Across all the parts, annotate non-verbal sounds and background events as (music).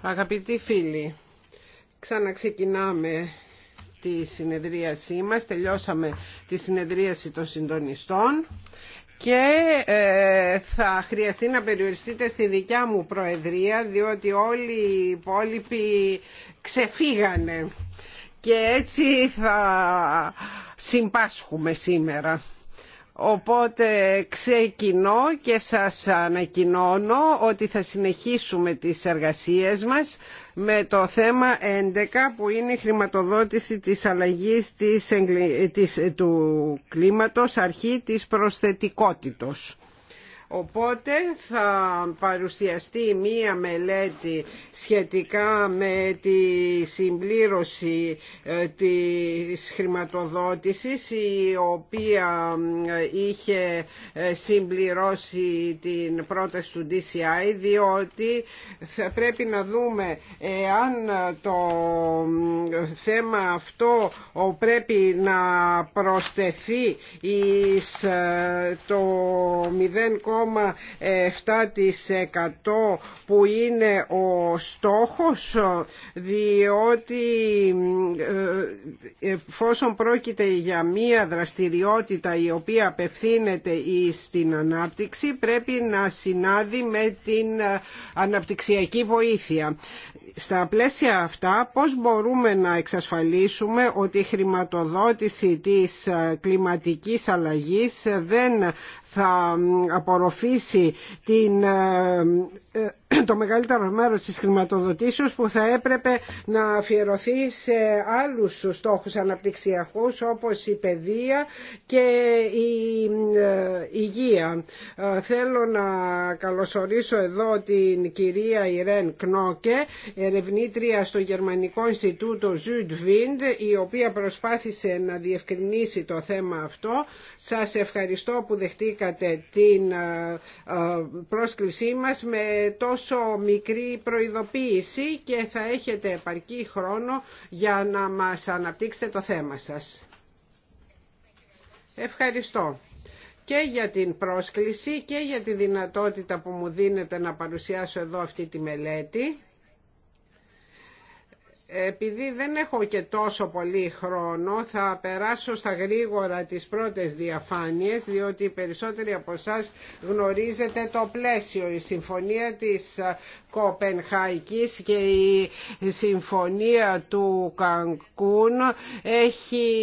Αγαπητοί φίλοι, ξαναξεκινάμε τη συνεδρίασή μας. Τελειώσαμε τη συνεδρίαση των συντονιστών και ε, θα χρειαστεί να περιοριστείτε στη δικιά μου προεδρία διότι όλοι οι υπόλοιποι ξεφύγανε και έτσι θα συμπάσχουμε σήμερα. Οπότε ξεκινώ και σας ανακοινώνω ότι θα συνεχίσουμε τις εργασίες μας με το θέμα 11 που είναι η χρηματοδότηση της αλλαγής της, του κλίματος αρχή της προσθετικότητος. Οπότε θα παρουσιαστεί μία μελέτη σχετικά με τη συμπλήρωση ε, της χρηματοδότησης η οποία ε, είχε ε, συμπληρώσει την πρόταση του DCI διότι θα πρέπει να δούμε εάν το θέμα αυτό πρέπει να προσθεθεί το 0,5 7% ε, που είναι ο στόχος διότι ε, εφόσον πρόκειται για μία δραστηριότητα η οποία απευθύνεται στην ανάπτυξη πρέπει να συνάδει με την ε, αναπτυξιακή βοήθεια στα πλαίσια αυτά πώς μπορούμε να εξασφαλίσουμε ότι η χρηματοδότηση της ε, κλιματικής αλλαγής ε, δεν θα απορροφήσει την ε, το μεγαλύτερο μέρος της χρηματοδοτήσεως που θα έπρεπε να αφιερωθεί σε άλλους στόχους αναπτυξιακούς όπως η παιδεία και η ε, υγεία. Ε, θέλω να καλωσορίσω εδώ την κυρία Ιρέν Κνόκε, ερευνήτρια στο Γερμανικό Ινστιτούτο Βίντ, η οποία προσπάθησε να διευκρινίσει το θέμα αυτό. Σας ευχαριστώ που δεχτήκατε την ε, πρόσκλησή μας με τόσο μικρή προειδοποίηση και θα έχετε επαρκή χρόνο για να μας αναπτύξετε το θέμα σας. Ευχαριστώ και για την πρόσκληση και για τη δυνατότητα που μου δίνετε να παρουσιάσω εδώ αυτή τη μελέτη. Επειδή δεν έχω και τόσο πολύ χρόνο θα περάσω στα γρήγορα τις πρώτες διαφάνειες διότι οι περισσότεροι από εσά γνωρίζετε το πλαίσιο. Η συμφωνία της Κοπενχαϊκής και η συμφωνία του Κανκούν έχει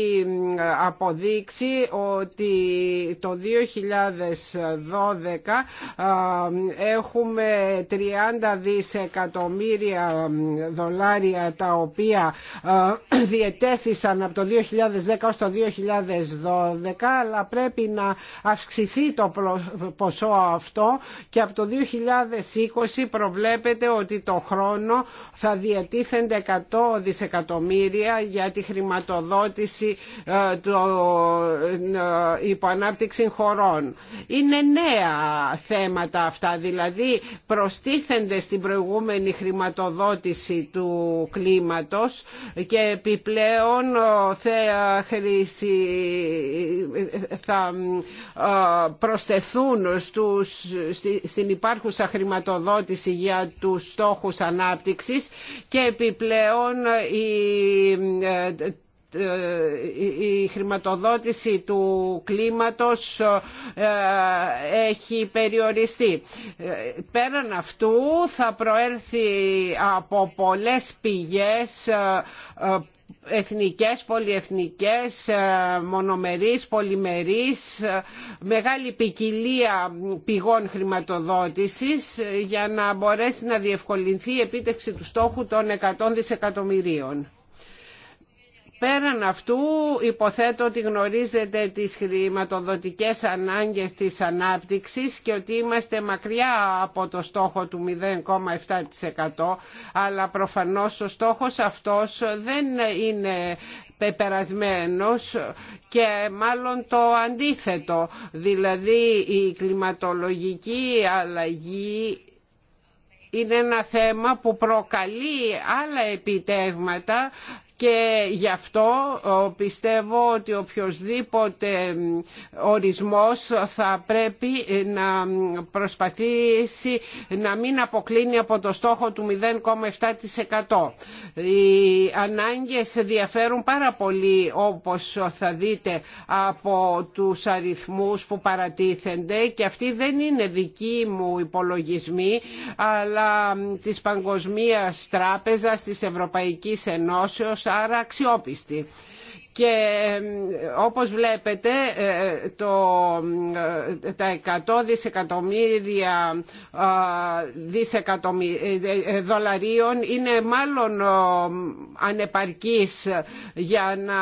αποδείξει ότι το 2012 έχουμε 30 δισεκατομμύρια δολάρια τα οποία διετέθησαν από το 2010 ως το 2012 αλλά πρέπει να αυξηθεί το ποσό αυτό και από το 2020 προβλέπουμε Βλέπετε ότι το χρόνο θα διατίθενται 100 δισεκατομμύρια για τη χρηματοδότηση υπο ε, ε, υποανάπτυξη χωρών. Είναι νέα θέματα αυτά, δηλαδή προστίθενται στην προηγούμενη χρηματοδότηση του κλίματος και επιπλέον ε, θα προσθεθούν στους, στην υπάρχουσα χρηματοδότηση για τους στόχους ανάπτυξης και επιπλέον η ε, ε, η χρηματοδότηση του κλίματος ε, έχει περιοριστεί. Πέραν αυτού θα προέρθει από πολλές πηγές εθνικές, πολυεθνικές, ε, μονομερείς, πολυμερείς, ε, μεγάλη ποικιλία πηγών χρηματοδότησης ε, για να μπορέσει να διευκολυνθεί η επίτευξη του στόχου των 100 δισεκατομμυρίων. Πέραν αυτού υποθέτω ότι γνωρίζετε τις χρηματοδοτικές ανάγκες της ανάπτυξης και ότι είμαστε μακριά από το στόχο του 0,7% αλλά προφανώς ο στόχος αυτός δεν είναι πεπερασμένος και μάλλον το αντίθετο. Δηλαδή η κλιματολογική αλλαγή είναι ένα θέμα που προκαλεί άλλα επιτεύγματα και γι' αυτό πιστεύω ότι οποιοδήποτε ορισμός θα πρέπει ε, να προσπαθήσει να μην αποκλίνει από το στόχο του 0,7%. Οι ανάγκες διαφέρουν πάρα πολύ όπως θα δείτε από τους αριθμούς που παρατίθενται και αυτοί δεν είναι δικοί μου υπολογισμοί αλλά της Παγκοσμίας Τράπεζας, της Ευρωπαϊκής Ενώσεως άρα αξιόπιστη και όπως βλέπετε ε, το, ε, τα 100 δισεκατομμύρια ε, δολαρίων είναι μάλλον ανεπαρκής για να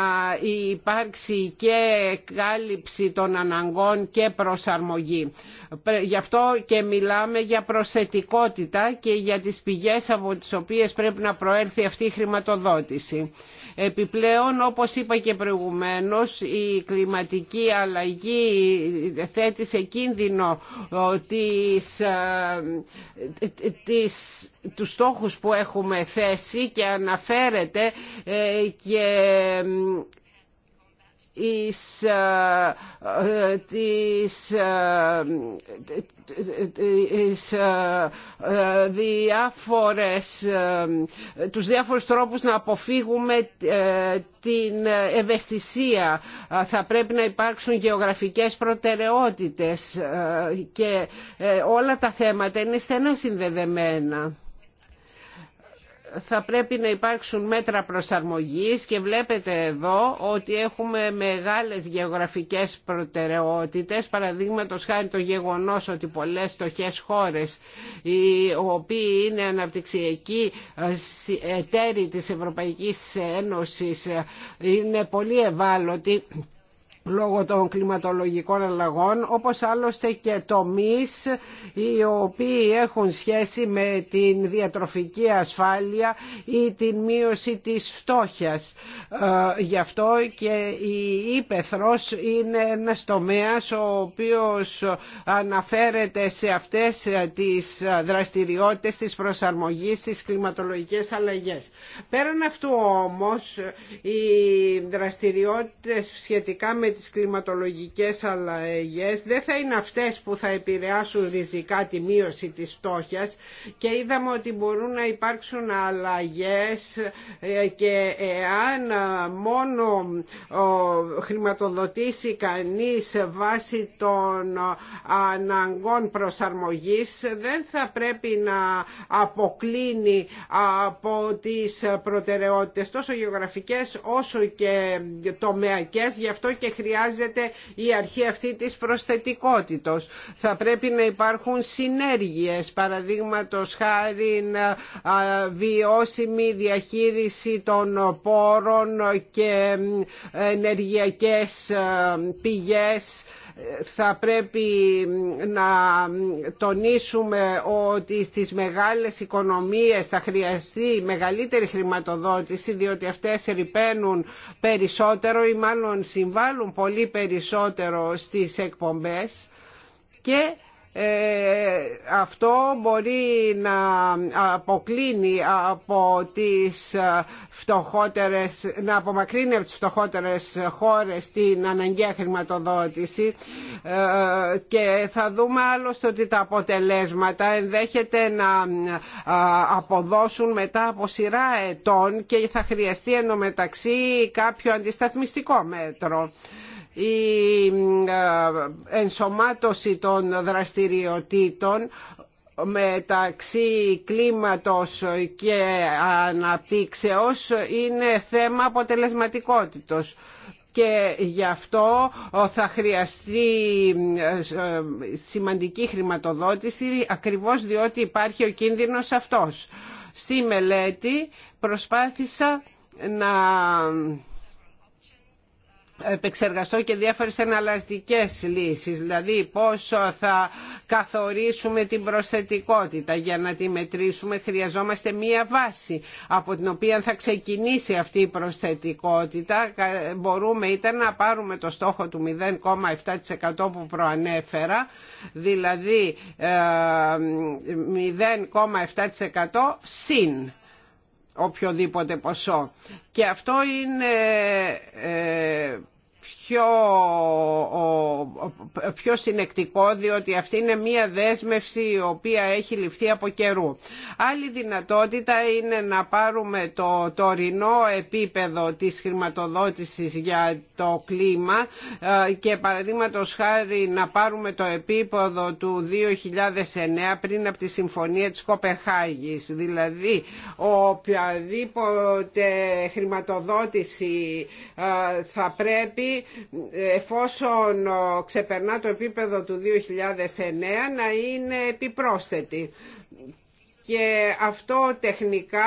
υπάρξει και κάλυψη των αναγκών και προσαρμογή. Γι' αυτό και μιλάμε για προσθετικότητα και για τις πηγές από τις οποίες πρέπει να προέρθει αυτή η χρηματοδότηση. Επιπλέον, όπως είπα και προηγουμένως η κλιματική αλλαγή θέτει σε κίνδυνο ε, τις, ε, τις, τους στόχους που έχουμε θέσει και αναφέρεται ε, και της, ε, ε, τις ε, διάφορες τους διάφορους τρόπους να αποφύγουμε την ευαισθησία θα πρέπει να υπάρξουν γεωγραφικές προτεραιότητες και όλα τα θέματα είναι στενά συνδεδεμένα θα πρέπει να υπάρξουν μέτρα προσαρμογής και βλέπετε εδώ ότι έχουμε μεγάλες γεωγραφικές προτεραιότητες παραδείγματος χάρη το γεγονός ότι πολλές στοχές χώρες οι οποίοι είναι αναπτυξιακοί ε, εταίροι της Ευρωπαϊκής Ένωσης ε, είναι πολύ ευάλωτοι λόγω των κλιματολογικών αλλαγών όπως άλλωστε και τομείς οι οποίοι έχουν σχέση με την διατροφική ασφάλεια ή την μείωση της φτώχειας. Ε, γι' αυτό και η ύπεθρος είναι ένας τομέας ο οποίος αναφέρεται σε αυτές τις δραστηριότητες της προσαρμογής στις κλιματολογικές αλλαγές. Πέραν αυτού όμως οι δραστηριότητες σχετικά με τις κλιματολογικές αλλαγές δεν θα είναι αυτές που θα επηρεάσουν ριζικά τη μείωση της φτώχειας και είδαμε ότι μπορούν να υπάρξουν αλλαγές ε, και εάν μόνο χρηματοδοτήσει κανείς βάση των ε, αναγκών προσαρμογής δεν θα πρέπει να αποκλίνει από τις προτεραιότητες τόσο γεωγραφικές όσο και τομεακές γι' αυτό και χρειάζεται η αρχή αυτή της προσθετικότητος. Θα πρέπει να υπάρχουν συνέργειες, παραδείγματος χάρη βιώσιμη διαχείριση των πόρων και ενεργειακές πηγές θα πρέπει να τονίσουμε ότι στις μεγάλες οικονομίες θα χρειαστεί μεγαλύτερη χρηματοδότηση διότι αυτές ρηπαίνουν περισσότερο ή μάλλον συμβάλλουν πολύ περισσότερο στις εκπομπές και ε, αυτό μπορεί να αποκλίνει από τις φτωχότερες, να απομακρύνει από τις φτωχότερες χώρες την αναγκαία χρηματοδότηση ε, και θα δούμε άλλωστε ότι τα αποτελέσματα ενδέχεται να ε, αποδώσουν μετά από σειρά ετών και θα χρειαστεί μεταξύ κάποιο αντισταθμιστικό μέτρο η ενσωμάτωση των δραστηριοτήτων μεταξύ κλίματος και αναπτύξεως είναι θέμα αποτελεσματικότητος και γι' αυτό θα χρειαστεί ε, ε, σημαντική χρηματοδότηση ακριβώς διότι υπάρχει ο κίνδυνος αυτός. Στη μελέτη προσπάθησα να επεξεργαστώ και διάφορες εναλλαστικές λύσεις, δηλαδή πόσο θα καθορίσουμε την προσθετικότητα για να τη μετρήσουμε χρειαζόμαστε μία βάση από την οποία θα ξεκινήσει αυτή η προσθετικότητα μπορούμε είτε να πάρουμε το στόχο του 0,7% που προανέφερα δηλαδή 0,7% ε, συν οποιοδήποτε ποσό. Και αυτό είναι ε, πιο, πιο συνεκτικό διότι αυτή είναι μία δέσμευση η οποία έχει ληφθεί από καιρού. Άλλη δυνατότητα είναι να πάρουμε το τωρινό επίπεδο της χρηματοδότησης για το κλίμα ε, και παραδείγματο χάρη να πάρουμε το επίπεδο του 2009 πριν από τη Συμφωνία της Κοπεχάγης. Δηλαδή οποιαδήποτε χρηματοδότηση ε, θα πρέπει εφόσον ε, ξεπερνά το επίπεδο του 2009 να είναι επιπρόσθετη και αυτό τεχνικά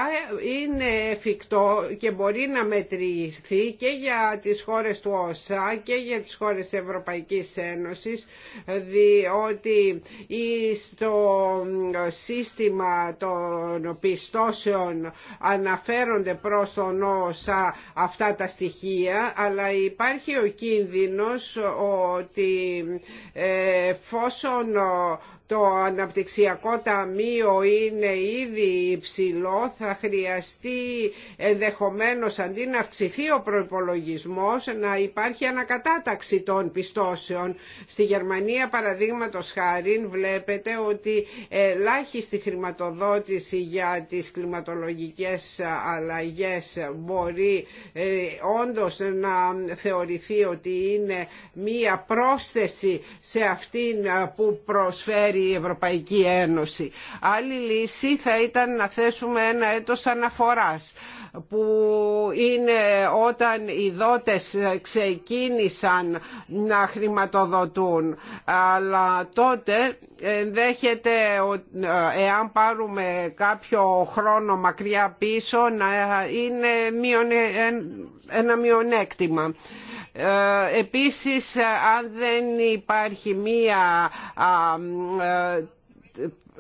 είναι εφικτό και μπορεί να μετρηθεί και για τις χώρες του ΩΣΑ και για τις χώρες Ευρωπαϊκής Ένωσης διότι στο σύστημα των πιστώσεων αναφέρονται προς τον ΩΣΑ αυτά τα στοιχεία αλλά υπάρχει ο κίνδυνος ότι ε, εφόσον το αναπτυξιακό ταμείο είναι ήδη υψηλό, θα χρειαστεί ενδεχομένως αντί να αυξηθεί ο προϋπολογισμός να υπάρχει ανακατάταξη των πιστώσεων. Στη Γερμανία παραδείγματος χάρη βλέπετε ότι ελάχιστη χρηματοδότηση για τις κλιματολογικές αλλαγές μπορεί ε, όντως να θεωρηθεί ότι είναι μία πρόσθεση σε αυτήν που προσφέρει η Ευρωπαϊκή Ένωση. Άλλη λύση θα ήταν να θέσουμε ένα έτος αναφοράς που είναι όταν οι δότες ξεκίνησαν να χρηματοδοτούν αλλά τότε δέχεται εάν πάρουμε κάποιο χρόνο μακριά πίσω να είναι ένα μειονέκτημα. Ε, επίσης, ε, αν δεν υπάρχει μία ε,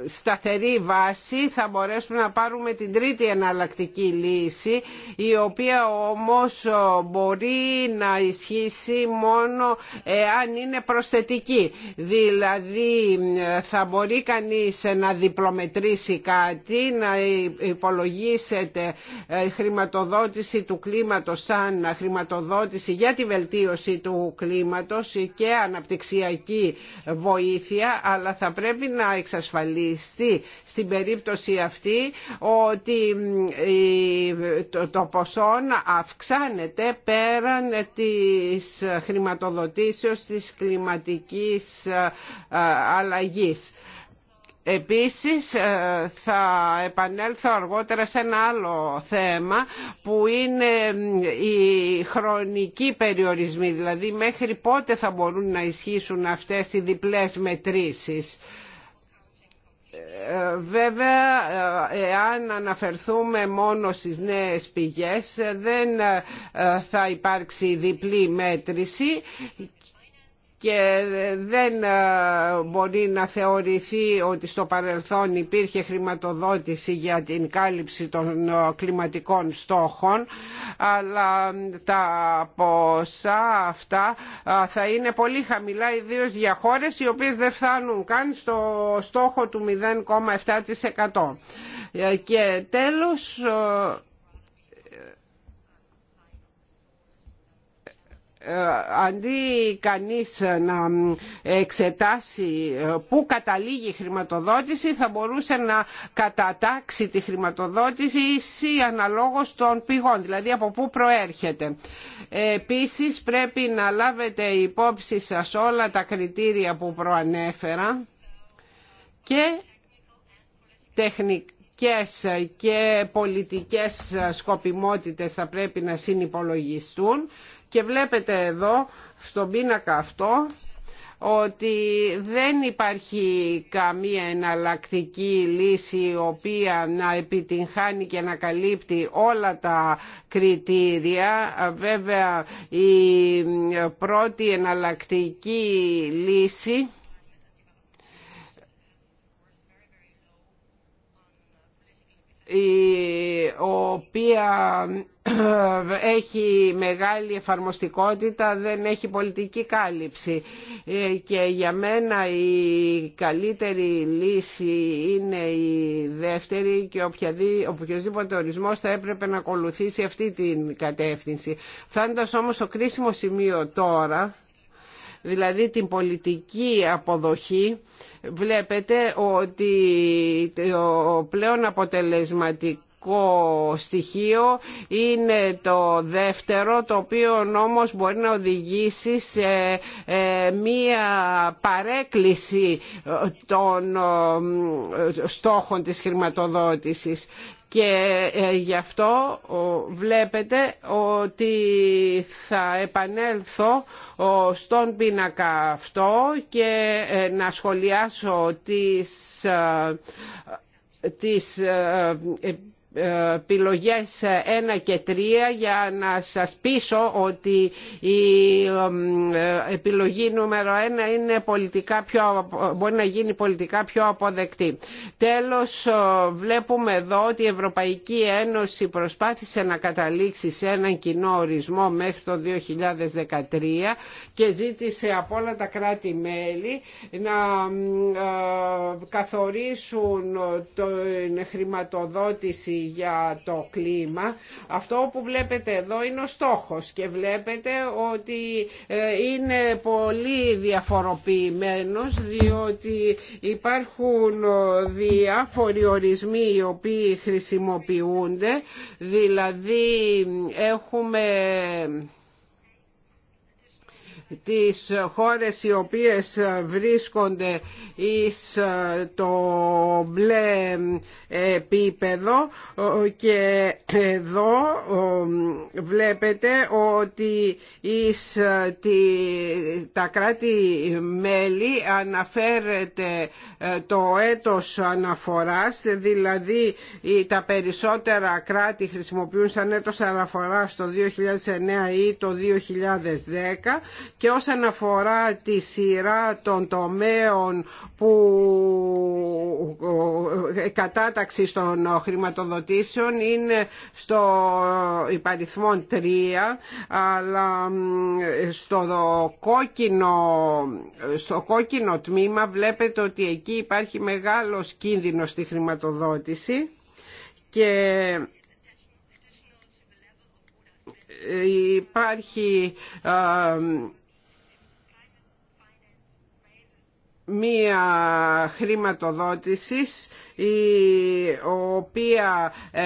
σταθερή βάση θα μπορέσουμε να πάρουμε την τρίτη εναλλακτική λύση η οποία όμως μπορεί να ισχύσει μόνο εάν είναι προσθετική δηλαδή θα μπορεί κανείς να διπλομετρήσει κάτι να υπολογίσετε ε, χρηματοδότηση του κλίματος σαν χρηματοδότηση για τη βελτίωση του κλίματος και αναπτυξιακή βοήθεια αλλά θα πρέπει να εξασφαλίσει στην περίπτωση αυτή ότι το ποσό αυξάνεται πέραν της χρηματοδοτήσεως της κλιματικής ε, ε, αλλαγής. Επίσης ε, θα επανέλθω αργότερα σε ένα άλλο θέμα που είναι οι χρονικοί περιορισμοί, δηλαδή μέχρι πότε θα μπορούν να ισχύσουν αυτές οι διπλές μετρήσεις. Βέβαια, εάν αναφερθούμε μόνο στις νέες πηγές δεν θα υπάρξει διπλή μέτρηση και δεν ε, μπορεί να θεωρηθεί ότι στο παρελθόν υπήρχε χρηματοδότηση για την κάλυψη των ε, κλιματικών στόχων αλλά τα ποσά αυτά ε, θα είναι πολύ χαμηλά ιδίως για χώρες οι οποίες δεν φτάνουν καν στο στόχο του 0,7% και τέλος Ε, αντί κανείς να εξετάσει ε, πού καταλήγει η χρηματοδότηση θα μπορούσε να κατατάξει τη χρηματοδότηση αναλόγως των πηγών, δηλαδή από πού προέρχεται. Επίσης πρέπει να λάβετε υπόψη σας όλα τα κριτήρια που προανέφερα και τεχνικά και πολιτικές σκοπιμότητες θα πρέπει να καταταξει τη χρηματοδοτηση αναλογως των πηγων δηλαδη απο που προερχεται επισης πρεπει να λαβετε υποψη σας ολα τα κριτηρια που προανεφερα και τεχνικες και πολιτικες σκοπιμοτητες θα πρεπει να συνυπολογιστουν και βλέπετε εδώ στον πίνακα αυτό ότι δεν υπάρχει καμία εναλλακτική λύση η οποία να επιτυγχάνει και να καλύπτει όλα τα κριτήρια. Βέβαια η πρώτη εναλλακτική λύση η οποία ε, έχει μεγάλη εφαρμοστικότητα, δεν έχει πολιτική κάλυψη ε, και για μένα η καλύτερη λύση είναι η δεύτερη και οποιοδήποτε ορισμός θα έπρεπε να ακολουθήσει αυτή την κατεύθυνση. Φτάνοντας όμως το κρίσιμο σημείο τώρα, δηλαδή την πολιτική αποδοχή, βλέπετε ότι το πλέον αποτελεσματικό στοιχείο είναι το δεύτερο το οποίο όμως μπορεί να οδηγήσει σε ε, μία παρέκκληση των ε, στόχων της χρηματοδότησης και ε, γι' αυτό βλέπετε ότι θα επανέλθω στον πίνακα αυτό και ε, να σχολιάσω τις ε, τις επιλογές 1 και 3 για να σας πείσω ότι η επιλογή νούμερο 1 είναι πολιτικά πιο, μπορεί να γίνει πολιτικά πιο αποδεκτή. Τέλος βλέπουμε εδώ ότι η Ευρωπαϊκή Ένωση προσπάθησε να καταλήξει σε έναν κοινό ορισμό μέχρι το 2013 και ζήτησε από όλα τα κράτη-μέλη να ε, καθορίσουν την χρηματοδότηση για το κλίμα. Αυτό που βλέπετε εδώ είναι ο στόχος και βλέπετε ότι ε, είναι πολύ διαφοροποιημένος διότι υπάρχουν ε, διάφοροι ορισμοί οι οποίοι χρησιμοποιούνται δηλαδή έχουμε τις χώρες οι οποίες βρίσκονται εις ε, το μπλε ε, επίπεδο ε, και εδώ βλέπετε ότι εις τα κράτη-μέλη αναφέρεται το έτος αναφοράς, δηλαδή τα περισσότερα κράτη χρησιμοποιούν σαν έτος αναφοράς το 2009 ή το 2010 και όσον αφορά τη σειρά των τομέων που ε, ε, κατάταξη των χρηματοδοτήσεων είναι στο υπαριθμό 3 αλλά στο κόκκινο, στο κόκκινο τμήμα βλέπετε ότι εκεί υπάρχει μεγάλος κίνδυνος στη χρηματοδότηση και υπάρχει ε, μία χρηματοδότησης η οποία ε,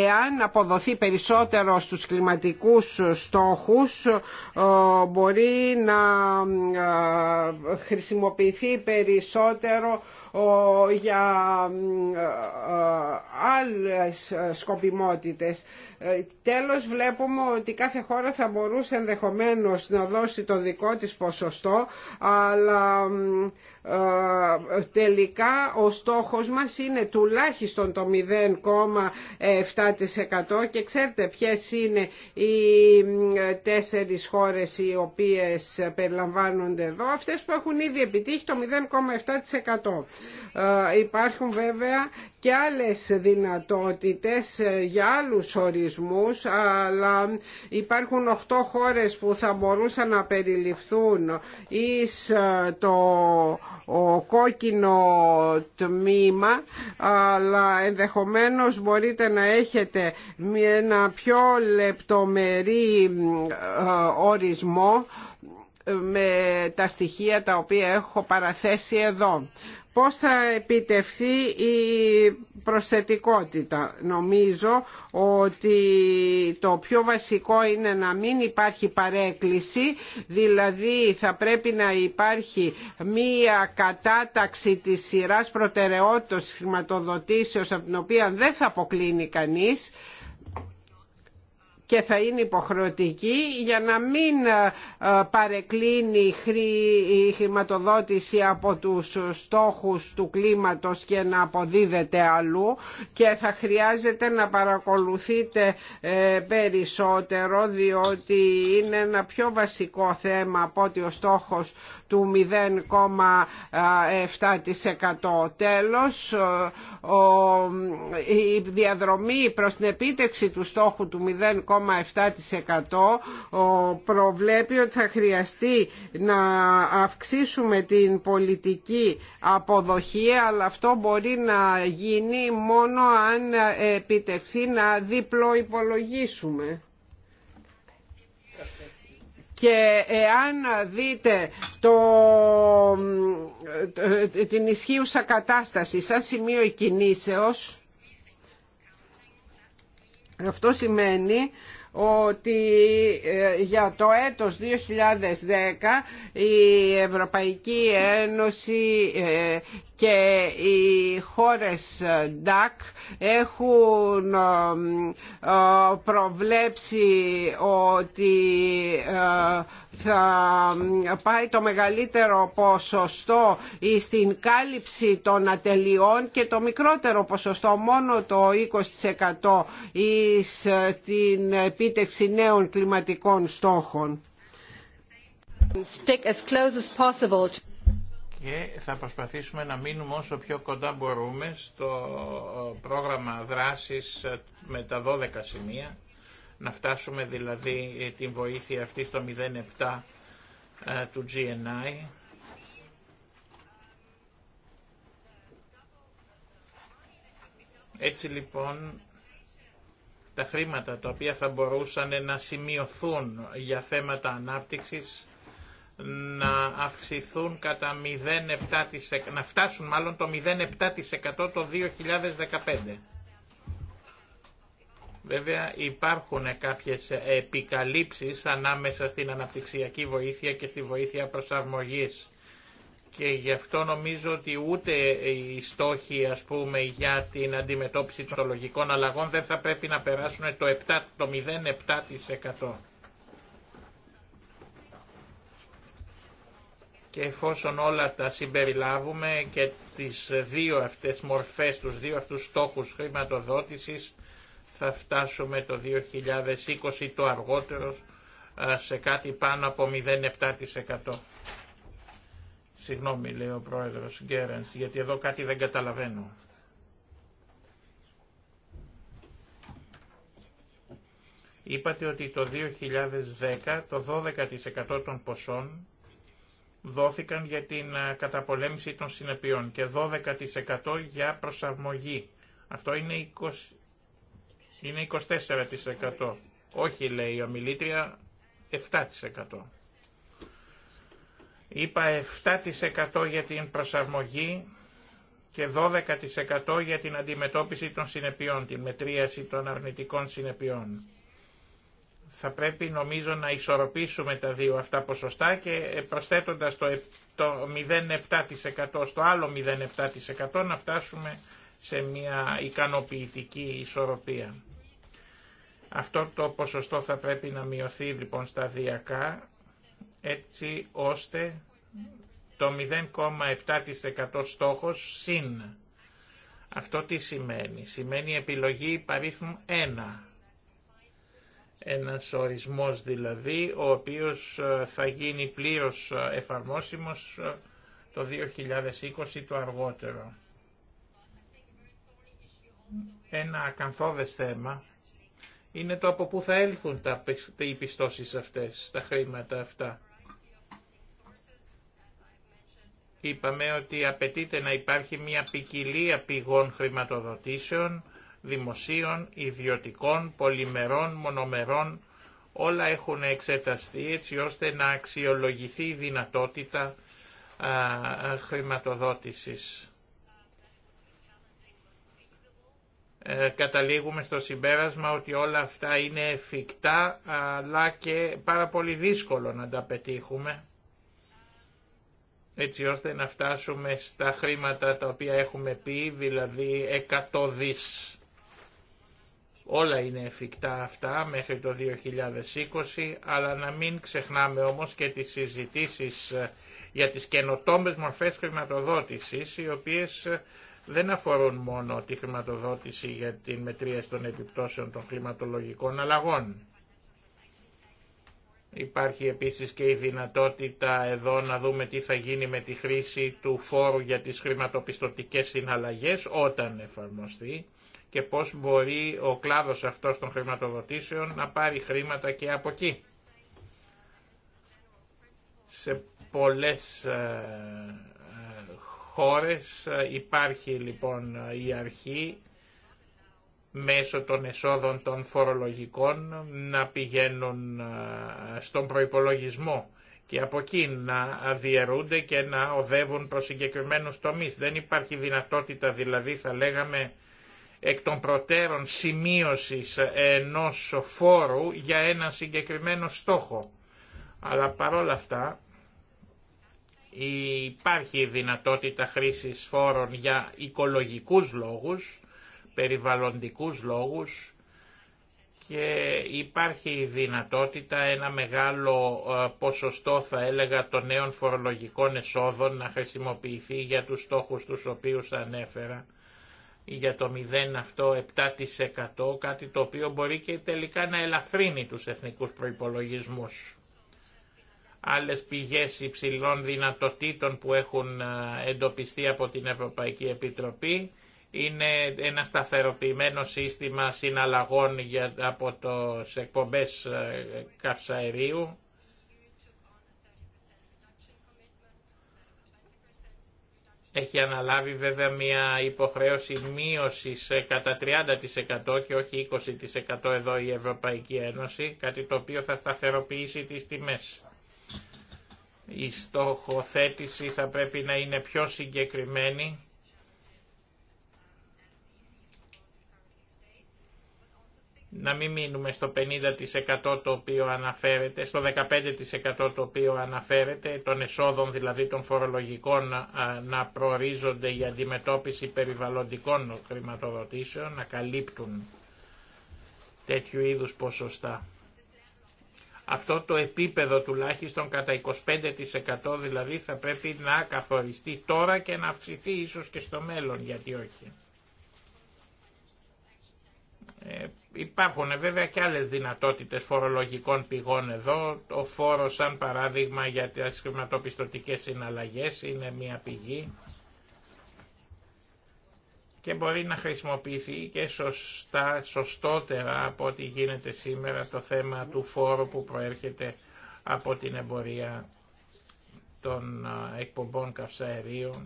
εάν αποδοθεί περισσότερο στους κλιματικούς στόχους ε, μπορεί να ε, χρησιμοποιηθεί περισσότερο για άλλες σκοπιμότητες. Τέλος βλέπουμε ότι κάθε χώρα θα μπορούσε ενδεχομένως να δώσει το δικό της ποσοστό αλλά ε, τελικά ο στόχος μας είναι τουλάχιστον το 0,7% και ξέρετε ποιες είναι οι ε, τέσσερις χώρες οι οποίες περιλαμβάνονται εδώ, αυτές που έχουν ήδη επιτύχει το 0,7%. Ε, υπάρχουν βέβαια και άλλες δυνατότητες για άλλους ορισμούς, αλλά υπάρχουν 8 χώρες που θα μπορούσαν να περιληφθούν εις το ο κόκκινο τμήμα αλλά ενδεχομένως μπορείτε να έχετε ένα πιο λεπτομερή ε, ορισμό ε, με τα στοιχεία τα οποία έχω παραθέσει εδώ. Πώς θα επιτευχθεί η προσθετικότητα. Νομίζω ότι το πιο βασικό είναι να μην υπάρχει παρέκκληση, δηλαδή θα πρέπει να υπάρχει μία κατάταξη της σειράς προτεραιότητας χρηματοδοτήσεως από την οποία δεν θα αποκλίνει κανείς και θα είναι υποχρεωτική για να μην ε, ε, παρεκκλίνει η χρηματοδότηση από τους στόχους του κλίματος και να αποδίδεται αλλού και θα χρειάζεται να παρακολουθείτε ε, περισσότερο διότι είναι ένα πιο βασικό θέμα από ότι ο στόχος του 0,7%. Τέλος, η διαδρομή προς την επίτευξη του στόχου του 0,7% προβλέπει ότι θα χρειαστεί να αυξήσουμε την πολιτική αποδοχή, αλλά αυτό μπορεί να γίνει μόνο αν επιτευχθεί να διπλοϋπολογίσουμε και εάν δείτε το, την ισχύουσα κατάσταση σαν σημείο κινήσεως αυτό σημαίνει ότι ε, για το έτος 2010 η Ευρωπαϊκή Ένωση ε, και οι χώρες DAC έχουν ε, προβλέψει ότι θα πάει το μεγαλύτερο ποσοστό στην κάλυψη των ατελειών και το μικρότερο ποσοστό μόνο το 20% στην ε, την επίτευξη νέων κλιματικών στόχων. και θα προσπαθήσουμε να μείνουμε όσο πιο κοντά μπορούμε στο ε, πρόγραμμα δράσης ε, με τα 12 σημεία να φτάσουμε δηλαδή ε, την βοήθεια αυτή στο 0,7 ε, του GNI. Έτσι λοιπόν τα χρήματα τα οποία θα μπορούσαν να σημειωθούν για θέματα ανάπτυξης να αυξηθούν κατά 0,7%, να φτάσουν μάλλον το 0,7% το 2015. Βέβαια υπάρχουν κάποιες επικαλύψεις ανάμεσα στην αναπτυξιακή βοήθεια και στη βοήθεια προσαρμογής. Και γι' αυτό νομίζω ότι ούτε οι στόχοι ας πούμε για την αντιμετώπιση των λογικών αλλαγών δεν θα πρέπει να περάσουν το, 7, το 0,7%. και εφόσον όλα τα συμπεριλάβουμε και τις δύο αυτές μορφές, τους δύο αυτούς στόχους χρηματοδότησης, θα φτάσουμε το 2020 το αργότερο σε κάτι πάνω από 0,7%. Συγγνώμη λέει ο πρόεδρος Γκέρενς γιατί εδώ κάτι δεν καταλαβαίνω. Είπατε ότι το 2010 το 12% των ποσών δόθηκαν για την καταπολέμηση των συνεπειών και 12% για προσαρμογή. Αυτό είναι 20, είναι 24%. Όχι λέει η ομιλήτρια, 7%. Είπα 7% για την προσαρμογή και 12% για την αντιμετώπιση των συνεπειών, την μετρίαση των αρνητικών συνεπειών. Θα πρέπει νομίζω να ισορροπήσουμε τα δύο αυτά ποσοστά και ε, προσθέτοντας το 0,7% ε, στο άλλο 0,7% να φτάσουμε σε μια ικανοποιητική ισορροπία. Αυτό το ποσοστό θα πρέπει να μειωθεί λοιπόν σταδιακά έτσι ώστε το 0,7% στόχος συν. Αυτό τι σημαίνει. Σημαίνει επιλογή παρίθμου 1. Ένας ορισμός δηλαδή ο οποίος ε, θα γίνει πλήρως ε, εφαρμόσιμος ε, το 2020 το αργότερο. Ένα ακαθόδες θέμα είναι το από πού θα έλθουν τα, οι πιστώσεις αυτές, τα χρήματα αυτά. Είπαμε ότι απαιτείται να υπάρχει μια ποικιλία πηγών χρηματοδοτήσεων, δημοσίων, ιδιωτικών, πολυμερών, μονομερών, όλα έχουν εξεταστεί έτσι ώστε να αξιολογηθεί η δυνατότητα α, χρηματοδότησης. Ε, καταλήγουμε στο συμπέρασμα ότι όλα αυτά είναι εφικτά αλλά και πάρα πολύ δύσκολο να τα πετύχουμε έτσι ώστε να φτάσουμε στα χρήματα τα οποία έχουμε πει, δηλαδή 100 δις. Όλα είναι εφικτά αυτά μέχρι το 2020, αλλά να μην ξεχνάμε όμως και τις συζητήσεις ε, για τις καινοτόμες μορφές χρηματοδότησης, οι οποίες δεν αφορούν μόνο τη χρηματοδότηση για την μετρία των επιπτώσεων των χρηματολογικών αλλαγών. Υπάρχει επίσης και η δυνατότητα εδώ να δούμε τι θα γίνει με τη χρήση του φόρου για τις χρηματοπιστωτικές συναλλαγές όταν εφαρμοστεί και πώς μπορεί ο κλάδος αυτός των χρηματοδοτήσεων να πάρει χρήματα και από εκεί. Σε πολλές ε, χώρες ε, υπάρχει λοιπόν η αρχή μέσω των εσόδων των φορολογικών να πηγαίνουν ε, στον προϋπολογισμό και από εκεί να αδιαιρούνται και να οδεύουν προς συγκεκριμένους τομείς. Δεν υπάρχει δυνατότητα δηλαδή θα λέγαμε εκ των προτέρων σημείωσης ενός φόρου για ένα συγκεκριμένο στόχο. Αλλά παρόλα αυτά Υπάρχει δυνατότητα χρήσης φόρων για οικολογικούς λόγους, περιβαλλοντικούς λόγους και υπάρχει η δυνατότητα ένα μεγάλο ε, ποσοστό θα έλεγα των νέων φορολογικών εσόδων να χρησιμοποιηθεί για τους στόχους τους οποίους ανέφερα για το 0 αυτό 7% κάτι το οποίο μπορεί και τελικά να ελαφρύνει τους εθνικούς προϋπολογισμούς άλλες πηγές υψηλών δυνατοτήτων που έχουν ε, εντοπιστεί από την Ευρωπαϊκή Επιτροπή. Είναι ένα σταθεροποιημένο σύστημα συναλλαγών για, από το εκπομπές ε, καυσαερίου. Έχει αναλάβει βέβαια μια υποχρέωση μείωσης ε, κατά 30% και όχι 20% εδώ η Ευρωπαϊκή Ένωση, κάτι το οποίο θα σταθεροποιήσει τις τιμές. Η στοχοθέτηση θα πρέπει να είναι πιο συγκεκριμένη να μην μείνουμε στο 50% το οποίο αναφέρεται, στο 15% το οποίο αναφέρεται, των εσόδων δηλαδή των φορολογικών να προορίζονται για αντιμετώπιση περιβαλλοντικών χρηματοδοτήσεων, να καλύπτουν τέτοιου είδους ποσοστά. Αυτό το επίπεδο τουλάχιστον κατά 25% δηλαδή θα πρέπει να καθοριστεί τώρα και να αυξηθεί ίσως και στο μέλλον, γιατί όχι. Ε, υπάρχουν βέβαια και άλλες δυνατότητες φορολογικών πηγών εδώ. Ο φόρος σαν παράδειγμα για τις χρηματοπιστωτικές συναλλαγές είναι μια πηγή και μπορεί να χρησιμοποιηθεί και σωστά, σωστότερα από ό,τι γίνεται σήμερα το θέμα του φόρου που προέρχεται από την εμπορία των εκπομπών καυσαερίων.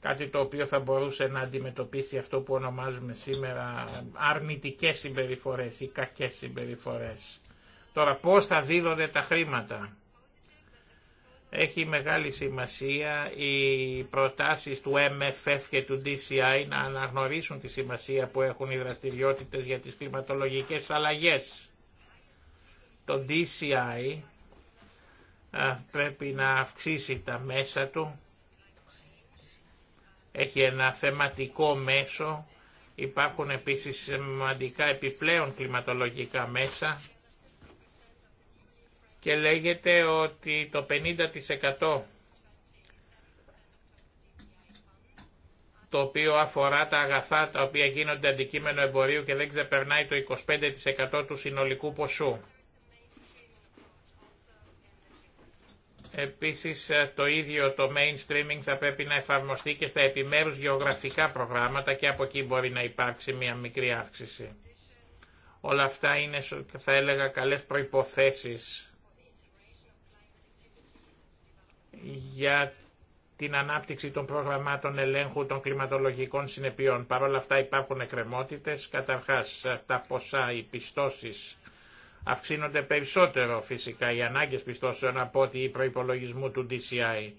Κάτι το οποίο θα μπορούσε να αντιμετωπίσει αυτό που ονομάζουμε σήμερα αρνητικές συμπεριφορές ή κακές συμπεριφορές. Τώρα πώς θα δίδονται τα χρήματα. Έχει μεγάλη σημασία οι προτάσεις του MFF και του DCI να αναγνωρίσουν τη σημασία που έχουν οι δραστηριότητες για τις κλιματολογικές αλλαγές. Το DCI πρέπει να αυξήσει τα μέσα του. Έχει ένα θεματικό μέσο. Υπάρχουν επίσης σημαντικά επιπλέον κλιματολογικά μέσα και λέγεται ότι το 50% το οποίο αφορά τα αγαθά τα οποία γίνονται αντικείμενο εμπορίου και δεν ξεπερνάει το 25% του συνολικού ποσού. Επίσης το ίδιο το mainstreaming θα πρέπει να εφαρμοστεί και στα επιμέρους γεωγραφικά προγράμματα και από εκεί μπορεί να υπάρξει μια μικρή αύξηση. Όλα αυτά είναι θα έλεγα καλές προϋποθέσεις για την ανάπτυξη των προγραμμάτων ελέγχου των κλιματολογικών συνεπειών. Παρ' όλα αυτά υπάρχουν εκκρεμότητες. Καταρχάς τα ποσά, οι πιστώσεις αυξήνονται περισσότερο φυσικά οι ανάγκες πιστώσεων από ότι οι προϋπολογισμού του DCI.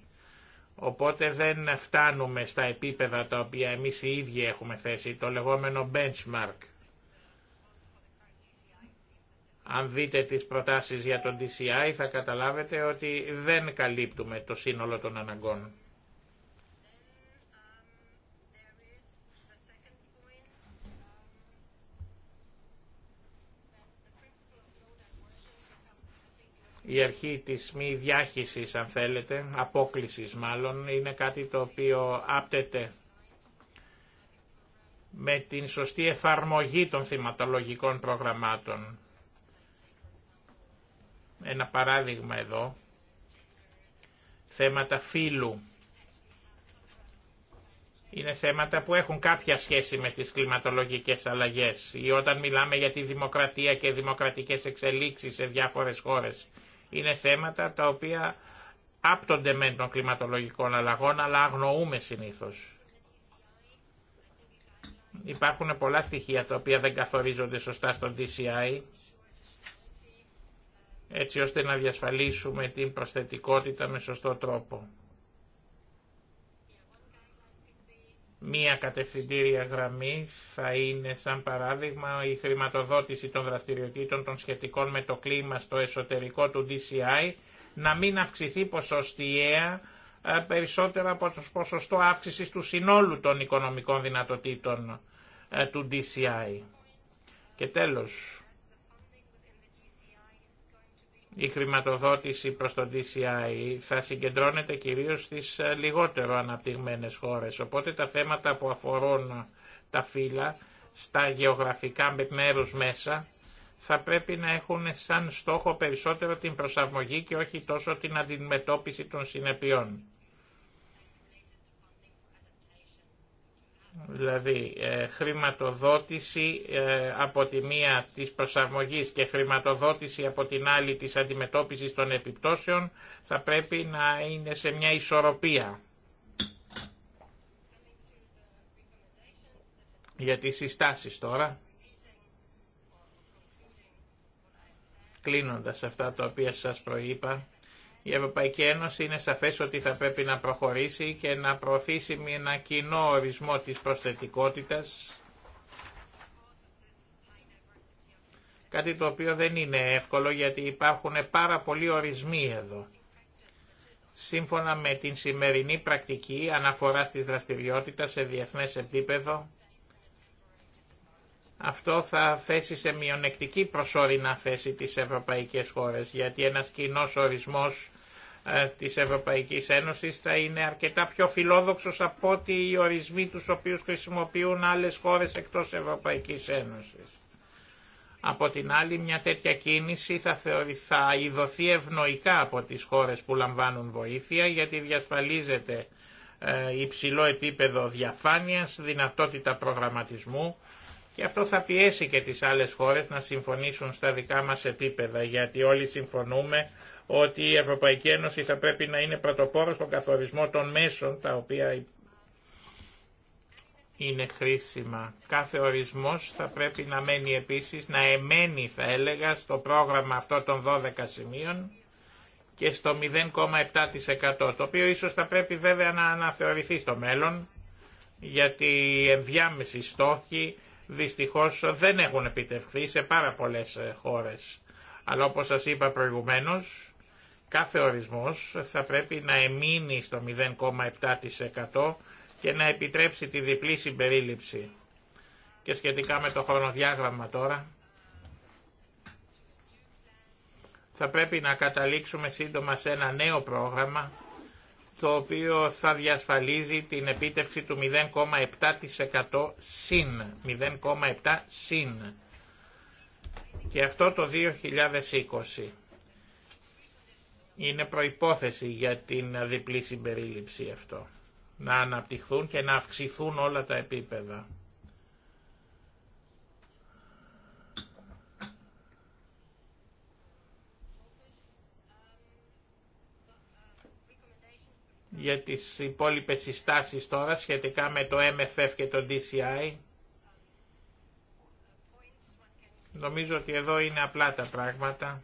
Οπότε δεν φτάνουμε στα επίπεδα τα οποία εμείς οι ίδιοι έχουμε θέσει, το λεγόμενο benchmark. Αν δείτε τις προτάσεις για τον DCI θα καταλάβετε ότι δεν καλύπτουμε το σύνολο των αναγκών. η αρχή της μη διάχυσης αν θέλετε, απόκλησης μάλλον, είναι κάτι το οποίο άπτεται με την σωστή εφαρμογή των θυματολογικών προγραμμάτων ένα παράδειγμα εδώ, θέματα φύλου. Είναι θέματα που έχουν κάποια σχέση με τις κλιματολογικές αλλαγές ή όταν μιλάμε για τη δημοκρατία και δημοκρατικές εξελίξεις σε διάφορες χώρες. Είναι θέματα τα οποία άπτονται με των κλιματολογικών αλλαγών αλλά αγνοούμε συνήθως. Υπάρχουν πολλά στοιχεία τα οποία δεν καθορίζονται σωστά στον DCI έτσι ώστε να διασφαλίσουμε την προσθετικότητα με σωστό τρόπο. Μία κατευθυντήρια γραμμή θα είναι σαν παράδειγμα η χρηματοδότηση των δραστηριοτήτων των σχετικών με το κλίμα στο εσωτερικό του DCI να μην αυξηθεί ποσοστιαία περισσότερο από το ποσοστό αύξησης του συνόλου των οικονομικών δυνατοτήτων του DCI. Και τέλος, η χρηματοδότηση προς το DCI θα συγκεντρώνεται κυρίως στις ε, λιγότερο αναπτυγμένες χώρες. Οπότε τα θέματα που αφορούν τα φύλλα στα γεωγραφικά μέρους μέσα θα πρέπει να έχουν σαν στόχο περισσότερο την προσαρμογή και όχι τόσο την αντιμετώπιση των συνεπειών. δηλαδή ε, χρηματοδότηση ε, από τη μία της προσαρμογής και χρηματοδότηση από την άλλη της αντιμετώπισης των επιπτώσεων θα πρέπει να είναι σε μια ισορροπία. Για τις συστάσεις τώρα, κλείνοντας αυτά τα οποία σας προείπα, η Ευρωπαϊκή Ένωση είναι σαφές ότι θα πρέπει να προχωρήσει και να προωθήσει με ένα κοινό ορισμό της προσθετικότητας, κάτι το οποίο δεν είναι εύκολο γιατί υπάρχουν πάρα πολλοί ορισμοί εδώ. Σύμφωνα με την σημερινή πρακτική αναφορά της δραστηριότητα σε διεθνές επίπεδο, αυτό θα θέσει σε μειονεκτική προσωρινά θέση τις ευρωπαϊκές χώρες, γιατί ένας κοινό ορισμός ε, της Ευρωπαϊκής Ένωσης θα είναι αρκετά πιο φιλόδοξος από ότι οι ορισμοί τους οποίους χρησιμοποιούν άλλες χώρες εκτός Ευρωπαϊκής Ένωσης. Από την άλλη μια τέτοια κίνηση θα, θεωρη, ειδωθεί ευνοϊκά από τις χώρες που λαμβάνουν βοήθεια γιατί διασφαλίζεται ε, υψηλό επίπεδο διαφάνειας, δυνατότητα προγραμματισμού και αυτό θα πιέσει και τις άλλες χώρες να συμφωνήσουν στα δικά μας επίπεδα γιατί όλοι συμφωνούμε ότι η Ευρωπαϊκή Ένωση θα πρέπει να είναι πρωτοπόρο στον καθορισμό των μέσων τα οποία είναι χρήσιμα. Κάθε ορισμός θα πρέπει να μένει επίσης, να εμένει θα έλεγα στο πρόγραμμα αυτό των 12 σημείων και στο 0,7% το οποίο ίσως θα πρέπει βέβαια να αναθεωρηθεί στο μέλλον γιατί οι ενδιάμεσοι στόχοι δυστυχώς δεν έχουν επιτευχθεί σε πάρα πολλές ε, χώρες. Αλλά όπως σας είπα προηγουμένως, Κάθε ορισμός θα πρέπει να εμείνει στο 0,7% και να επιτρέψει τη διπλή συμπερίληψη. Και σχετικά με το χρονοδιάγραμμα τώρα, θα πρέπει να καταλήξουμε σύντομα σε ένα νέο πρόγραμμα το οποίο θα διασφαλίζει την επίτευξη του 0,7% συν. 0,7 συν. Και αυτό το 2020. Είναι προϋπόθεση για την διπλή συμπερίληψη αυτό. Να αναπτυχθούν και να αυξηθούν όλα τα επίπεδα. για τις υπόλοιπες συστάσεις τώρα σχετικά με το MFF και το DCI. Νομίζω ότι εδώ είναι απλά τα πράγματα.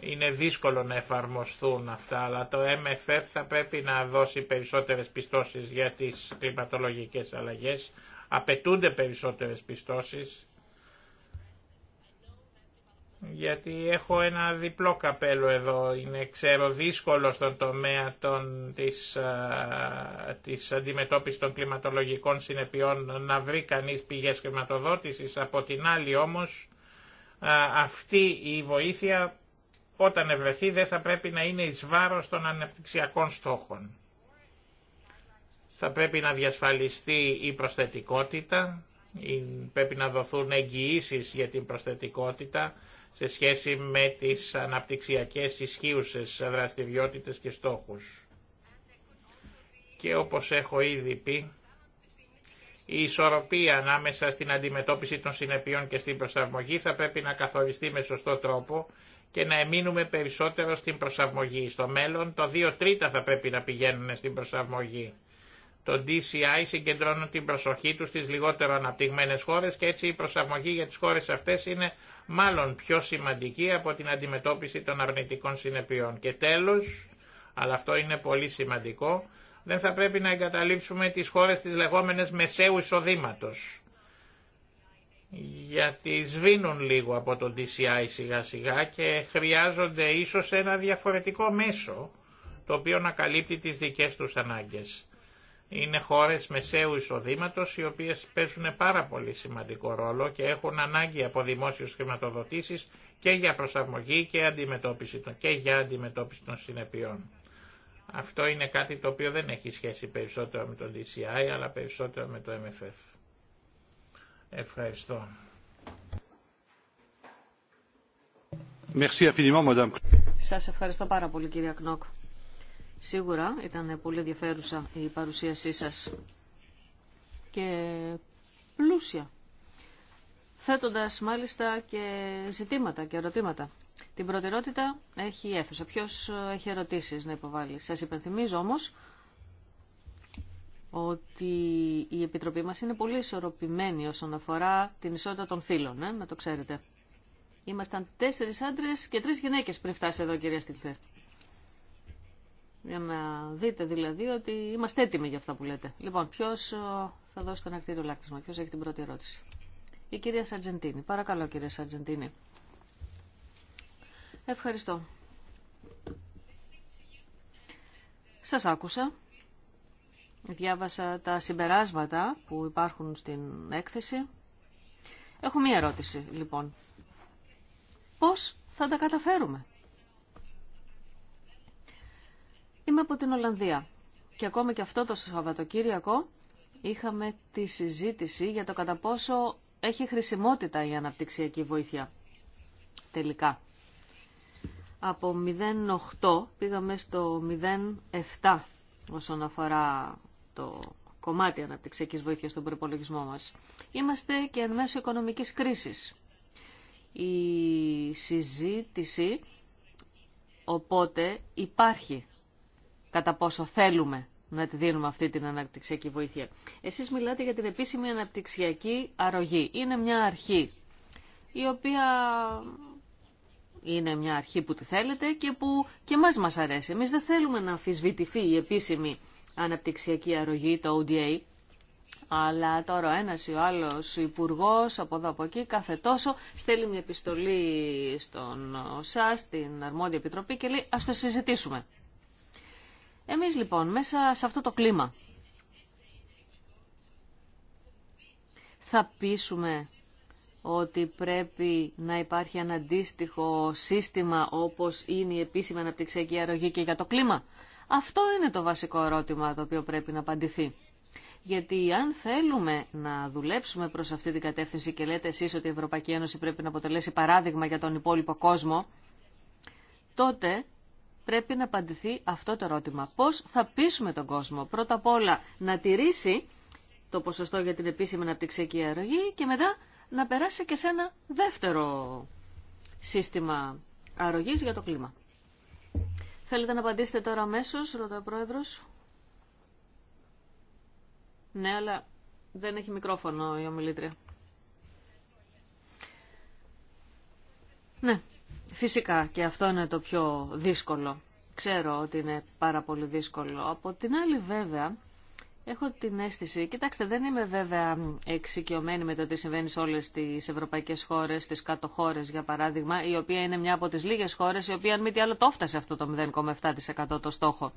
Είναι δύσκολο να εφαρμοστούν αυτά, αλλά το MFF θα πρέπει να δώσει περισσότερες πιστώσεις για τις κλιματολογικές αλλαγές. Απαιτούνται περισσότερες πιστώσεις, γιατί έχω ένα διπλό καπέλο εδώ. Είναι, ξέρω, δύσκολο στον τομέα των, της, της αντιμετώπισης των κλιματολογικών συνεπειών να βρει κανείς πηγές κλιματοδότησης. Από την άλλη όμως, αυτή η βοήθεια όταν ευρεθεί δεν θα πρέπει να είναι εις βάρος των αναπτυξιακών στόχων. Θα πρέπει να διασφαλιστεί η προσθετικότητα, πρέπει να δοθούν εγγυήσει για την προσθετικότητα σε σχέση με τις αναπτυξιακές ισχύουσες δραστηριότητες και στόχους. Και όπως έχω ήδη πει, η ισορροπία ανάμεσα στην αντιμετώπιση των συνεπειών και στην προσαρμογή θα πρέπει να καθοριστεί με σωστό τρόπο και να εμείνουμε περισσότερο στην προσαρμογή. Στο μέλλον το 2 τρίτα θα πρέπει να πηγαίνουν στην προσαρμογή. Το DCI συγκεντρώνουν την προσοχή τους στις λιγότερο αναπτυγμένες χώρες και έτσι η προσαρμογή για τις χώρες αυτές είναι μάλλον πιο σημαντική από την αντιμετώπιση των αρνητικών συνεπειών. Και τέλος, αλλά αυτό είναι πολύ σημαντικό, δεν θα πρέπει να εγκαταλείψουμε τις χώρες της λεγόμενης μεσαίου εισοδήματος γιατί σβήνουν λίγο από τον DCI σιγά σιγά και χρειάζονται ίσως ένα διαφορετικό μέσο το οποίο να καλύπτει τις δικές τους ανάγκες. Είναι χώρες μεσαίου εισοδήματος οι οποίες παίζουν πάρα πολύ σημαντικό ρόλο και έχουν ανάγκη από δημόσιους χρηματοδοτήσεις και για προσαρμογή και, αντιμετώπιση των, και για αντιμετώπιση των συνεπειών. Αυτό είναι κάτι το οποίο δεν έχει σχέση περισσότερο με τον DCI αλλά περισσότερο με το MFF. Ευχαριστώ. Σας ευχαριστώ πάρα πολύ κυρία Κνόκ. Σίγουρα ήταν πολύ ενδιαφέρουσα η παρουσίασή σας και πλούσια, θέτοντας μάλιστα και ζητήματα και ερωτήματα. Την προτεραιότητα έχει η αίθουσα. Ποιος έχει ερωτήσεις να υποβάλει. Σας υπενθυμίζω όμως ότι η Επιτροπή μας είναι πολύ ισορροπημένη όσον αφορά την ισότητα των φύλων, ε, να το ξέρετε. Ήμασταν τέσσερις άντρες και τρεις γυναίκες πριν φτάσει εδώ, κυρία Στυλθέ. Για να δείτε δηλαδή ότι είμαστε έτοιμοι για αυτά που λέτε. Λοιπόν, ποιο ε, θα δώσει τον ακτήριο λάκτισμα, ποιο έχει την πρώτη ερώτηση. Η κυρία Σαρτζεντίνη. Παρακαλώ, κυρία Σαρτζεντίνη. Ευχαριστώ. Σας άκουσα Διάβασα τα συμπεράσματα που υπάρχουν στην έκθεση. Έχω μία ερώτηση, λοιπόν. Πώς θα τα καταφέρουμε. Είμαι από την Ολλανδία και ακόμα και αυτό το Σαββατοκύριακο είχαμε τη συζήτηση για το κατά πόσο έχει χρησιμότητα η αναπτυξιακή βοήθεια. Τελικά. Από 0,8 πήγαμε στο 0,7 όσον αφορά το κομμάτι αναπτυξιακής βοήθειας στον προπολογισμό μας. Είμαστε και εν μέσω οικονομικής κρίσης. Η συζήτηση οπότε υπάρχει κατά πόσο θέλουμε να τη δίνουμε αυτή την αναπτυξιακή βοήθεια. Εσείς μιλάτε για την επίσημη αναπτυξιακή αρρωγή. Είναι μια αρχή η οποία είναι μια αρχή που τη θέλετε και που και μας μας αρέσει. Εμείς δεν θέλουμε να αφισβητηθεί η επίσημη αναπτυξιακή αρρωγή, το ODA, αλλά τώρα ο ένας ή ο άλλος υπουργός από εδώ από εκεί κάθε τόσο στέλνει μια επιστολή στον ΣΑΣ, στην Αρμόδια Επιτροπή και λέει ας το συζητήσουμε. Εμείς λοιπόν μέσα σε αυτό το κλίμα θα πείσουμε ότι πρέπει να υπάρχει ένα αντίστοιχο σύστημα όπως είναι η επίσημη αναπτυξιακή αρρωγή και για το κλίμα. Αυτό είναι το βασικό ερώτημα το οποίο πρέπει να απαντηθεί. Γιατί αν θέλουμε να δουλέψουμε προς αυτή την κατεύθυνση και λέτε εσείς ότι η Ευρωπαϊκή Ένωση πρέπει να αποτελέσει παράδειγμα για τον υπόλοιπο κόσμο, τότε πρέπει να απαντηθεί αυτό το ερώτημα. Πώς θα πείσουμε τον κόσμο πρώτα απ' όλα να τηρήσει το ποσοστό για την επίσημη αναπτυξιακή αερογή και μετά να περάσει και σε ένα δεύτερο σύστημα αρρωγής για το κλίμα. Θέλετε να απαντήσετε τώρα αμέσω, ρωτά ο πρόεδρο. Ναι, αλλά δεν έχει μικρόφωνο η ομιλήτρια. Ναι, φυσικά και αυτό είναι το πιο δύσκολο. Ξέρω ότι είναι πάρα πολύ δύσκολο. Από την άλλη βέβαια, Έχω την αίσθηση, κοιτάξτε δεν είμαι βέβαια εξοικειωμένη με το τι συμβαίνει σε όλες τις ευρωπαϊκές χώρες, τις κάτω χώρες για παράδειγμα, η οποία είναι μια από τι λίγε χώρε, η οποία αν μη τι άλλο το έφτασε αυτό το 0,7% το στόχο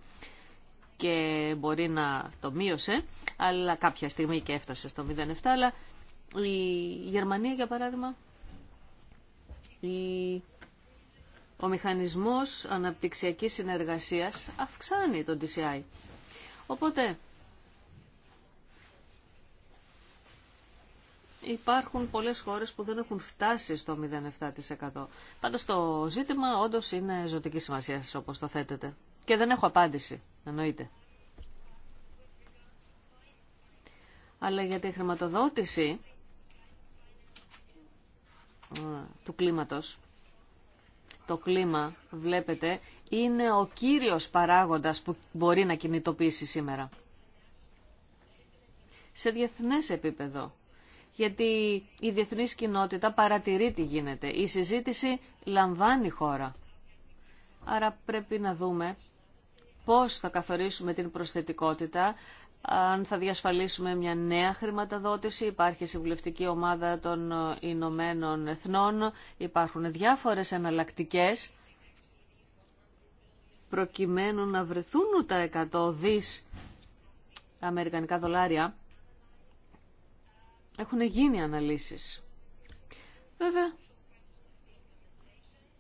και μπορεί να το μείωσε, αλλά κάποια στιγμή και έφτασε στο 0,7, αλλά η Γερμανία για παράδειγμα, η... ο μηχανισμός αναπτυξιακής συνεργασίας αυξάνει τον DCI. Οπότε υπάρχουν πολλές χώρες που δεν έχουν φτάσει στο 0,7%. Πάντως το ζήτημα όντως είναι ζωτική σημασία όπως το θέτετε. Και δεν έχω απάντηση, εννοείται. Αλλά για τη χρηματοδότηση ε, του κλίματος, το κλίμα βλέπετε είναι ο κύριος παράγοντας που μπορεί να κινητοποιήσει σήμερα. Σε διεθνές επίπεδο γιατί η διεθνής κοινότητα παρατηρεί τι γίνεται. Η συζήτηση λαμβάνει χώρα. Άρα πρέπει να δούμε πώς θα καθορίσουμε την προσθετικότητα, αν θα διασφαλίσουμε μια νέα χρηματοδότηση. Υπάρχει συμβουλευτική ομάδα των Ηνωμένων Εθνών, υπάρχουν διάφορες εναλλακτικέ προκειμένου να βρεθούν τα 100 δις αμερικανικά δολάρια έχουν γίνει αναλύσεις. Βέβαια,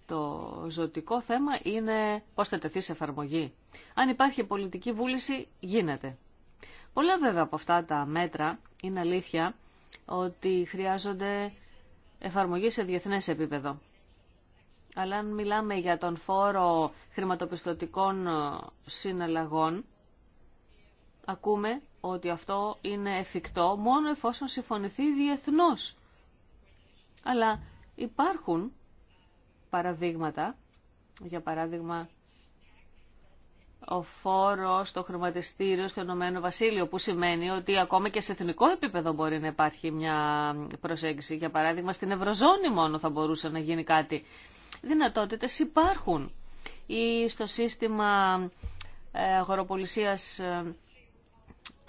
το ζωτικό θέμα είναι πώς θα τεθεί σε εφαρμογή. Αν υπάρχει πολιτική βούληση, γίνεται. Πολλά βέβαια από αυτά τα μέτρα είναι αλήθεια ότι χρειάζονται εφαρμογή σε διεθνές επίπεδο. Αλλά αν μιλάμε για τον φόρο χρηματοπιστωτικών ε, συναλλαγών, ακούμε ότι αυτό είναι εφικτό μόνο εφόσον συμφωνηθεί διεθνώς. Αλλά υπάρχουν παραδείγματα, για παράδειγμα ο φόρος στο χρηματιστήριο στο Ηνωμένο Βασίλειο, που σημαίνει ότι ακόμα και σε εθνικό επίπεδο μπορεί να υπάρχει μια προσέγγιση. Για παράδειγμα, στην Ευρωζώνη μόνο θα μπορούσε να γίνει κάτι. Δυνατότητες υπάρχουν. Ή στο σύστημα ε, αγοροπολισίας ε,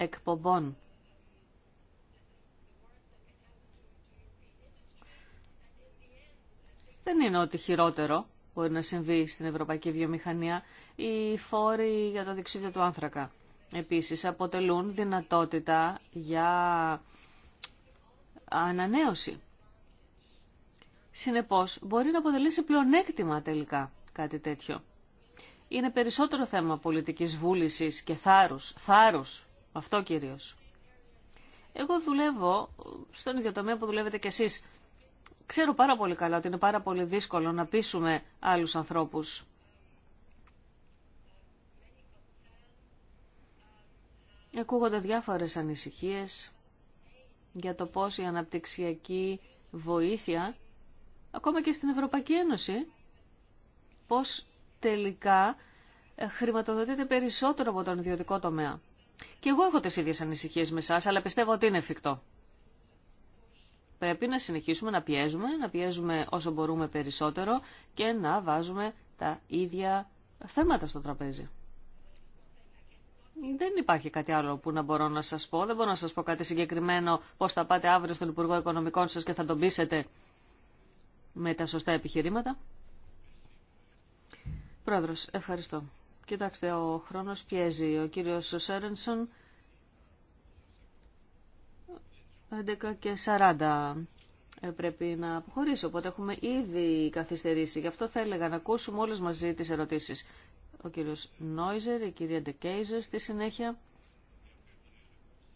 εκπομπών. Δεν είναι ότι χειρότερο μπορεί να συμβεί στην ευρωπαϊκή βιομηχανία οι φόροι για το δεξίδιο του άνθρακα. Επίσης αποτελούν δυνατότητα για ανανέωση. Συνεπώς μπορεί να αποτελέσει πλεονέκτημα τελικά κάτι τέτοιο. Είναι περισσότερο θέμα πολιτικής βούλησης και θάρρους, θάρρους αυτό κυρίω. Εγώ δουλεύω στον ίδιο τομέα που δουλεύετε κι εσείς. Ξέρω πάρα πολύ καλά ότι είναι πάρα πολύ δύσκολο να πείσουμε άλλου ανθρώπου. Ακούγονται διάφορες ανησυχίες για το πώς η αναπτυξιακή βοήθεια, ακόμα και στην Ευρωπαϊκή Ένωση, πώς τελικά ε, χρηματοδοτείται περισσότερο από τον ιδιωτικό τομέα. Και εγώ έχω τις ίδιες ανησυχίες με εσάς, αλλά πιστεύω ότι είναι εφικτό. Πρέπει να συνεχίσουμε να πιέζουμε, να πιέζουμε όσο μπορούμε περισσότερο και να βάζουμε τα ίδια θέματα στο τραπέζι. Δεν υπάρχει κάτι άλλο που να μπορώ να σας πω. Δεν μπορώ να σας πω κάτι συγκεκριμένο πώς θα πάτε αύριο στον Υπουργό Οικονομικών σας και θα τον πείσετε με τα σωστά επιχειρήματα. Πρόεδρος, ευχαριστώ. Κοιτάξτε, ο χρόνος πιέζει. Ο κύριος Σέρενσον 11 και 40 ε, πρέπει να αποχωρήσει, οπότε έχουμε ήδη καθυστερήσει. Γι' αυτό θα έλεγα να ακούσουμε όλες μαζί τις ερωτήσεις. Ο κύριος Νόιζερ, η κυρία Ντεκέιζερ στη συνέχεια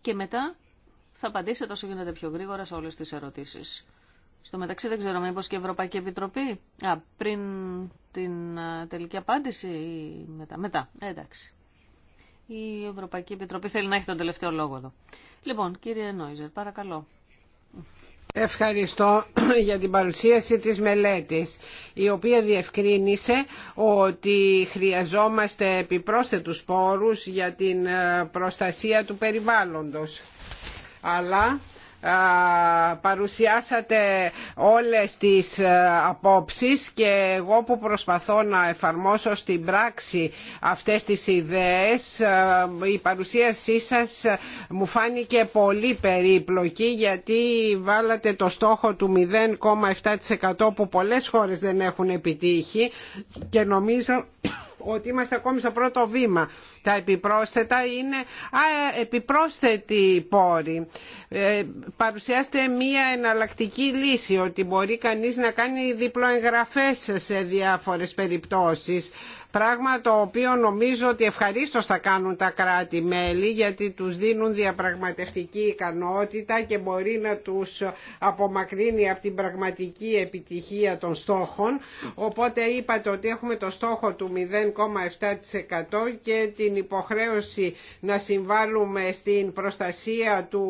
και μετά θα απαντήσετε όσο γίνεται πιο γρήγορα σε όλες τις ερωτήσεις. Στο μεταξύ δεν ξέρω μήπως και η Ευρωπαϊκή Επιτροπή. Α, πριν την τελική απάντηση ή μετά. Μετά, ε, εντάξει. Η Ευρωπαϊκή Επιτροπή θέλει να έχει τον τελευταίο λόγο εδώ. Λοιπόν, κύριε Νόιζερ, παρακαλώ. Ευχαριστώ (clears throat) για την παρουσίαση της μελέτης η οποία διευκρίνησε ότι χρειαζόμαστε επιπρόσθετους πόρους για την ε, προστασία του περιβάλλοντος. Αλλά παρουσιάσατε όλες τις ε, απόψεις και εγώ που προσπαθώ να εφαρμόσω στην πράξη αυτές τις ιδέες ε, η παρουσίασή σας ε, μου φάνηκε πολύ περίπλοκη γιατί βάλατε το στόχο του 0,7% που πολλές χώρες δεν έχουν επιτύχει και νομίζω ότι είμαστε ακόμη στο πρώτο βήμα. Τα επιπρόσθετα είναι α, επιπρόσθετη πόρη. Ε, παρουσιάστε μία εναλλακτική λύση ότι μπορεί κανείς να κάνει διπλοεγγραφές σε διάφορες περιπτώσεις. Πράγμα το οποίο νομίζω ότι ευχαρίστως θα κάνουν τα κράτη-μέλη γιατί τους δίνουν διαπραγματευτική ικανότητα και μπορεί να τους απομακρύνει από την πραγματική επιτυχία των στόχων. Οπότε είπατε ότι έχουμε το στόχο του 0,7% και την υποχρέωση να συμβάλλουμε στην προστασία του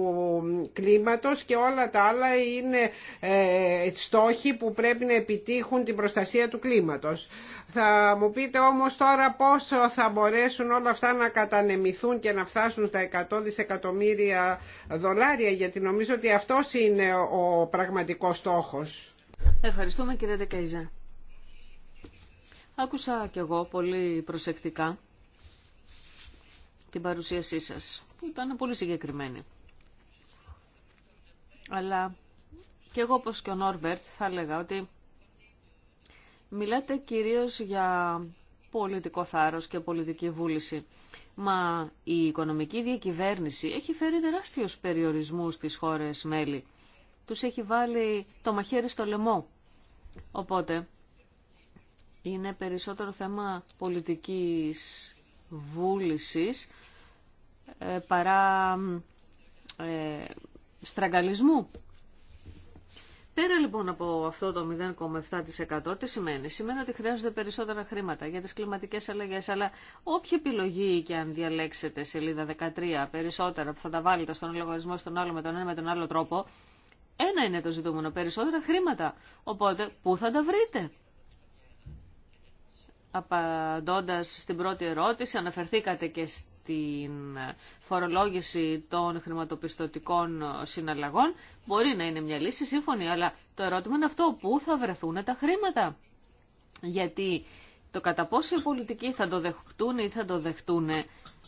κλίματος και όλα τα άλλα είναι ε, στόχοι που πρέπει να επιτύχουν την προστασία του κλίματος. Θα μου πείτε όμως τώρα πόσο θα μπορέσουν όλα αυτά να κατανεμηθούν και να φτάσουν στα 100 δισεκατομμύρια δολάρια γιατί νομίζω ότι αυτός είναι ο πραγματικός στόχος. Ευχαριστούμε κύριε Δεκαϊζέ. Άκουσα κι εγώ πολύ προσεκτικά την παρουσίασή σας που ήταν πολύ συγκεκριμένη. Αλλά κι εγώ όπως και ο Νόρμπερτ θα έλεγα ότι Μιλάτε κυρίως για πολιτικό θάρρος και πολιτική βούληση. Μα η οικονομική διακυβέρνηση έχει φέρει τεράστιους περιορισμούς στις χώρες μέλη. Τους έχει βάλει το μαχαίρι στο λαιμό. Οπότε είναι περισσότερο θέμα πολιτικής βούλησης ε, παρά ε, στραγγαλισμού Πέρα λοιπόν από αυτό το 0,7% τι σημαίνει. Σημαίνει ότι χρειάζονται περισσότερα χρήματα για τις κλιματικές αλλαγές, αλλά όποια επιλογή και αν διαλέξετε σελίδα 13 περισσότερα που θα τα βάλετε στον λογαριασμό στον άλλο με τον ένα με τον άλλο τρόπο, ένα είναι το ζητούμενο, περισσότερα χρήματα. Οπότε, πού θα τα βρείτε. Απαντώντας στην πρώτη ερώτηση, αναφερθήκατε και την φορολόγηση των χρηματοπιστωτικών συναλλαγών μπορεί να είναι μια λύση σύμφωνη, αλλά το ερώτημα είναι αυτό, πού θα βρεθούν τα χρήματα. Γιατί το κατά πόσο οι πολιτικοί θα το δεχτούν ή θα το δεχτούν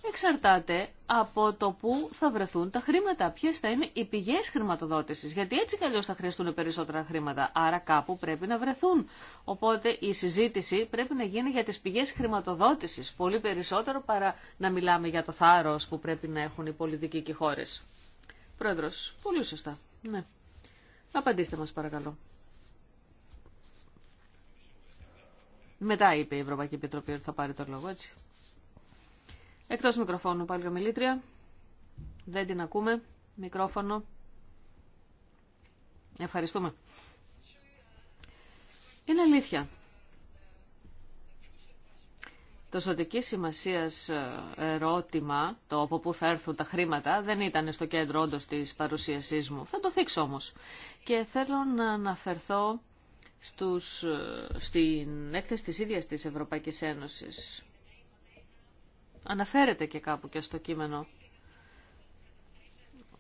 εξαρτάται από το πού θα βρεθούν τα χρήματα, ποιε θα είναι οι πηγέ χρηματοδότηση. Γιατί έτσι κι θα χρειαστούν περισσότερα χρήματα. Άρα κάπου πρέπει να βρεθούν. Οπότε η συζήτηση πρέπει να γίνει για τι πηγέ χρηματοδότηση. Πολύ περισσότερο παρά να μιλάμε για το θάρρο που πρέπει να έχουν οι πολιτικοί και οι χώρε. Πρόεδρο, πολύ σωστά. Ναι. Απαντήστε μα παρακαλώ. Μετά είπε η Ευρωπαϊκή Επιτροπή ότι θα πάρει το λόγο, έτσι. Εκτός μικροφώνου πάλι ομιλήτρια. Δεν την ακούμε. Μικρόφωνο. Ευχαριστούμε. Είναι αλήθεια. Το σωτική σημασία ε, ερώτημα, το από πού θα έρθουν τα χρήματα, δεν ήταν στο κέντρο όντω τη παρουσίασή μου. Θα το θίξω όμω. Και θέλω να αναφερθώ στους, ε, στην έκθεση της ίδιας της Ευρωπαϊκής Ένωσης Αναφέρεται και κάπου και στο κείμενο.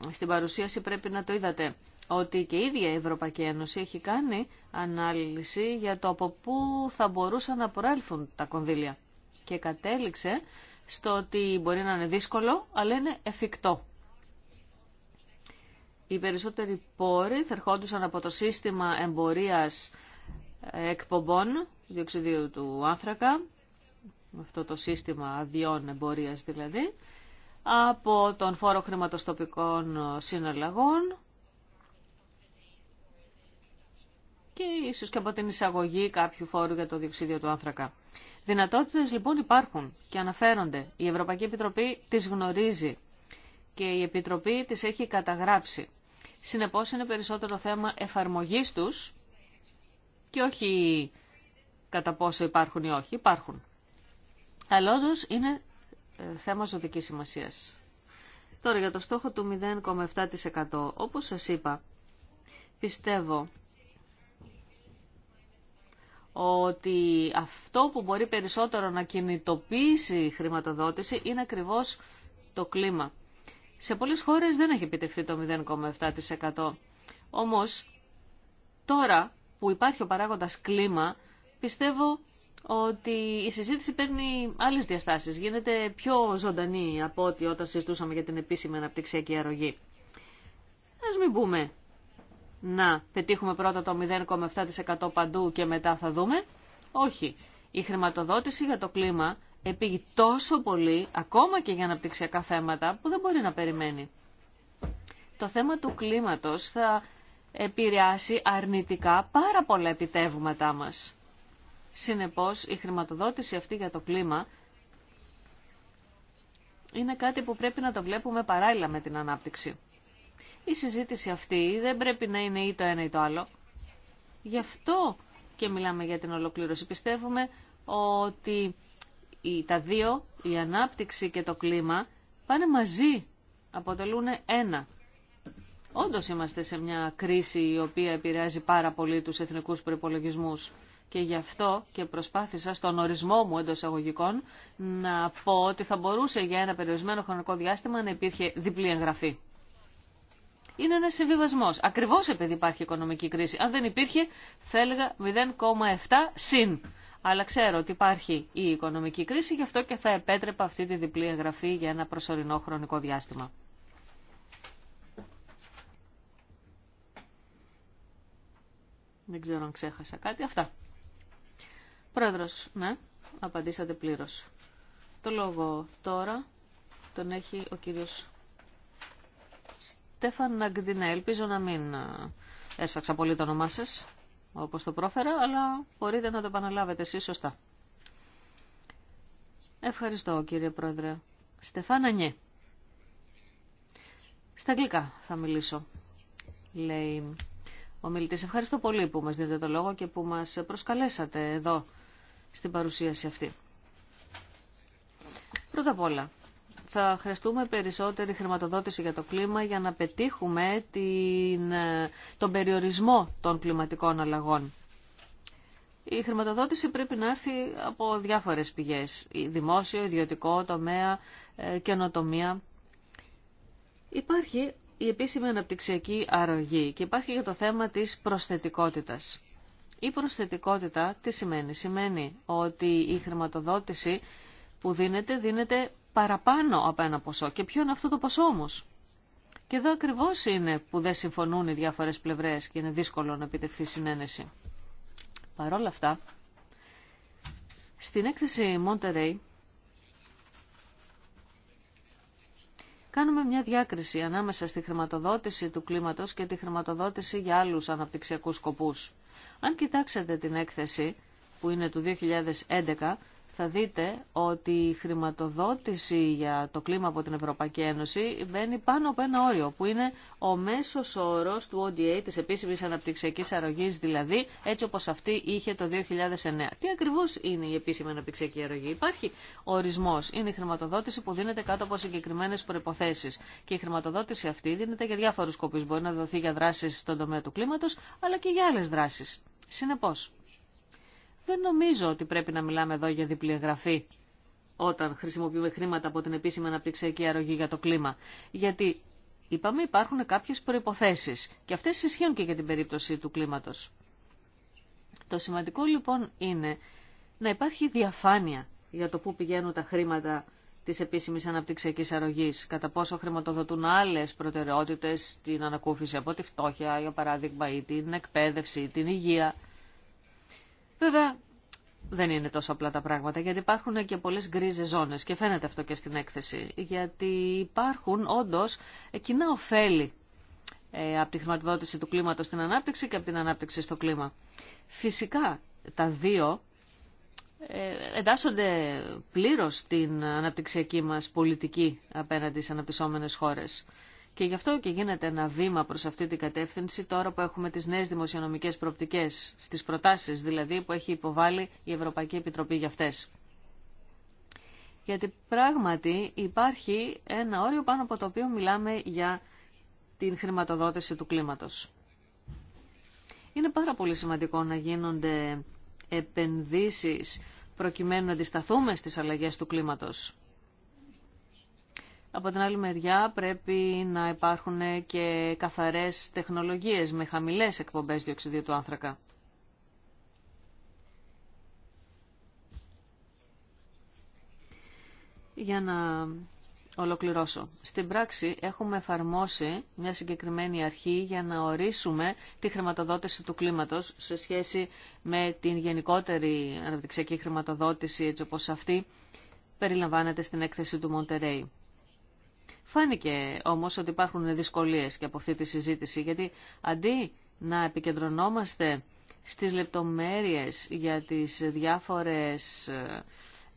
Στην παρουσίαση πρέπει να το είδατε ότι και η ίδια η Ευρωπαϊκή Ένωση έχει κάνει ανάλυση για το από πού θα μπορούσαν να προέλθουν τα κονδύλια. Και κατέληξε στο ότι μπορεί να είναι δύσκολο, αλλά είναι εφικτό. Οι περισσότεροι πόροι θα ερχόντουσαν από το σύστημα εμπορίας ε, εκπομπών διοξιδίου του άνθρακα με αυτό το σύστημα αδειών εμπορίας δηλαδή, από τον φόρο χρηματοστοπικών συναλλαγών και ίσως και από την εισαγωγή κάποιου φόρου για το διοξίδιο του άνθρακα. Δυνατότητες λοιπόν υπάρχουν και αναφέρονται. Η Ευρωπαϊκή Επιτροπή τις γνωρίζει και η Επιτροπή τις έχει καταγράψει. Συνεπώς είναι περισσότερο θέμα εφαρμογής τους και όχι κατά πόσο υπάρχουν ή όχι. Υπάρχουν. Αλλά όντω είναι ε, θέμα ζωτική σημασία. Τώρα για το στόχο του 0,7%. Όπως σας είπα, πιστεύω ότι αυτό που μπορεί περισσότερο να κινητοποιήσει η χρηματοδότηση είναι ακριβώς το κλίμα. Σε πολλές χώρες δεν έχει επιτευχθεί το 0,7%. Όμως, τώρα που υπάρχει ο παράγοντας κλίμα, πιστεύω ότι η συζήτηση παίρνει άλλε διαστάσει. Γίνεται πιο ζωντανή από ό,τι όταν συζητούσαμε για την επίσημη αναπτυξιακή αρρωγή. Α μην πούμε να πετύχουμε πρώτα το 0,7% παντού και μετά θα δούμε. Όχι. Η χρηματοδότηση για το κλίμα επήγει τόσο πολύ, ακόμα και για αναπτυξιακά θέματα, που δεν μπορεί να περιμένει. Το θέμα του κλίματος θα επηρεάσει αρνητικά πάρα πολλά επιτεύγματά μας. Συνεπώς, η χρηματοδότηση αυτή για το κλίμα είναι κάτι που πρέπει να το βλέπουμε παράλληλα με την ανάπτυξη. Η συζήτηση αυτή δεν πρέπει να είναι ή το ένα ή το άλλο. Γι' αυτό και μιλάμε για την ολοκλήρωση. Πιστεύουμε ότι τα δύο, η ανάπτυξη και το κλίμα, πάνε μαζί, αποτελούν ένα. Όντως είμαστε σε μια κρίση η οποία επηρεάζει πάρα πολύ τους εθνικούς προϋπολογισμούς. Και γι' αυτό και προσπάθησα στον ορισμό μου εντό αγωγικών να πω ότι θα μπορούσε για ένα περιορισμένο χρονικό διάστημα να υπήρχε διπλή εγγραφή. Είναι ένα συμβιβασμό. Ακριβώ επειδή υπάρχει οικονομική κρίση. Αν δεν υπήρχε, θα έλεγα 0,7 συν. Αλλά ξέρω ότι υπάρχει η οικονομική κρίση, γι' αυτό και θα επέτρεπα αυτή τη διπλή εγγραφή για ένα προσωρινό χρονικό διάστημα. Δεν ξέρω αν ξέχασα κάτι. Αυτά. Πρόεδρος, ναι, απαντήσατε πλήρως. Το λόγο τώρα τον έχει ο κύριος Στέφαν Ναγκδινέ. Ελπίζω να μην ε, έσφαξα πολύ το όνομά σας, όπως το πρόφερα, αλλά μπορείτε να το επαναλάβετε εσείς σωστά. Ευχαριστώ κύριε Πρόεδρε. Στεφάνα Νιέ. Στα αγγλικά θα μιλήσω, λέει ο μιλητής. Ευχαριστώ πολύ που μας δίνετε το λόγο και που μας προσκαλέσατε εδώ στην παρουσίαση αυτή. Πρώτα απ' όλα, θα χρειαστούμε περισσότερη χρηματοδότηση για το κλίμα για να πετύχουμε την, ε, τον περιορισμό των κλιματικών αλλαγών. Η χρηματοδότηση πρέπει να έρθει από διάφορες πηγές, δημόσιο, ιδιωτικό, τομέα, ε, καινοτομία. Υπάρχει η επίσημη αναπτυξιακή αρρωγή και υπάρχει για το θέμα της προσθετικότητας. Η προσθετικότητα τι σημαίνει. Σημαίνει ότι η χρηματοδότηση που δίνεται, δίνεται παραπάνω από ένα ποσό. Και ποιο είναι αυτό το ποσό όμως. Και εδώ ακριβώς είναι που δεν συμφωνούν οι διάφορες πλευρές και είναι δύσκολο να επιτευχθεί συνένεση. Παρ' όλα αυτά, στην έκθεση Monterey κάνουμε μια διάκριση ανάμεσα στη χρηματοδότηση του κλίματος και τη χρηματοδότηση για άλλους αναπτυξιακούς σκοπούς. Αν κοιτάξετε την έκθεση που είναι του 2011, θα δείτε ότι η χρηματοδότηση για το κλίμα από την Ευρωπαϊκή Ένωση μπαίνει πάνω από ένα όριο, που είναι ο μέσος όρος του ODA, της επίσημης αναπτυξιακής αρρωγής δηλαδή, έτσι όπως αυτή είχε το 2009. Τι ακριβώς είναι η επίσημη αναπτυξιακή αρρωγή. Υπάρχει ορισμός. Είναι η χρηματοδότηση που δίνεται κάτω από συγκεκριμένες προϋποθέσεις. Και η χρηματοδότηση αυτή δίνεται για διάφορους σκοπούς. Μπορεί να δοθεί για δράσεις στον τομέα του κλίματος, αλλά και για άλλες δράσεις. Συνεπώς, δεν νομίζω ότι πρέπει να μιλάμε εδώ για διπλή εγγραφή όταν χρησιμοποιούμε χρήματα από την επίσημη αναπτυξιακή αρρωγή για το κλίμα. Γιατί είπαμε υπάρχουν κάποιες προϋποθέσεις και αυτές ισχύουν και για την περίπτωση του κλίματος. Το σημαντικό λοιπόν είναι να υπάρχει διαφάνεια για το πού πηγαίνουν τα χρήματα τη επίσημη αναπτυξιακή αρρωγή, κατά πόσο χρηματοδοτούν άλλε προτεραιότητε, την ανακούφιση από τη φτώχεια, για παράδειγμα, ή την εκπαίδευση, την υγεία. Βέβαια, δεν είναι τόσο απλά τα πράγματα, γιατί υπάρχουν και πολλές γκρίζε ζώνες και φαίνεται αυτό και στην έκθεση, γιατί υπάρχουν όντως κοινά ωφέλη ε, από τη χρηματοδότηση του κλίματος στην ανάπτυξη και από την ανάπτυξη στο κλίμα. Φυσικά, τα δύο ε, εντάσσονται πλήρως στην αναπτυξιακή μας πολιτική απέναντι στις αναπτυσσόμενες χώρες. Και γι' αυτό και γίνεται ένα βήμα προς αυτή την κατεύθυνση τώρα που έχουμε τις νέες δημοσιονομικές προοπτικές, στις προτάσεις δηλαδή που έχει υποβάλει η Ευρωπαϊκή Επιτροπή για αυτές. Γιατί πράγματι υπάρχει ένα όριο πάνω από το οποίο μιλάμε για την χρηματοδότηση του κλίματος. Είναι πάρα πολύ σημαντικό να γίνονται επενδύσεις προκειμένου να αντισταθούμε στις αλλαγές του κλίματος. Από την άλλη μεριά πρέπει να υπάρχουν και καθαρές τεχνολογίες με χαμηλές εκπομπές διοξιδίου του άνθρακα. Για να ολοκληρώσω. Στην πράξη έχουμε εφαρμόσει μια συγκεκριμένη αρχή για να ορίσουμε τη χρηματοδότηση του κλίματος σε σχέση με την γενικότερη αναπτυξιακή χρηματοδότηση έτσι όπως αυτή περιλαμβάνεται στην έκθεση του Μοντερέι. Φάνηκε όμως ότι υπάρχουν δυσκολίες και από αυτή τη συζήτηση, γιατί αντί να επικεντρωνόμαστε στις λεπτομέρειες για τις διάφορες ε,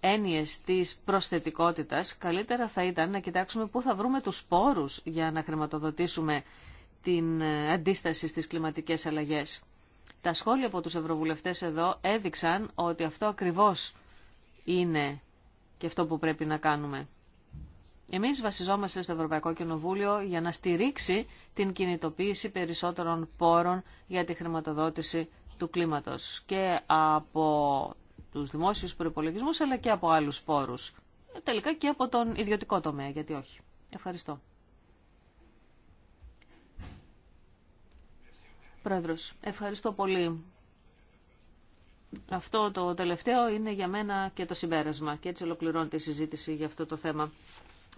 έννοιες της προσθετικότητας, καλύτερα θα ήταν να κοιτάξουμε πού θα βρούμε τους πόρους για να χρηματοδοτήσουμε την ε, αντίσταση στις κλιματικές αλλαγές. Τα σχόλια από τους ευρωβουλευτές εδώ έδειξαν ότι αυτό ακριβώς είναι και αυτό που πρέπει να κάνουμε. Εμείς βασιζόμαστε στο Ευρωπαϊκό Κοινοβούλιο για να στηρίξει την κινητοποίηση περισσότερων πόρων για τη χρηματοδότηση του κλίματος και από τους δημόσιους προϋπολογισμούς αλλά και από άλλους πόρους. Τελικά και από τον ιδιωτικό τομέα, γιατί όχι. Ευχαριστώ. Πρόεδρος, ευχαριστώ πολύ. Αυτό το τελευταίο είναι για μένα και το συμπέρασμα και έτσι ολοκληρώνεται η συζήτηση για αυτό το θέμα.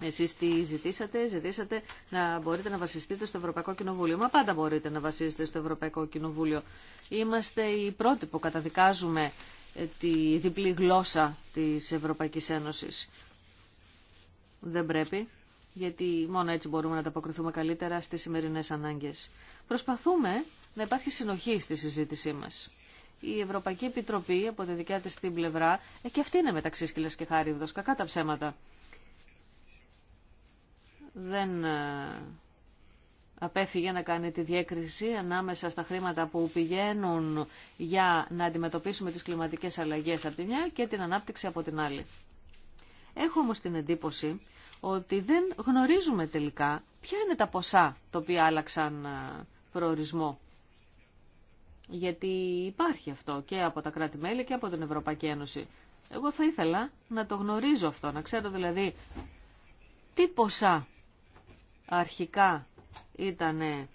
Εσεί τι ζητήσατε, ζητήσατε να μπορείτε να βασιστείτε στο Ευρωπαϊκό Κοινοβούλιο. Μα πάντα μπορείτε να βασίζετε στο Ευρωπαϊκό Κοινοβούλιο. Είμαστε οι πρώτοι που καταδικάζουμε ε, τη διπλή γλώσσα της Ευρωπαϊκής Ένωσης. Δεν πρέπει, γιατί μόνο έτσι μπορούμε να ανταποκριθούμε καλύτερα στις σημερινές ανάγκες. Προσπαθούμε να υπάρχει συνοχή στη συζήτησή μας. Η Ευρωπαϊκή Επιτροπή από τη δικιά της την πλευρά, ε, και αυτή είναι μεταξύ σκυλες και χάριδος, κακά τα ψέματα δεν ε, απέφυγε να κάνει τη διέκριση ανάμεσα στα χρήματα που πηγαίνουν για να αντιμετωπίσουμε τις κλιματικές αλλαγές από τη μια και την ανάπτυξη από την άλλη. Έχω όμως την εντύπωση ότι δεν γνωρίζουμε τελικά ποια είναι τα ποσά τα οποία άλλαξαν ε, προορισμό. Γιατί υπάρχει αυτό και από τα κράτη-μέλη και από την Ευρωπαϊκή Ένωση. Εγώ θα ήθελα να το γνωρίζω αυτό, να ξέρω δηλαδή τι ποσά αρχικά ήταν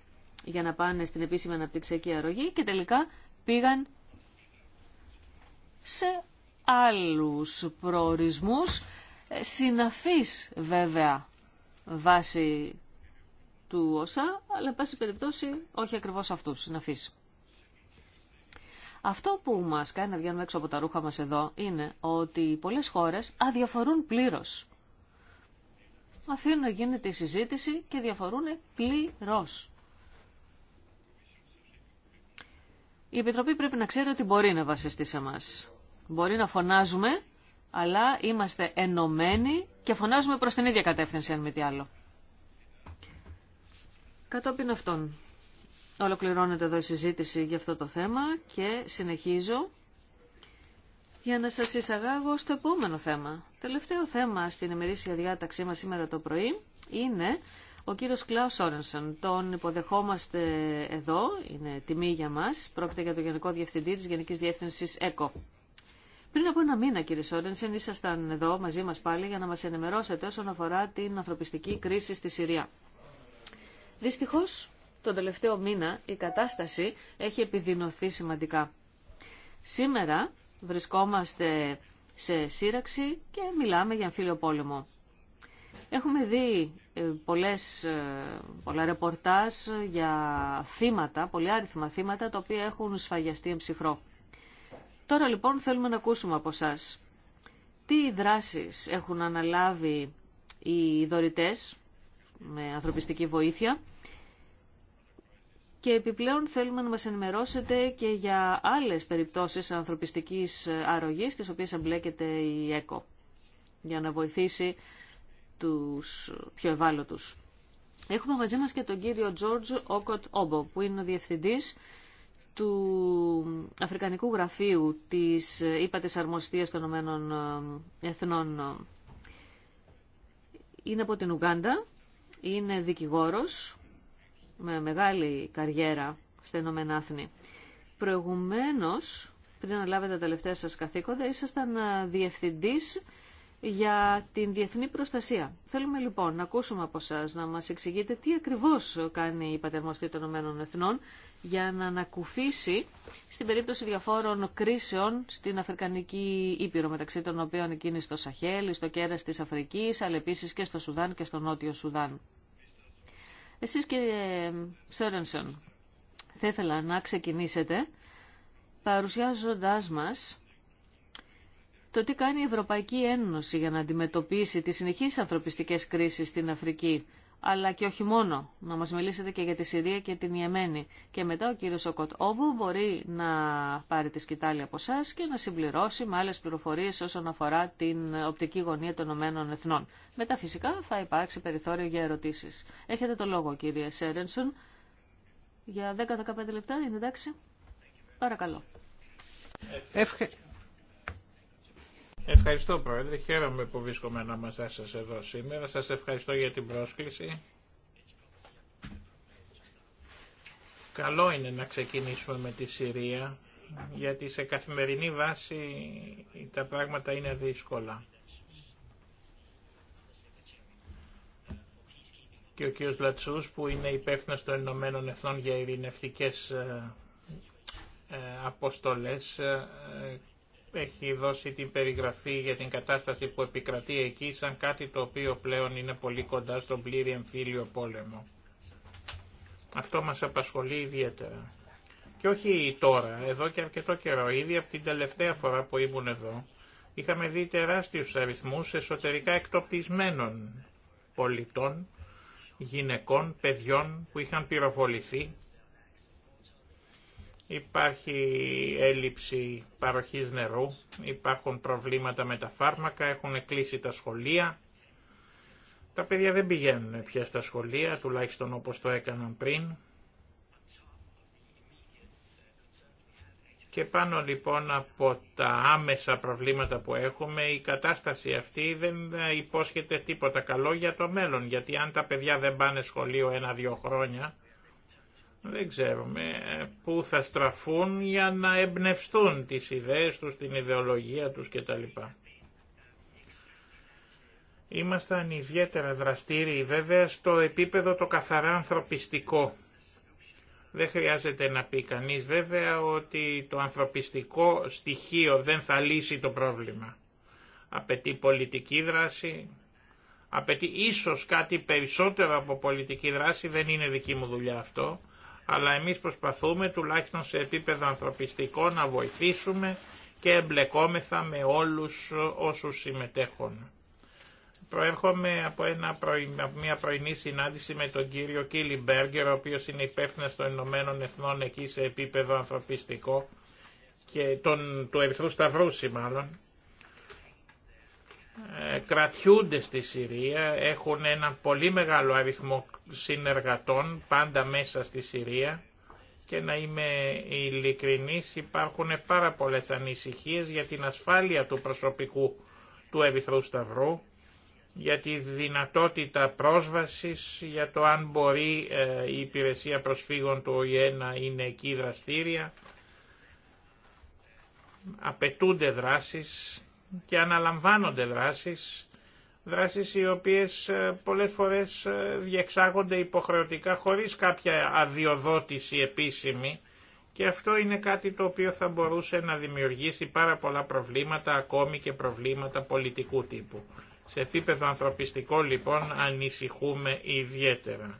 για να πάνε στην επίσημη αναπτυξιακή αρρωγή και τελικά πήγαν σε άλλους προορισμούς, ε, συναφείς βέβαια βάση του ΩΣΑ, αλλά πάση περιπτώσει όχι ακριβώς αυτούς, συναφείς. Αυτό που μας κάνει να βγαίνουμε έξω από τα ρούχα μας εδώ είναι ότι πολλές χώρες αδιαφορούν πλήρως αφήνουν να γίνεται η συζήτηση και διαφορούν πλήρω. Η Επιτροπή πρέπει να ξέρει ότι μπορεί να βασιστεί σε μας. Μπορεί να φωνάζουμε, αλλά είμαστε ενωμένοι και φωνάζουμε προς την ίδια κατεύθυνση, αν μη τι άλλο. Κατόπιν αυτών, ολοκληρώνεται εδώ η συζήτηση για αυτό το θέμα και συνεχίζω για να σας εισαγάγω στο επόμενο θέμα. Τελευταίο θέμα στην ημερήσια διάταξή μας σήμερα το πρωί είναι ο κύριος Κλάου Σόρενσον. Τον υποδεχόμαστε εδώ, είναι τιμή για μας. Πρόκειται για τον Γενικό Διευθυντή της Γενικής Διεύθυνσης ΕΚΟ. Πριν από ένα μήνα, κύριε Σόρενσεν, ήσασταν εδώ μαζί μας πάλι για να μας ενημερώσετε όσον αφορά την ανθρωπιστική κρίση στη Συρία. Δυστυχώς, τον τελευταίο μήνα η κατάσταση έχει επιδεινωθεί σημαντικά. Σήμερα βρισκόμαστε σε σύραξη και μιλάμε για εμφύλιο πόλεμο. Έχουμε δει ε, πολλές, ε, πολλά ρεπορτάζ για θύματα, πολλοί άριθμα θύματα, τα οποία έχουν σφαγιαστεί ψυχρό. Τώρα λοιπόν θέλουμε να ακούσουμε από εσά. Τι δράσεις έχουν αναλάβει οι δωρητές με ανθρωπιστική βοήθεια και επιπλέον θέλουμε να μας ενημερώσετε και για άλλες περιπτώσεις ανθρωπιστικής αρρωγής στις οποίες εμπλέκεται η ΕΚΟ για να βοηθήσει τους πιο ευάλωτους. Έχουμε μαζί μας και τον κύριο Τζόρτζ Όκοτ Όμπο που είναι ο διευθυντής του Αφρικανικού Γραφείου της Υπατης Αρμοστίας των Ηνωμένων Εθνών. Είναι από την Ουγγάντα, είναι δικηγόρος με μεγάλη καριέρα στα Ηνωμένα Άθνη. Προηγουμένως, πριν αναλάβετε τα τελευταία σα καθήκοντα, ήσασταν ε, διευθυντής για την διεθνή προστασία. Θέλουμε λοιπόν να ακούσουμε από εσά να μας εξηγείτε τι ακριβώς κάνει η Πατερμοστή των Ηνωμένων Εθνών για να ανακουφίσει στην περίπτωση διαφόρων κρίσεων στην Αφρικανική Ήπειρο, μεταξύ των οποίων εκείνη στο Σαχέλ, στο κέρα τη Αφρική, αλλά επίση και στο Σουδάν και στο Νότιο Σουδάν. Εσείς κύριε Σόρενσον, θα ήθελα να ξεκινήσετε παρουσιάζοντάς μας το τι κάνει η Ευρωπαϊκή Ένωση για να αντιμετωπίσει τις συνεχείς ανθρωπιστικές κρίσεις στην Αφρική αλλά και όχι μόνο. Να μας μιλήσετε και για τη Συρία και την Ιεμένη. Και μετά ο κύριος Σοκοτ Όβου μπορεί να πάρει τη σκητάλη από εσά και να συμπληρώσει με άλλες πληροφορίες όσον αφορά την οπτική γωνία των Ηνωμένων Εθνών. Μετά φυσικά θα υπάρξει περιθώριο για ερωτήσεις. Έχετε το λόγο κύριε Σέρενσον. Για 10-15 λεπτά είναι εντάξει. Παρακαλώ. Ευχαριστώ Πρόεδρε, χαίρομαι που βρίσκομαι ανάμεσά σας εδώ σήμερα. Σας ευχαριστώ για την πρόσκληση. Καλό είναι να ξεκινήσουμε με τη Συρία, γιατί σε καθημερινή βάση τα πράγματα είναι δύσκολα. Και ο κ. Λατσούς που είναι υπεύθυνος των Ηνωμένων Εθνών για ειρηνευτικές ε, ε, αποστολές ε, έχει δώσει την περιγραφή για την κατάσταση που επικρατεί εκεί σαν κάτι το οποίο πλέον είναι πολύ κοντά στον πλήρη εμφύλιο πόλεμο. Αυτό μας απασχολεί ιδιαίτερα. Και όχι τώρα, εδώ και αρκετό καιρό, ήδη από την τελευταία φορά που ήμουν εδώ, είχαμε δει τεράστιους αριθμούς εσωτερικά εκτοπισμένων πολιτών, γυναικών, παιδιών που είχαν πυροβοληθεί Υπάρχει έλλειψη παροχής νερού, υπάρχουν προβλήματα με τα φάρμακα, έχουν κλείσει τα σχολεία. Τα παιδιά δεν πηγαίνουν πια στα σχολεία, τουλάχιστον όπως το έκαναν πριν. Και πάνω λοιπόν από τα άμεσα προβλήματα που έχουμε, η κατάσταση αυτή δεν υπόσχεται τίποτα καλό για το μέλλον, γιατί αν τα παιδιά δεν πάνε σχολείο ένα-δύο χρόνια, δεν ξέρουμε ε, πού θα στραφούν για να εμπνευστούν τις ιδέες τους, την ιδεολογία τους κτλ. Ήμασταν ιδιαίτερα δραστήριοι βέβαια στο επίπεδο το καθαρά ανθρωπιστικό. Δεν χρειάζεται να πει κανείς βέβαια ότι το ανθρωπιστικό στοιχείο δεν θα λύσει το πρόβλημα. Απαιτεί πολιτική δράση, απαιτεί ίσως κάτι περισσότερο από πολιτική δράση, δεν είναι δική μου δουλειά αυτό, αλλά εμείς προσπαθούμε τουλάχιστον σε επίπεδο ανθρωπιστικό να βοηθήσουμε και εμπλεκόμεθα με όλους όσους συμμετέχουν. Προέρχομαι από, ένα, μια πρωινή συνάντηση με τον κύριο Κίλι Μπέργκερ, ο οποίος είναι υπεύθυνος των Ηνωμένων Εθνών εκεί σε επίπεδο ανθρωπιστικό και τον, του Ερυθρού Σταυρούση μάλλον ε, κρατιούνται στη Συρία, έχουν ένα πολύ μεγάλο αριθμό συνεργατών πάντα μέσα στη Συρία και να είμαι ειλικρινής υπάρχουν πάρα πολλές ανησυχίες για την ασφάλεια του προσωπικού του Ερυθρού Σταυρού, για τη δυνατότητα πρόσβασης, για το αν μπορεί ε, η υπηρεσία προσφύγων του ΟΗΕ να είναι εκεί δραστήρια. Απαιτούνται δράσεις και αναλαμβάνονται δράσεις, δράσεις οι οποίες ε, πολλές φορές ε, διεξάγονται υποχρεωτικά χωρίς κάποια αδειοδότηση επίσημη και αυτό είναι κάτι το οποίο θα μπορούσε να δημιουργήσει πάρα πολλά προβλήματα, ακόμη και προβλήματα πολιτικού τύπου. Σε επίπεδο ανθρωπιστικό λοιπόν ανησυχούμε ιδιαίτερα.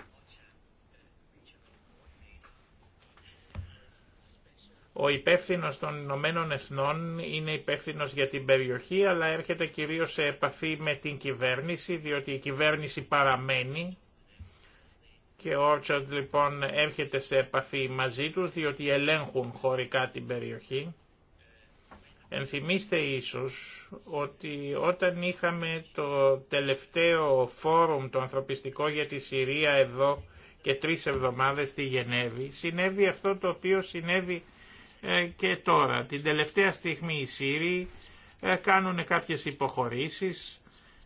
Ο υπεύθυνο των Ηνωμένων Εθνών είναι υπεύθυνο για την περιοχή, αλλά έρχεται κυρίως σε επαφή με την κυβέρνηση, διότι η κυβέρνηση παραμένει και ο Orchard λοιπόν έρχεται σε επαφή μαζί τους, διότι ελέγχουν χωρικά την περιοχή. Ενθυμίστε ίσως ότι όταν είχαμε το τελευταίο φόρουμ το ανθρωπιστικό για τη Συρία εδώ και τρεις εβδομάδες στη Γενέβη, συνέβη αυτό το οποίο συνέβη ε, και τώρα. Την τελευταία στιγμή οι Σύριοι ε, κάνουν κάποιες υποχωρήσεις.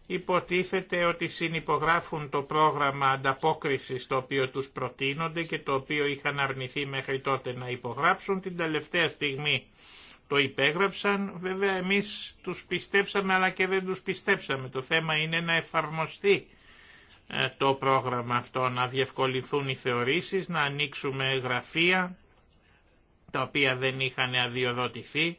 Υποτίθεται ότι συνυπογράφουν το πρόγραμμα ανταπόκρισης το οποίο τους προτείνονται και το οποίο είχαν αρνηθεί μέχρι τότε να υπογράψουν. Την τελευταία στιγμή το υπέγραψαν. Βέβαια εμείς τους πιστέψαμε αλλά και δεν τους πιστέψαμε. Το θέμα είναι να εφαρμοστεί ε, το πρόγραμμα αυτό, να διευκολυνθούν οι θεωρήσεις, να ανοίξουμε γραφεία τα οποία δεν είχαν αδειοδοτηθεί,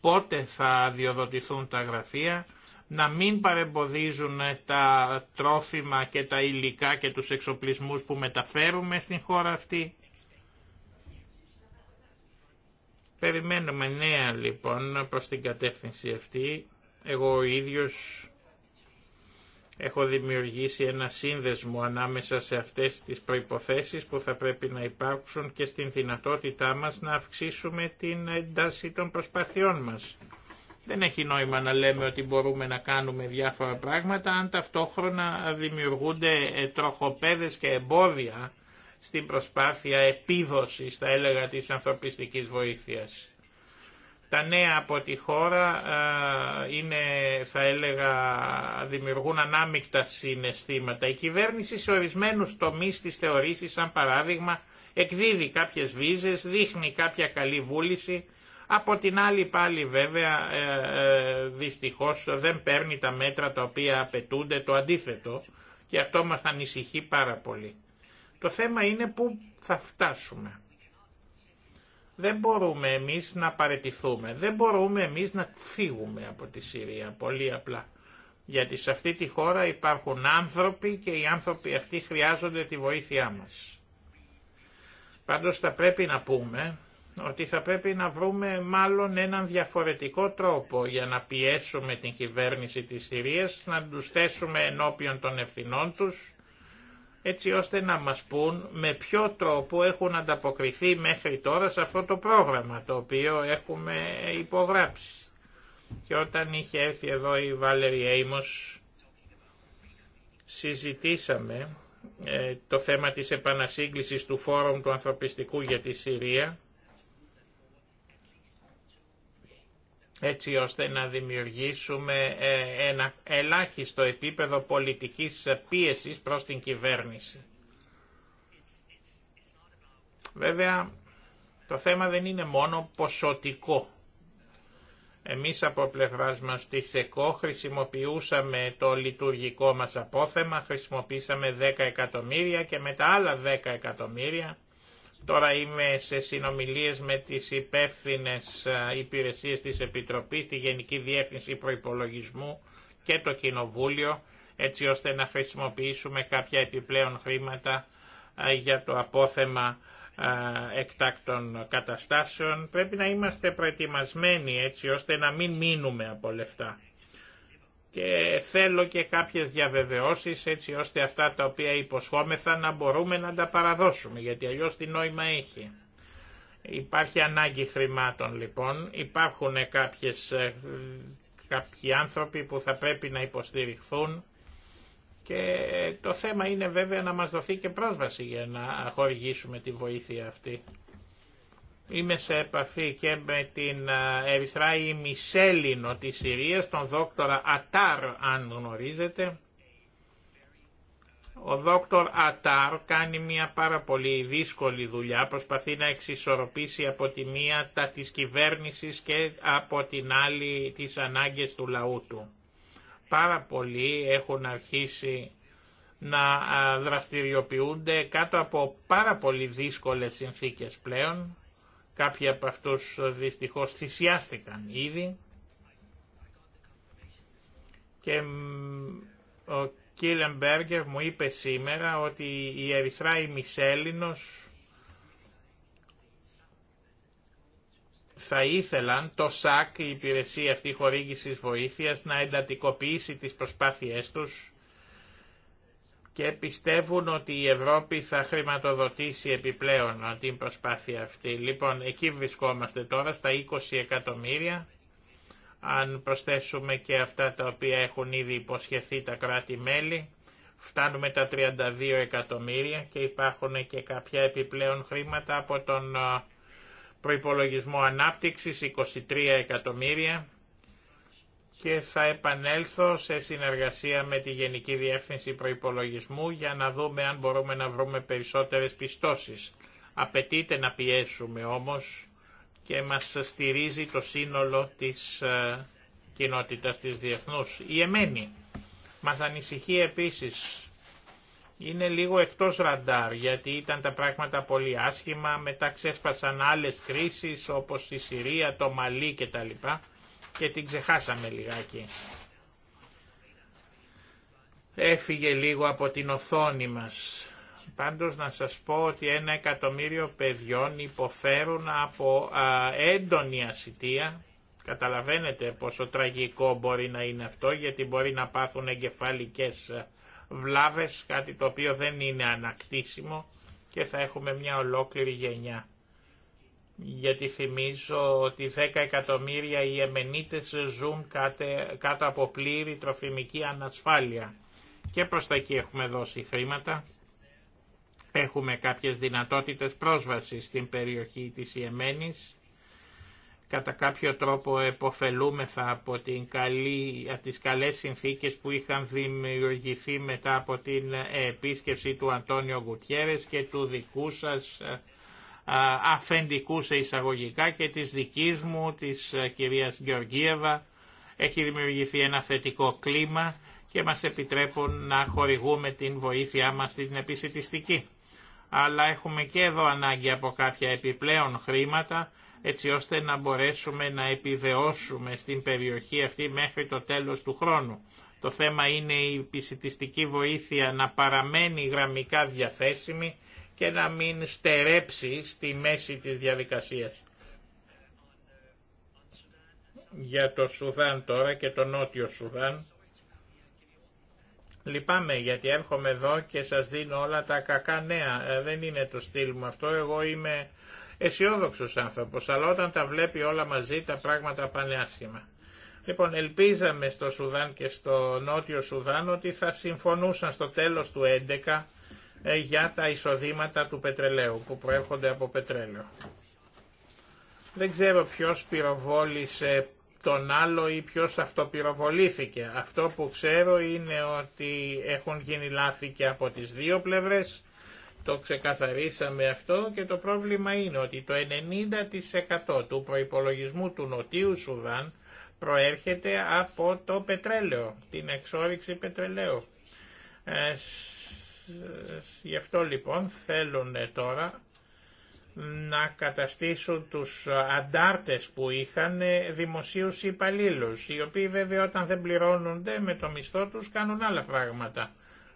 πότε θα αδειοδοτηθούν τα γραφεία, να μην παρεμποδίζουν τα τρόφιμα και τα υλικά και τους εξοπλισμούς που μεταφέρουμε στην χώρα αυτή. Περιμένουμε νέα λοιπόν προς την κατεύθυνση αυτή. Εγώ ο ίδιος Έχω δημιουργήσει ένα σύνδεσμο ανάμεσα σε αυτές τις προϋποθέσεις που θα πρέπει να υπάρξουν και στην δυνατότητά μας να αυξήσουμε την ένταση των προσπαθειών μας. Δεν έχει νόημα να λέμε ότι μπορούμε να κάνουμε διάφορα πράγματα αν ταυτόχρονα δημιουργούνται ε, τροχοπέδες και εμπόδια στην προσπάθεια επίδοσης, θα έλεγα, της ανθρωπιστικής βοήθειας. Τα νέα από τη χώρα είναι, θα έλεγα, δημιουργούν ανάμεικτα συναισθήματα. Η κυβέρνηση σε ορισμένους τομείς της θεωρήση, σαν παράδειγμα, εκδίδει κάποιες βίζες, δείχνει κάποια καλή βούληση, από την άλλη πάλι βέβαια δυστυχώς δεν παίρνει τα μέτρα τα οποία απαιτούνται το αντίθετο και αυτό μας ανησυχεί πάρα πολύ. Το θέμα είναι πού θα φτάσουμε. Δεν μπορούμε εμείς να παρετηθούμε, δεν μπορούμε εμείς να φύγουμε από τη Συρία, πολύ απλά. Γιατί σε αυτή τη χώρα υπάρχουν άνθρωποι και οι άνθρωποι αυτοί χρειάζονται τη βοήθειά μας. Πάντως θα πρέπει να πούμε ότι θα πρέπει να βρούμε μάλλον έναν διαφορετικό τρόπο για να πιέσουμε την κυβέρνηση της Συρίας, να τους θέσουμε ενώπιον των ευθυνών τους έτσι ώστε να μας πούν με ποιο τρόπο έχουν ανταποκριθεί μέχρι τώρα σε αυτό το πρόγραμμα το οποίο έχουμε υπογράψει. Και όταν είχε έρθει εδώ η Βάλερη Έιμος, συζητήσαμε ε, το θέμα της επανασύγκλησης του Φόρουμ του Ανθρωπιστικού για τη Συρία έτσι ώστε να δημιουργήσουμε ε, ένα ελάχιστο επίπεδο πολιτικής πίεσης προς την κυβέρνηση. Βέβαια, το θέμα δεν είναι μόνο ποσοτικό. Εμείς από πλευράς μας της ΕΚΟ χρησιμοποιούσαμε το λειτουργικό μας απόθεμα, χρησιμοποίησαμε 10 εκατομμύρια και μετά άλλα 10 εκατομμύρια Τώρα είμαι σε συνομιλίες με τις υπεύθυνε ε, υπηρεσίες της Επιτροπής, τη Γενική Διεύθυνση Προϋπολογισμού και το Κοινοβούλιο, έτσι ώστε να χρησιμοποιήσουμε κάποια επιπλέον χρήματα ε, για το απόθεμα ε, εκτάκτων καταστάσεων. Πρέπει να είμαστε προετοιμασμένοι έτσι ώστε να μην μείνουμε από λεφτά και θέλω και κάποιες διαβεβαιώσεις έτσι ώστε αυτά τα οποία υποσχόμεθα να μπορούμε να τα παραδώσουμε γιατί αλλιώς τι νόημα έχει. Υπάρχει ανάγκη χρημάτων λοιπόν, υπάρχουν κάποιες, ε, κάποιοι άνθρωποι που θα πρέπει να υποστηριχθούν και το θέμα είναι βέβαια να μας δοθεί και πρόσβαση για να χορηγήσουμε τη βοήθεια αυτή. Είμαι σε επαφή και με την Ερυθράη Μισέλινο της Συρίας, τον δόκτορα Ατάρ αν γνωρίζετε. Ο δόκτορ Ατάρ κάνει μια πάρα πολύ δύσκολη δουλειά, προσπαθεί να εξισορροπήσει από τη μία τα της κυβέρνησης και από την άλλη τις ανάγκες του λαού του. Πάρα πολλοί έχουν αρχίσει να δραστηριοποιούνται κάτω από πάρα πολύ δύσκολες συνθήκες πλέον Κάποιοι από αυτούς ε, δυστυχώς θυσιάστηκαν ήδη και ο Κίλεμπεργκερ μου είπε σήμερα ότι η Ερυθράη ημισέλινος θα ήθελαν το ΣΑΚ, η υπηρεσία αυτή χορήγησης βοήθειας, να εντατικοποιήσει τις προσπάθειές τους και πιστεύουν ότι η Ευρώπη θα χρηματοδοτήσει επιπλέον ε, την προσπάθεια αυτή. Λοιπόν, εκεί βρισκόμαστε τώρα στα 20 εκατομμύρια. Αν προσθέσουμε και αυτά τα οποία έχουν ήδη υποσχεθεί τα κράτη-μέλη, φτάνουμε τα 32 εκατομμύρια και υπάρχουν και κάποια επιπλέον χρήματα από τον ε, προϋπολογισμό ανάπτυξης, 23 εκατομμύρια και θα επανέλθω σε συνεργασία με τη Γενική Διεύθυνση Προϋπολογισμού για να δούμε αν μπορούμε να βρούμε περισσότερες πιστώσεις. Απαιτείται να πιέσουμε όμως και μας στηρίζει το σύνολο της ε, κοινότητας της διεθνούς. Η εμένη μας ανησυχεί επίσης. Είναι λίγο εκτός ραντάρ γιατί ήταν τα πράγματα πολύ άσχημα, μετά ξέσπασαν άλλες κρίσεις όπως η Συρία, το Μαλί κτλ και την ξεχάσαμε λιγάκι. Έφυγε λίγο από την οθόνη μας. Πάντως να σας πω ότι ένα εκατομμύριο παιδιών υποφέρουν από έντονη ασυτεία. Καταλαβαίνετε πόσο τραγικό μπορεί να είναι αυτό γιατί μπορεί να πάθουν εγκεφαλικές βλάβες, κάτι το οποίο δεν είναι ανακτήσιμο και θα έχουμε μια ολόκληρη γενιά γιατί θυμίζω ότι 10 εκατομμύρια οι εμενίτες ζουν κάτω από πλήρη τροφιμική ανασφάλεια και προς τα εκεί έχουμε δώσει χρήματα. Έχουμε κάποιες δυνατότητες πρόσβασης στην περιοχή της Ιεμένης. Κατά κάποιο τρόπο εποφελούμεθα από την καλή, από τις καλές συνθήκες που είχαν δημιουργηθεί μετά από την επίσκεψη του Αντώνιο Γκουτιέρες και του δικού σας ε, αφεντικού σε εισαγωγικά και της δικής μου, της ε, κυρίας Γεωργίεβα. Έχει δημιουργηθεί ένα θετικό κλίμα και μας επιτρέπουν να χορηγούμε την βοήθειά μας στην επισητιστική. Αλλά έχουμε και εδώ ανάγκη από κάποια επιπλέον χρήματα έτσι ώστε να μπορέσουμε να επιβεώσουμε στην περιοχή αυτή μέχρι το τέλος του χρόνου. Το θέμα είναι η επισητιστική βοήθεια να παραμένει γραμμικά διαθέσιμη και να μην στερέψει στη μέση της διαδικασίας. Για το Σουδάν τώρα και το Νότιο Σουδάν. Λυπάμαι γιατί έρχομαι εδώ και σας δίνω όλα τα κακά νέα. Ε, δεν είναι το στυλ μου αυτό. Εγώ είμαι αισιόδοξο άνθρωπος, αλλά όταν τα βλέπει όλα μαζί τα πράγματα πάνε άσχημα. Λοιπόν, ελπίζαμε στο Σουδάν και στο Νότιο Σουδάν ότι θα συμφωνούσαν στο τέλος του 11 ε, για τα εισοδήματα του πετρελαίου που προέρχονται από πετρέλαιο. Δεν ξέρω ποιος πυροβόλησε τον άλλο ή ποιος αυτοπυροβολήθηκε. Αυτό που ξέρω είναι ότι έχουν γίνει λάθη και από τις δύο πλευρές. Το ξεκαθαρίσαμε αυτό και το πρόβλημα είναι ότι το 90% του προϋπολογισμού του Νοτίου Σουδάν προέρχεται από το πετρέλαιο, την εξόριξη πετρελαίου. Ε, ε, γι' αυτό λοιπόν θέλουν τώρα να καταστήσουν τους αντάρτες που είχαν δημοσίους υπαλλήλους, οι οποίοι βέβαια όταν δεν πληρώνονται με το μισθό τους κάνουν άλλα πράγματα.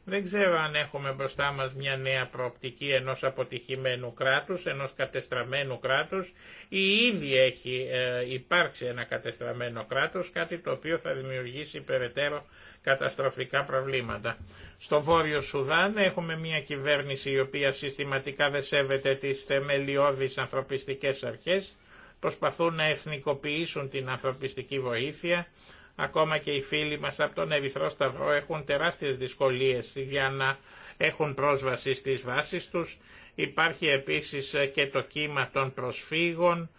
Δεν ξέρω αν έχουμε μπροστά μας μια νέα προοπτική ενός αποτυχημένου κράτους, ενός κατεστραμμένου κράτους ή ήδη έχει ε, υπάρξει ένα κατεστραμμένο κράτος, κάτι το οποίο θα δημιουργήσει περαιτέρω καταστροφικά προβλήματα. Στο Βόρειο Σουδάν έχουμε μια κυβέρνηση η οποία συστηματικά δεν σέβεται τις θεμελιώδεις ανθρωπιστικές αρχές, προσπαθούν να εθνικοποιήσουν την ανθρωπιστική βοήθεια, Ακόμα και οι φίλοι μας από τον Ευηθρό Σταυρό έχουν τεράστιες δυσκολίες για να έχουν πρόσβαση στις βάσεις τους. Υπάρχει επίσης και το κύμα των προσφύγων,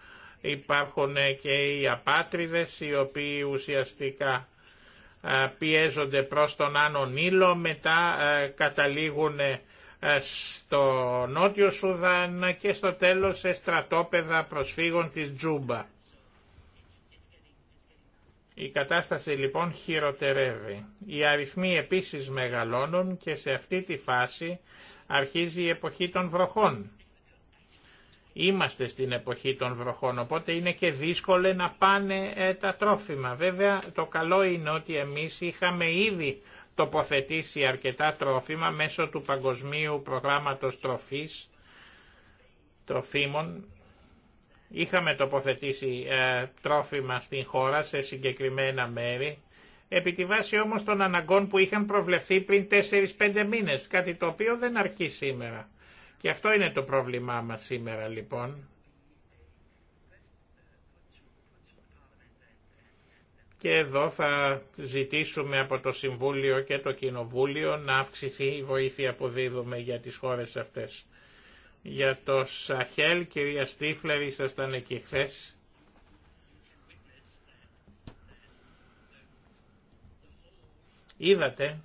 υπάρχουν και οι απάτριδες οι οποίοι ουσιαστικά πιέζονται προς τον Άνω Ήλο, μετά καταλήγουν στο Νότιο Σουδάν και στο τέλος σε στρατόπεδα προσφύγων της Τζούμπα. Η κατάσταση λοιπόν χειροτερεύει. Οι αριθμοί επίσης μεγαλώνουν και σε αυτή τη φάση αρχίζει η εποχή των βροχών. Είμαστε στην εποχή των βροχών, οπότε είναι και δύσκολο να πάνε ε, τα τρόφιμα. Βέβαια το καλό είναι ότι εμείς είχαμε ήδη τοποθετήσει αρκετά τρόφιμα μέσω του Παγκοσμίου Προγράμματος Τροφής, Τροφίμων, Είχαμε τοποθετήσει ε, τρόφιμα στην χώρα σε συγκεκριμένα μέρη, επί τη βάση όμως των αναγκών που είχαν προβλεφθεί πριν 4-5 μήνες, κάτι το οποίο δεν αρκεί σήμερα. Και αυτό είναι το πρόβλημά μας σήμερα λοιπόν. Και εδώ θα ζητήσουμε από το Συμβούλιο και το Κοινοβούλιο να αυξηθεί η βοήθεια που δίδουμε για τις χώρες αυτές για το Σαχέλ, κυρία Στίφλερ, ήσασταν εκεί χθε. Είδατε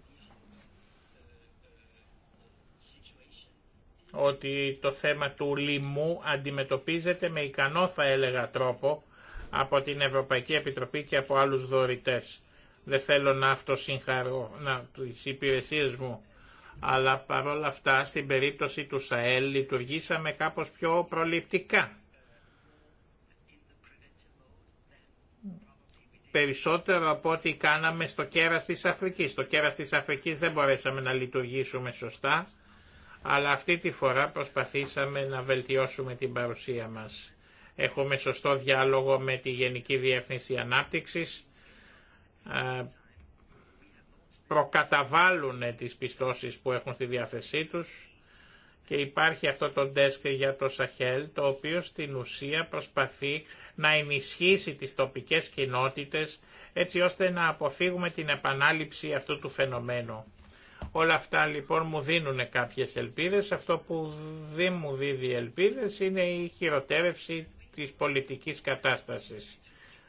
ότι το θέμα του λοιμού αντιμετωπίζεται με ικανό θα έλεγα τρόπο από την Ευρωπαϊκή Επιτροπή και από άλλους δωρητές. Δεν θέλω να αυτοσυγχαρώ να, τις υπηρεσίες μου αλλά παρόλα αυτά στην περίπτωση του ΣΑΕΛ λειτουργήσαμε κάπως πιο προληπτικά. Περισσότερο από ό,τι κάναμε στο κέρας της Αφρικής. Στο κέρας της Αφρικής δεν μπορέσαμε να λειτουργήσουμε σωστά, αλλά αυτή τη φορά προσπαθήσαμε να βελτιώσουμε την παρουσία μας. Έχουμε σωστό διάλογο με τη Γενική Διεύθυνση Ανάπτυξης, προκαταβάλουν τις πιστώσεις που έχουν στη διάθεσή τους και υπάρχει αυτό το desk για το Σαχέλ το οποίο στην ουσία προσπαθεί να ενισχύσει τις τοπικές κοινότητες έτσι ώστε να αποφύγουμε την επανάληψη αυτού του φαινομένου. Όλα αυτά λοιπόν μου δίνουν κάποιες ελπίδες. Αυτό που δεν μου δίδει ελπίδες είναι η χειροτέρευση της πολιτικής κατάστασης.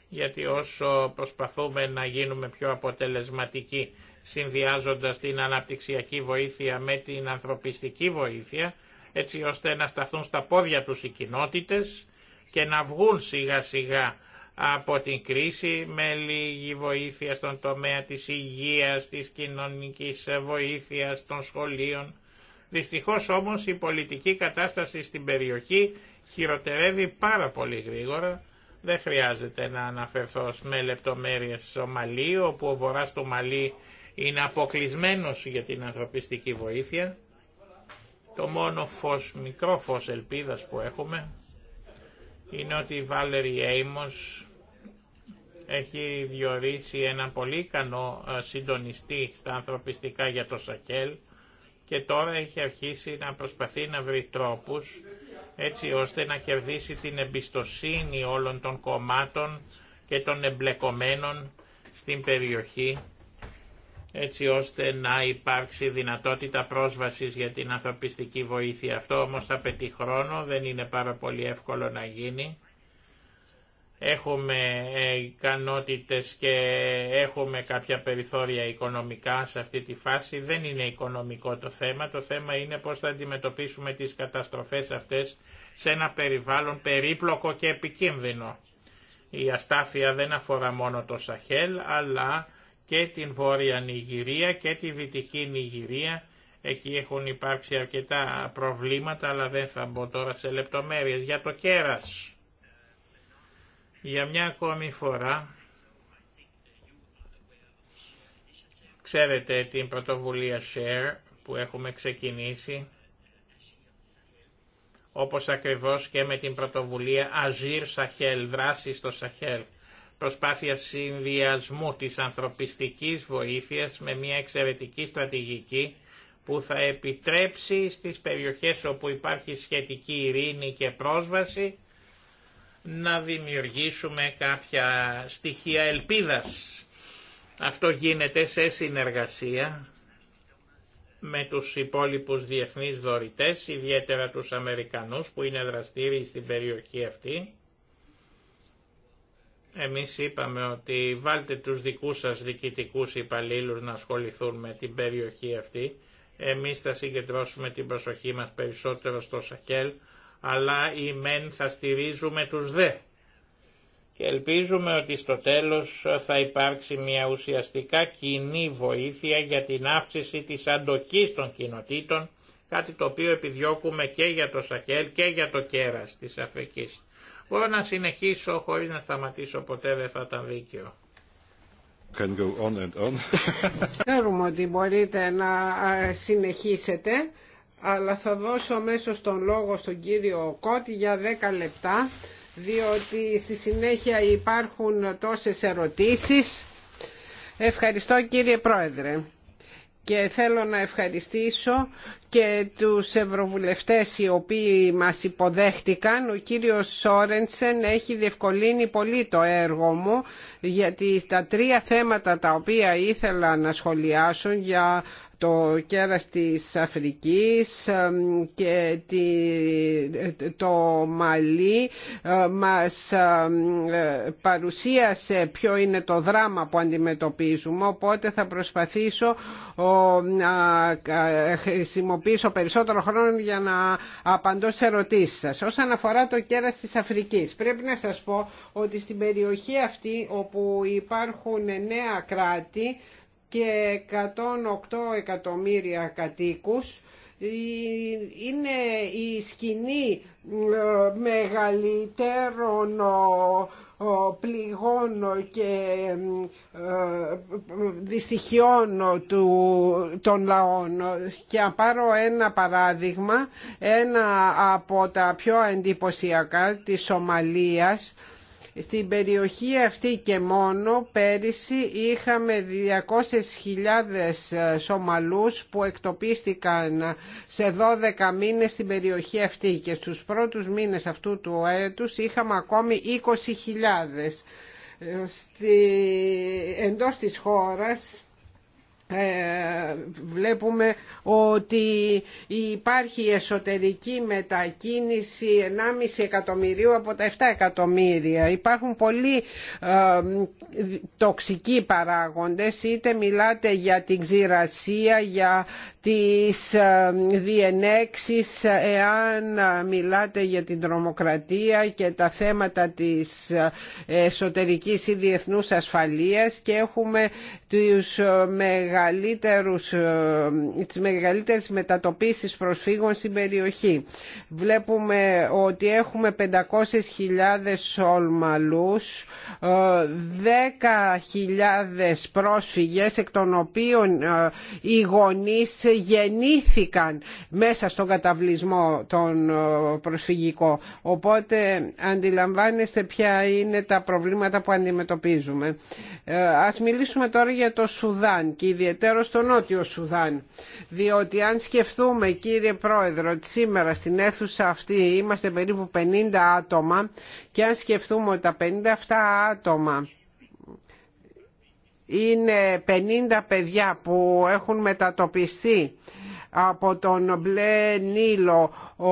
Γιατί όσο προσπαθούμε να γίνουμε πιο αποτελεσματικοί συνδυάζοντας την αναπτυξιακή βοήθεια με την ανθρωπιστική βοήθεια, έτσι ώστε να σταθούν στα πόδια τους οι κοινότητες και να βγουν σιγά σιγά από την κρίση με λίγη βοήθεια στον τομέα της υγείας, της κοινωνικής βοήθειας, των σχολείων. Δυστυχώς όμως η πολιτική κατάσταση στην περιοχή χειροτερεύει πάρα πολύ γρήγορα. Δεν χρειάζεται να αναφερθώ με λεπτομέρειες στο Μαλί, όπου ο βορράς του Μαλί είναι αποκλεισμένος για την ανθρωπιστική βοήθεια. Το μόνο φως, μικρό φως ελπίδας που έχουμε είναι ότι η Βάλερη Έιμος έχει διορίσει ένα πολύ ικανό ε, συντονιστή στα ανθρωπιστικά για το Σακέλ και τώρα έχει αρχίσει να προσπαθεί να βρει τρόπους έτσι ώστε να κερδίσει την εμπιστοσύνη όλων των κομμάτων και των εμπλεκομένων στην περιοχή έτσι ώστε να υπάρξει δυνατότητα πρόσβασης για την ανθρωπιστική βοήθεια. Αυτό όμως απαιτεί χρόνο, δεν είναι πάρα πολύ εύκολο να γίνει. Έχουμε ικανότητε και έχουμε κάποια περιθώρια οικονομικά σε αυτή τη φάση. Δεν είναι οικονομικό το θέμα. Το θέμα είναι πώς θα αντιμετωπίσουμε τις καταστροφές αυτές σε ένα περιβάλλον περίπλοκο και επικίνδυνο. Η αστάθεια δεν αφορά μόνο το Σαχέλ, αλλά και την Βόρεια Νιγηρία και τη Βυτική Νιγηρία. Εκεί έχουν υπάρξει αρκετά προβλήματα, αλλά δεν θα μπω τώρα σε λεπτομέρειες. Για το κέρας, για μια ακόμη φορά, ξέρετε την πρωτοβουλία Share που έχουμε ξεκινήσει, όπως ακριβώς και με την πρωτοβουλία Azir ΣΑΧΕΛ, δράση στο Σαχέλ προσπάθεια συνδυασμού της ανθρωπιστικής βοήθειας με μια εξαιρετική στρατηγική που θα επιτρέψει στις περιοχές όπου υπάρχει σχετική ειρήνη και πρόσβαση να δημιουργήσουμε κάποια στοιχεία ελπίδας. Αυτό γίνεται σε συνεργασία με τους υπόλοιπους διεθνείς δωρητές, ιδιαίτερα τους Αμερικανούς που είναι δραστήριοι στην περιοχή αυτή εμείς είπαμε ότι βάλτε τους δικούς σας διοικητικούς υπαλλήλους να ασχοληθούν με την περιοχή αυτή. Εμείς θα συγκεντρώσουμε την προσοχή μας περισσότερο στο Σαχέλ, αλλά οι μεν θα στηρίζουμε τους δε. Και ελπίζουμε ότι στο τέλος θα υπάρξει μια ουσιαστικά κοινή βοήθεια για την αύξηση της αντοχής των κοινοτήτων, κάτι το οποίο επιδιώκουμε και για το Σαχέλ και για το κέρας της Αφρικής. Μπορώ να συνεχίσω χωρίς να σταματήσω ποτέ, δεν θα ήταν δίκαιο. Can go on and on. Ξέρουμε ότι μπορείτε να ε, συνεχίσετε, αλλά θα δώσω μέσω στον λόγο στον κύριο Κώτη για 10 λεπτά, διότι στη συνέχεια υπάρχουν τόσες ερωτήσεις. Ευχαριστώ κύριε Πρόεδρε και θέλω να ευχαριστήσω και τους ευρωβουλευτές οι οποίοι μας υποδέχτηκαν. Ο κύριος Σόρενσεν έχει διευκολύνει πολύ το έργο μου γιατί τα τρία θέματα τα οποία ήθελα να σχολιάσω για το κέρας της Αφρικής και το Μαλί μας παρουσίασε ποιο είναι το δράμα που αντιμετωπίζουμε οπότε θα προσπαθήσω να χρησιμοποιήσω περισσότερο χρόνο για να απαντώ σε ερωτήσεις σας. Όσον αφορά το κέρας της Αφρικής πρέπει να σας πω ότι στην περιοχή αυτή όπου υπάρχουν νέα κράτη και 108 εκατομμύρια κατοίκους είναι η σκηνή ε, μεγαλύτερων ε, πληγών και ε, δυστυχιών του, των λαών. Και αν πάρω ένα παράδειγμα, ένα από τα πιο εντυπωσιακά της Σομαλίας, στην περιοχή αυτή και μόνο πέρυσι είχαμε 200.000 Σομαλούς που εκτοπίστηκαν σε 12 μήνες στην περιοχή αυτή και στους πρώτους μήνες αυτού του έτους είχαμε ακόμη 20.000 στη, εντός της χώρας ε, βλέπουμε ότι υπάρχει εσωτερική μετακίνηση 1,5 εκατομμυρίου από τα 7 εκατομμύρια. Υπάρχουν πολλοί ε, τοξικοί παράγοντες, είτε μιλάτε για την ξηρασία, για της ε, διενέξεις εάν μιλάτε για την τρομοκρατία και τα θέματα της ε, εσωτερικής ή διεθνούς ασφαλείας και έχουμε τους μεγαλύτερους, ε, τις μεγαλύτερες μετατοπίσεις προσφύγων στην περιοχή. Βλέπουμε ότι έχουμε 500.000 σόλμαλους, 10.000 πρόσφυγες εκ των οποίων οι γονείς γεννήθηκαν μέσα στον καταβλισμό τον ε, προσφυγικό. Οπότε αντιλαμβάνεστε ποια είναι τα προβλήματα που αντιμετωπίζουμε. Ε, ας μιλήσουμε τώρα για το Σουδάν και ιδιαίτερο στο Νότιο Σουδάν. Διότι αν σκεφτούμε κύριε Πρόεδρο ότι σήμερα στην αίθουσα αυτή είμαστε περίπου 50 άτομα και αν σκεφτούμε ότι τα 57 άτομα είναι 50 παιδιά που έχουν μετατοπιστεί από τον μπλε Νίλο ο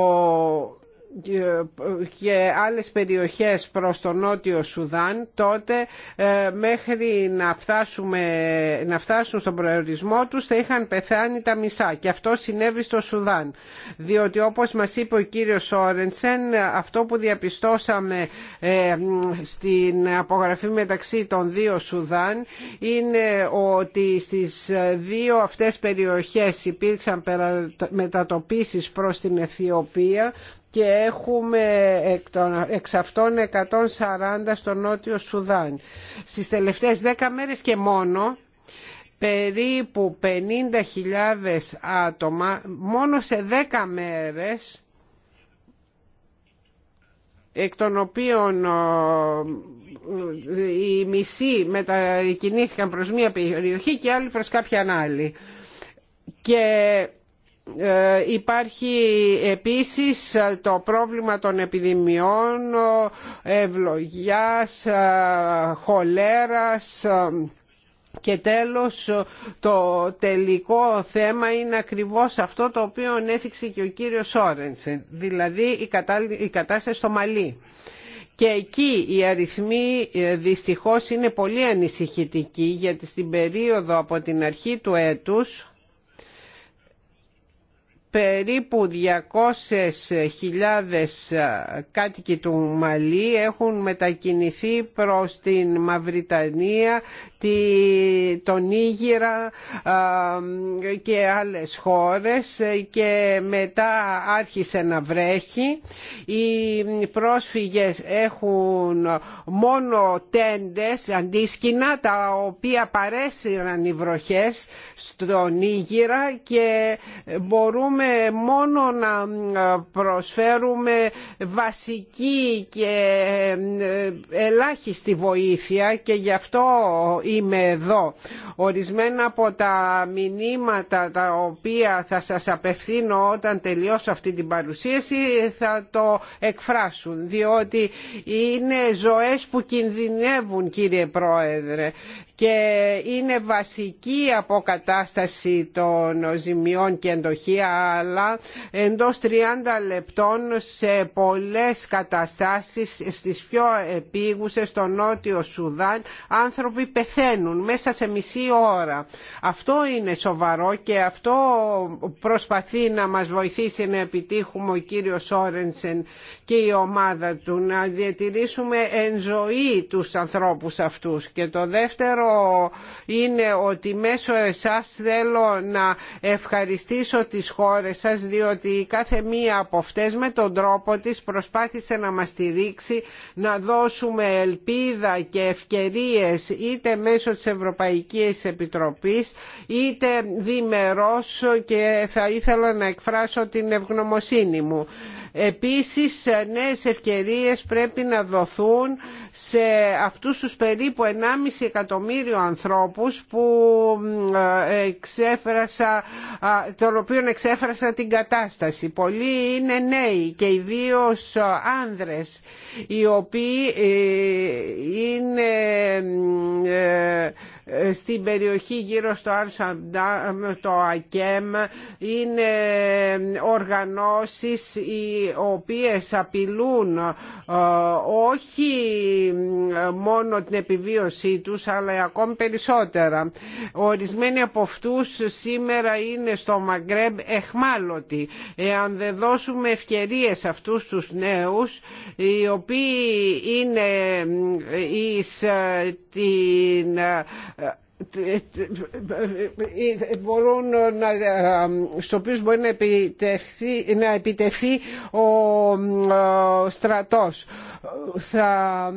και άλλες περιοχές προς το νότιο Σουδάν τότε ε, μέχρι να, φτάσουμε, να φτάσουν στον προορισμό τους θα είχαν πεθάνει τα μισά και αυτό συνέβη στο Σουδάν διότι όπως μας είπε ο κύριος Σόρενσεν αυτό που διαπιστώσαμε ε, στην απογραφή μεταξύ των δύο Σουδάν είναι ότι στις δύο αυτές περιοχές υπήρξαν μετατοπίσεις προς την Αιθιοπία και έχουμε εξ αυτών 140 στο Νότιο Σουδάν. Στις τελευταίες 10 μέρες και μόνο περίπου 50.000 άτομα μόνο σε 10 μέρες εκ των οποίων οι μισοί μετακινήθηκαν προς μία περιοχή και άλλοι προς κάποια άλλη. Και ε, υπάρχει επίσης ε, το πρόβλημα των επιδημιών, ευλογιάς, ε, χολέρας, και τέλος το τελικό θέμα είναι ακριβώς αυτό το οποίο έθιξε και ο κύριος Σόρενσεν, δηλαδή η κατάσταση στο Μαλί. Και εκεί οι αριθμοί δυστυχώς είναι πολύ ανησυχητικοί γιατί στην περίοδο από την αρχή του έτους περίπου 200.000 κάτοικοι του Μαλή έχουν μετακινηθεί προς την Μαυριτανία, τη, τον Ήγυρα και άλλες χώρες ε, και μετά άρχισε να βρέχει. Οι πρόσφυγες έχουν μόνο τέντες, αντίσκηνα, τα οποία παρέσυραν οι βροχές στον Ήγυρα και μπορούμε μόνο να ε, προσφέρουμε βασική και ε, ε, ελάχιστη βοήθεια και γι' αυτό είμαι εδώ. Ορισμένα από τα μηνύματα τα οποία θα σας απευθύνω όταν τελειώσω αυτή την παρουσίαση θα το εκφράσουν διότι είναι ζωές που κινδυνεύουν κύριε Πρόεδρε και είναι βασική αποκατάσταση των ζημιών και εντοχή αλλά εντός 30 λεπτών σε πολλές καταστάσεις στις πιο επίγουσες στο νότιο Σουδάν άνθρωποι πεθαίνουν μέσα σε μισή ώρα. Αυτό είναι σοβαρό και αυτό προσπαθεί να μας βοηθήσει να επιτύχουμε ο κύριος Όρενσεν και η ομάδα του να διατηρήσουμε εν ζωή τους ανθρώπους αυτούς και το δεύτερο είναι ότι μέσω εσάς θέλω να ευχαριστήσω τις χώρες σας διότι κάθε μία από αυτές με τον τρόπο της προσπάθησε να μας στηρίξει να δώσουμε ελπίδα και ευκαιρίες είτε μέσω της Ευρωπαϊκής Επιτροπής είτε διμερός και θα ήθελα να εκφράσω την ευγνωμοσύνη μου. Επίσης νέες ευκαιρίες πρέπει να δοθούν σε αυτούς τους περίπου 1,5 εκατομμύριο ανθρώπους που ε, εξέφρασα, των οποίων εξέφρασα την κατάσταση. Πολλοί είναι νέοι και ιδίω ε, άνδρες οι οποίοι ε, είναι στην περιοχή γύρω στο Αρσαντάμ, το ΑΚΕΜ είναι οργανώσεις οι οποίες απειλούν όχι μόνο την επιβίωσή τους αλλά ακόμη περισσότερα. Ορισμένοι από αυτούς σήμερα είναι στο Μαγκρέμπ εχμάλωτοι. Εάν δεν δώσουμε ευκαιρίες αυτούς τους νέους οι οποίοι είναι εις ε, την ε, ε, μπορούν να, στο οποίο μπορεί να επιτεθεί, να επιτεθεί ο στρατός. Θα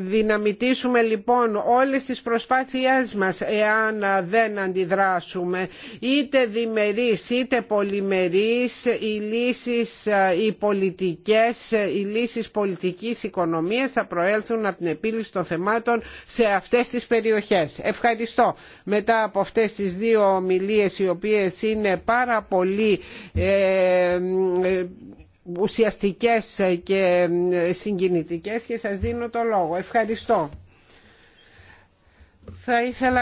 δυναμητήσουμε λοιπόν όλες τις προσπάθειές μας εάν δεν αντιδράσουμε είτε διμερείς είτε πολυμερείς οι λύσεις οι πολιτικές οι πολιτικής οικονομίας θα προέλθουν από την επίλυση των θεμάτων σε αυτές τις περιοχές. Ευχαριστώ μετά από αυτές τις δύο ομιλίες οι οποίες είναι πάρα πολύ ε, ουσιαστικές και συγκινητικές και σας δίνω το λόγο. Ευχαριστώ. Θα ήθελα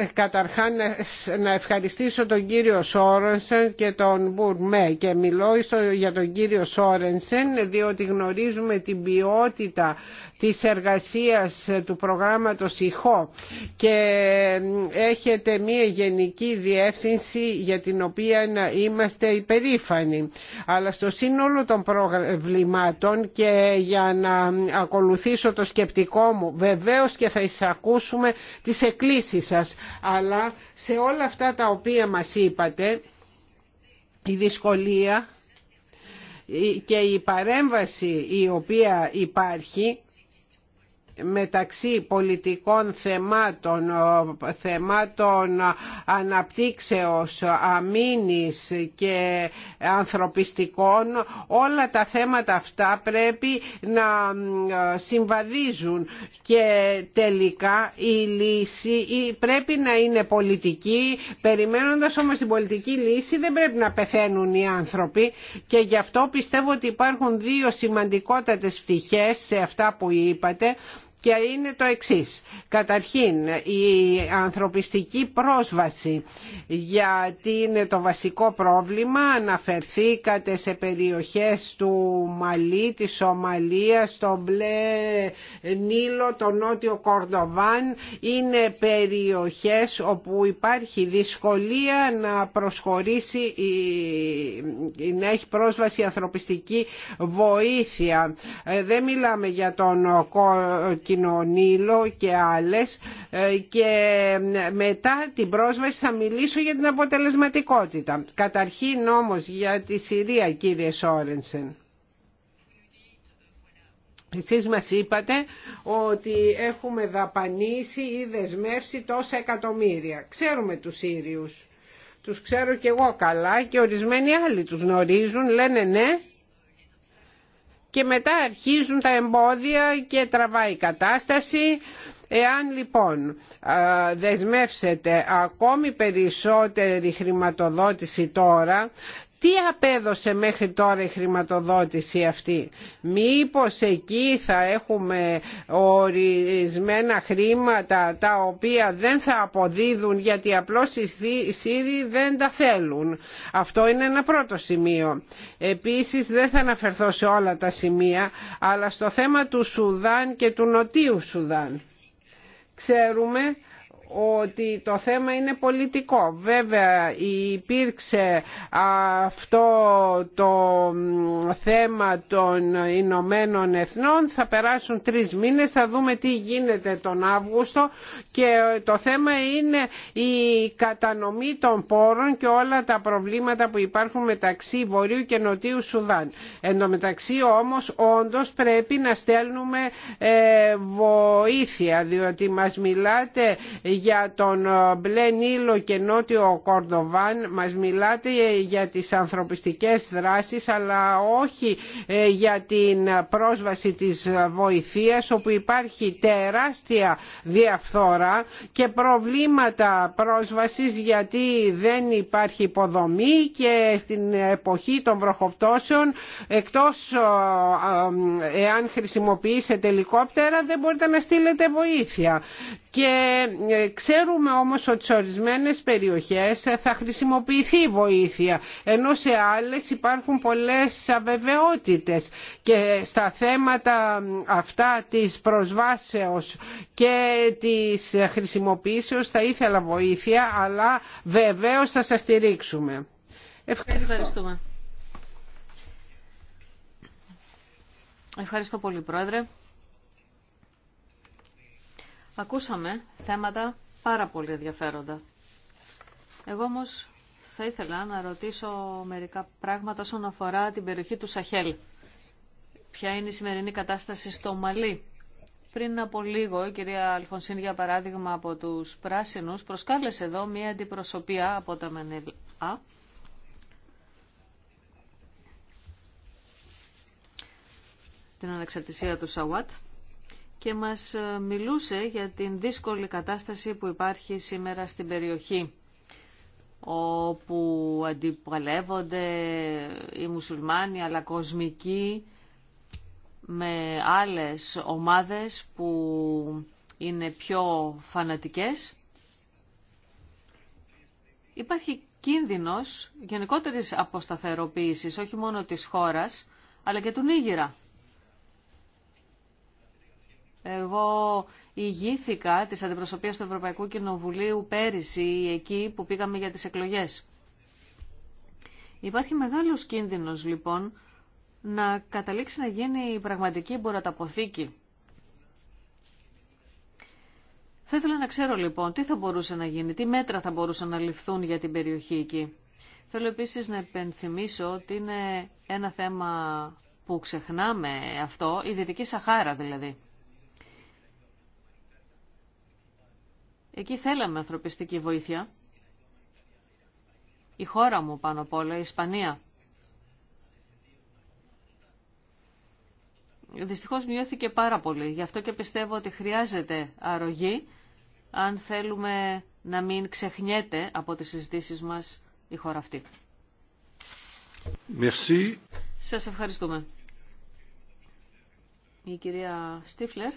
ε, καταρχάς να ευχαριστήσω τον κύριο Σόρενσεν και τον Μπουρμέ και μιλώ για τον κύριο Σόρενσεν διότι γνωρίζουμε την ποιότητα της εργασίας του προγράμματος ΙΧΟ και έχετε μία γενική διεύθυνση για την οποία είμαστε υπερήφανοι. Αλλά στο σύνολο των προβλημάτων και για να ακολουθήσω το σκεπτικό μου βεβαίως και θα εισακούσουμε τις σας. Αλλά σε όλα αυτά τα οποία μας είπατε, η δυσκολία και η παρέμβαση η οποία υπάρχει μεταξύ πολιτικών θεμάτων, θεμάτων αναπτύξεως, αμήνης και ανθρωπιστικών, όλα τα θέματα αυτά πρέπει να συμβαδίζουν και τελικά η λύση πρέπει να είναι πολιτική, περιμένοντας όμως την πολιτική λύση δεν πρέπει να πεθαίνουν οι άνθρωποι και γι' αυτό πιστεύω ότι υπάρχουν δύο σημαντικότατες πτυχές σε αυτά που είπατε και είναι το εξής. Καταρχήν, η ανθρωπιστική πρόσβαση γιατί είναι το βασικό πρόβλημα. Αναφερθήκατε σε περιοχές του Μαλή, της Σομαλίας, στο Μπλε Νείλο, το Νότιο Κορδοβάν. Είναι περιοχές όπου υπάρχει δυσκολία να προσχωρήσει, να έχει πρόσβαση η ανθρωπιστική βοήθεια. Ε, δεν μιλάμε για τον νήλο και άλλες ε, και μετά την πρόσβαση θα μιλήσω για την αποτελεσματικότητα. Καταρχήν όμως για τη Συρία κύριε Σόρενσεν. Εσείς μας είπατε ότι έχουμε δαπανίσει ή δεσμεύσει τόσα εκατομμύρια. Ξέρουμε τους Σύριους. Τους ξέρω και εγώ καλά και ορισμένοι άλλοι τους γνωρίζουν, λένε ναι, και μετά αρχίζουν τα εμπόδια και τραβάει η κατάσταση. Εάν λοιπόν δεσμεύσετε ακόμη περισσότερη χρηματοδότηση τώρα τι απέδωσε μέχρι τώρα η χρηματοδότηση αυτή. Μήπως εκεί θα έχουμε ορισμένα χρήματα τα οποία δεν θα αποδίδουν γιατί απλώς οι Σύριοι δεν τα θέλουν. Αυτό είναι ένα πρώτο σημείο. Επίσης δεν θα αναφερθώ σε όλα τα σημεία αλλά στο θέμα του Σουδάν και του Νοτίου Σουδάν. Ξέρουμε ότι το θέμα είναι πολιτικό. Βέβαια υπήρξε αυτό το θέμα των Ηνωμένων Εθνών. Θα περάσουν τρεις μήνες, θα δούμε τι γίνεται τον Αύγουστο και το θέμα είναι η κατανομή των πόρων και όλα τα προβλήματα που υπάρχουν μεταξύ Βορείου και Νοτίου Σουδάν. Εν τω μεταξύ όμως όντως πρέπει να στέλνουμε ε, βοήθεια διότι μας μιλάτε για τον ε, Μπλε Νίλο και Νότιο Κορδοβάν μας μιλάτε ε, για τις ανθρωπιστικές δράσεις αλλά όχι ε, για την πρόσβαση της βοηθείας όπου υπάρχει τεράστια διαφθόρα και προβλήματα πρόσβασης γιατί δεν υπάρχει υποδομή και στην εποχή των βροχοπτώσεων εκτός εάν χρησιμοποιήσετε ελικόπτερα δεν μπορείτε να στείλετε βοήθεια και ε, ξέρουμε όμως ότι σε ορισμένες περιοχές θα χρησιμοποιηθεί βοήθεια ενώ σε άλλες υπάρχουν πολλές αβεβαιότητες και στα θέματα αυτά της προσβάσεως και της χρησιμοποίησεως θα ήθελα βοήθεια αλλά βεβαίως θα σας στηρίξουμε. Ευχαριστώ. Ευχαριστούμε. Ευχαριστώ πολύ Πρόεδρε. Ακούσαμε θέματα πάρα πολύ ενδιαφέροντα. Εγώ όμως θα ήθελα να ρωτήσω μερικά πράγματα όσον αφορά την περιοχή του Σαχέλ. Ποια είναι η σημερινή κατάσταση στο Μαλί. Πριν από λίγο η κυρία Αλφονσίν για παράδειγμα από τους Πράσινους προσκάλεσε εδώ μία αντιπροσωπεία από τα ΜΕΝΕΛΑ την ανεξαρτησία του Σαουάτ και μας ε, μιλούσε για την δύσκολη κατάσταση που υπάρχει σήμερα στην περιοχή όπου αντιπαλεύονται οι μουσουλμάνοι αλλά κοσμικοί με άλλες ομάδες που είναι πιο φανατικές. Υπάρχει κίνδυνος γενικότερης αποσταθεροποίησης όχι μόνο της χώρας αλλά και του Νίγηρα. Εγώ ηγήθηκα της αντιπροσωπείας του Ευρωπαϊκού Κοινοβουλίου πέρυσι εκεί που πήγαμε για τις εκλογές. Υπάρχει μεγάλος κίνδυνος λοιπόν να καταλήξει να γίνει η πραγματική μποραταποθήκη. Θα ήθελα να ξέρω λοιπόν τι θα μπορούσε να γίνει, τι μέτρα θα μπορούσαν να ληφθούν για την περιοχή εκεί. Θέλω επίσης να επενθυμίσω ότι είναι ένα θέμα που ξεχνάμε αυτό, η Δυτική Σαχάρα δηλαδή. Εκεί θέλαμε ανθρωπιστική βοήθεια. Η χώρα μου πάνω απ' όλα, η Ισπανία. Δυστυχώς μειώθηκε πάρα πολύ. Γι' αυτό και πιστεύω ότι χρειάζεται αρρωγή αν θέλουμε να μην ξεχνιέται από τις συζητήσεις μας η χώρα αυτή. Merci. Σας ευχαριστούμε. Η κυρία Στίφλερ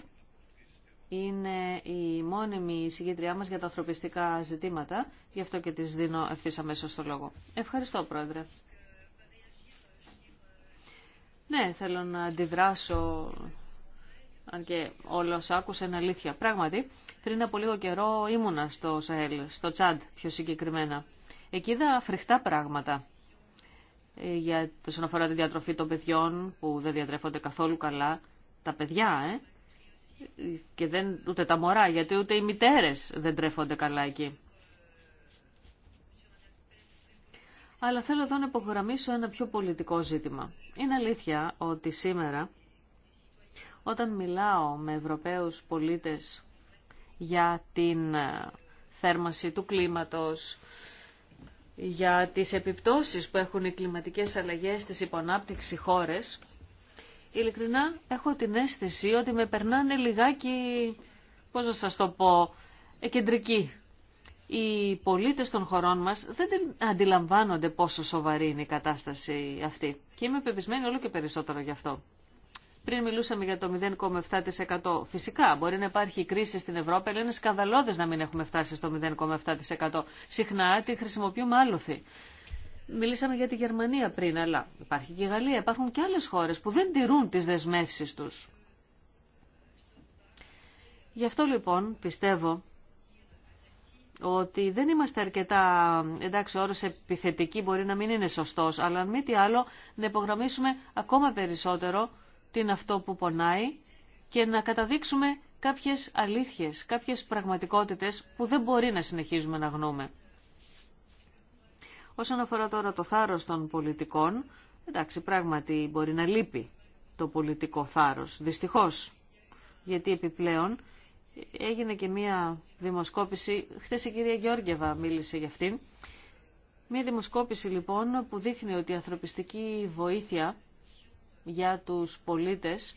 είναι η μόνιμη συγκεντριά μας για τα ανθρωπιστικά ζητήματα, γι' αυτό και της δίνω ευθύ αμέσως το λόγο. Ευχαριστώ, Πρόεδρε. Ναι, θέλω να αντιδράσω, αν και όλο άκουσε είναι αλήθεια. Πράγματι, πριν από λίγο καιρό ήμουνα στο Σαέλ, στο Τσάντ πιο συγκεκριμένα. Εκεί είδα φρικτά πράγματα ε, για όσον αφορά τη διατροφή των παιδιών που δεν διατρέφονται καθόλου καλά. Τα παιδιά, ε, και δεν, ούτε τα μωρά, γιατί ούτε οι μητέρες δεν τρέφονται καλά εκεί. Αλλά θέλω εδώ να υπογραμμίσω ένα πιο πολιτικό ζήτημα. Είναι αλήθεια ότι σήμερα, όταν μιλάω με Ευρωπαίους πολίτες για την ε, θέρμανση του κλίματος, για τις επιπτώσεις που έχουν οι κλιματικές αλλαγές στις υπονάπτυξη χώρες, ειλικρινά έχω την αίσθηση ότι με περνάνε λιγάκι, πώς να σας το πω, ε, κεντρική. Οι πολίτες των χωρών μας δεν αντιλαμβάνονται πόσο σοβαρή είναι η κατάσταση αυτή. Και είμαι πεπισμένη όλο και περισσότερο γι' αυτό. Πριν μιλούσαμε για το 0,7%. Φυσικά, μπορεί να υπάρχει κρίση στην Ευρώπη, αλλά είναι σκανδαλώδε να μην έχουμε φτάσει στο 0,7%. Συχνά τη χρησιμοποιούμε άλλοθη. Μιλήσαμε για τη Γερμανία πριν, αλλά υπάρχει και η Γαλλία. Υπάρχουν και άλλες χώρες που δεν τηρούν τις δεσμεύσεις τους. Γι' αυτό λοιπόν πιστεύω ότι δεν είμαστε αρκετά, εντάξει ο όρος επιθετική μπορεί να μην είναι σωστός, αλλά αν μη τι άλλο να υπογραμμίσουμε ακόμα περισσότερο την αυτό που πονάει και να καταδείξουμε κάποιες αλήθειες, κάποιες πραγματικότητες που δεν μπορεί να συνεχίζουμε να γνώμε. Όσον αφορά τώρα το θάρρος των πολιτικών, εντάξει, πράγματι μπορεί να λείπει το πολιτικό θάρρος, δυστυχώς. Γιατί επιπλέον έγινε και μία δημοσκόπηση, χθε η κυρία Γιώργεβα μίλησε για αυτήν, μία δημοσκόπηση λοιπόν που δείχνει ότι η ανθρωπιστική βοήθεια για τους πολίτες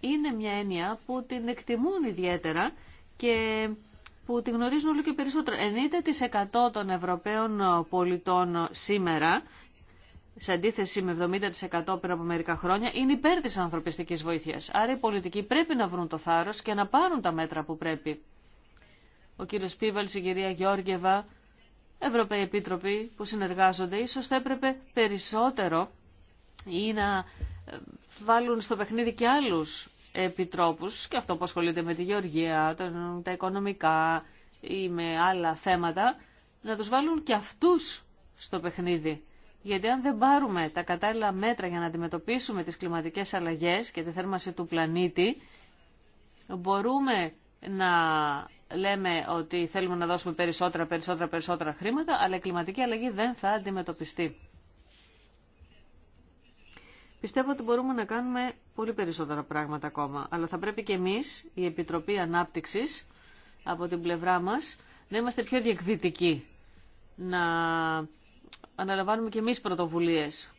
είναι μια έννοια που την εκτιμούν ιδιαίτερα και που τη γνωρίζουν όλο και περισσότερο. 90% των Ευρωπαίων πολιτών σήμερα, σε αντίθεση με 70% πριν από μερικά χρόνια, είναι υπέρ της ανθρωπιστικής βοήθειας. Άρα οι πολιτικοί πρέπει να βρουν το θάρρος και να πάρουν τα μέτρα που πρέπει. Ο κύριος Πίβαλς, η κυρία Γιώργεβα, Ευρωπαίοι Επίτροποι που συνεργάζονται, ίσως θα έπρεπε περισσότερο ή να ε, βάλουν στο παιχνίδι και άλλους επιτρόπους και αυτό που ασχολείται με τη γεωργία, τα οικονομικά ή με άλλα θέματα, να τους βάλουν και αυτούς στο παιχνίδι. Γιατί αν δεν πάρουμε τα κατάλληλα μέτρα για να αντιμετωπίσουμε τις κλιματικές αλλαγές και τη θέρμανση του πλανήτη, μπορούμε να λέμε ότι θέλουμε να δώσουμε περισσότερα, περισσότερα, περισσότερα χρήματα, αλλά η κλιματική αλλαγή δεν θα αντιμετωπιστεί. Πιστεύω ότι μπορούμε να κάνουμε πολύ περισσότερα πράγματα ακόμα, αλλά θα πρέπει και εμείς, η Επιτροπή Ανάπτυξης, από την πλευρά μας, να είμαστε πιο διεκδυτικοί, να αναλαμβάνουμε και εμείς πρωτοβουλίες.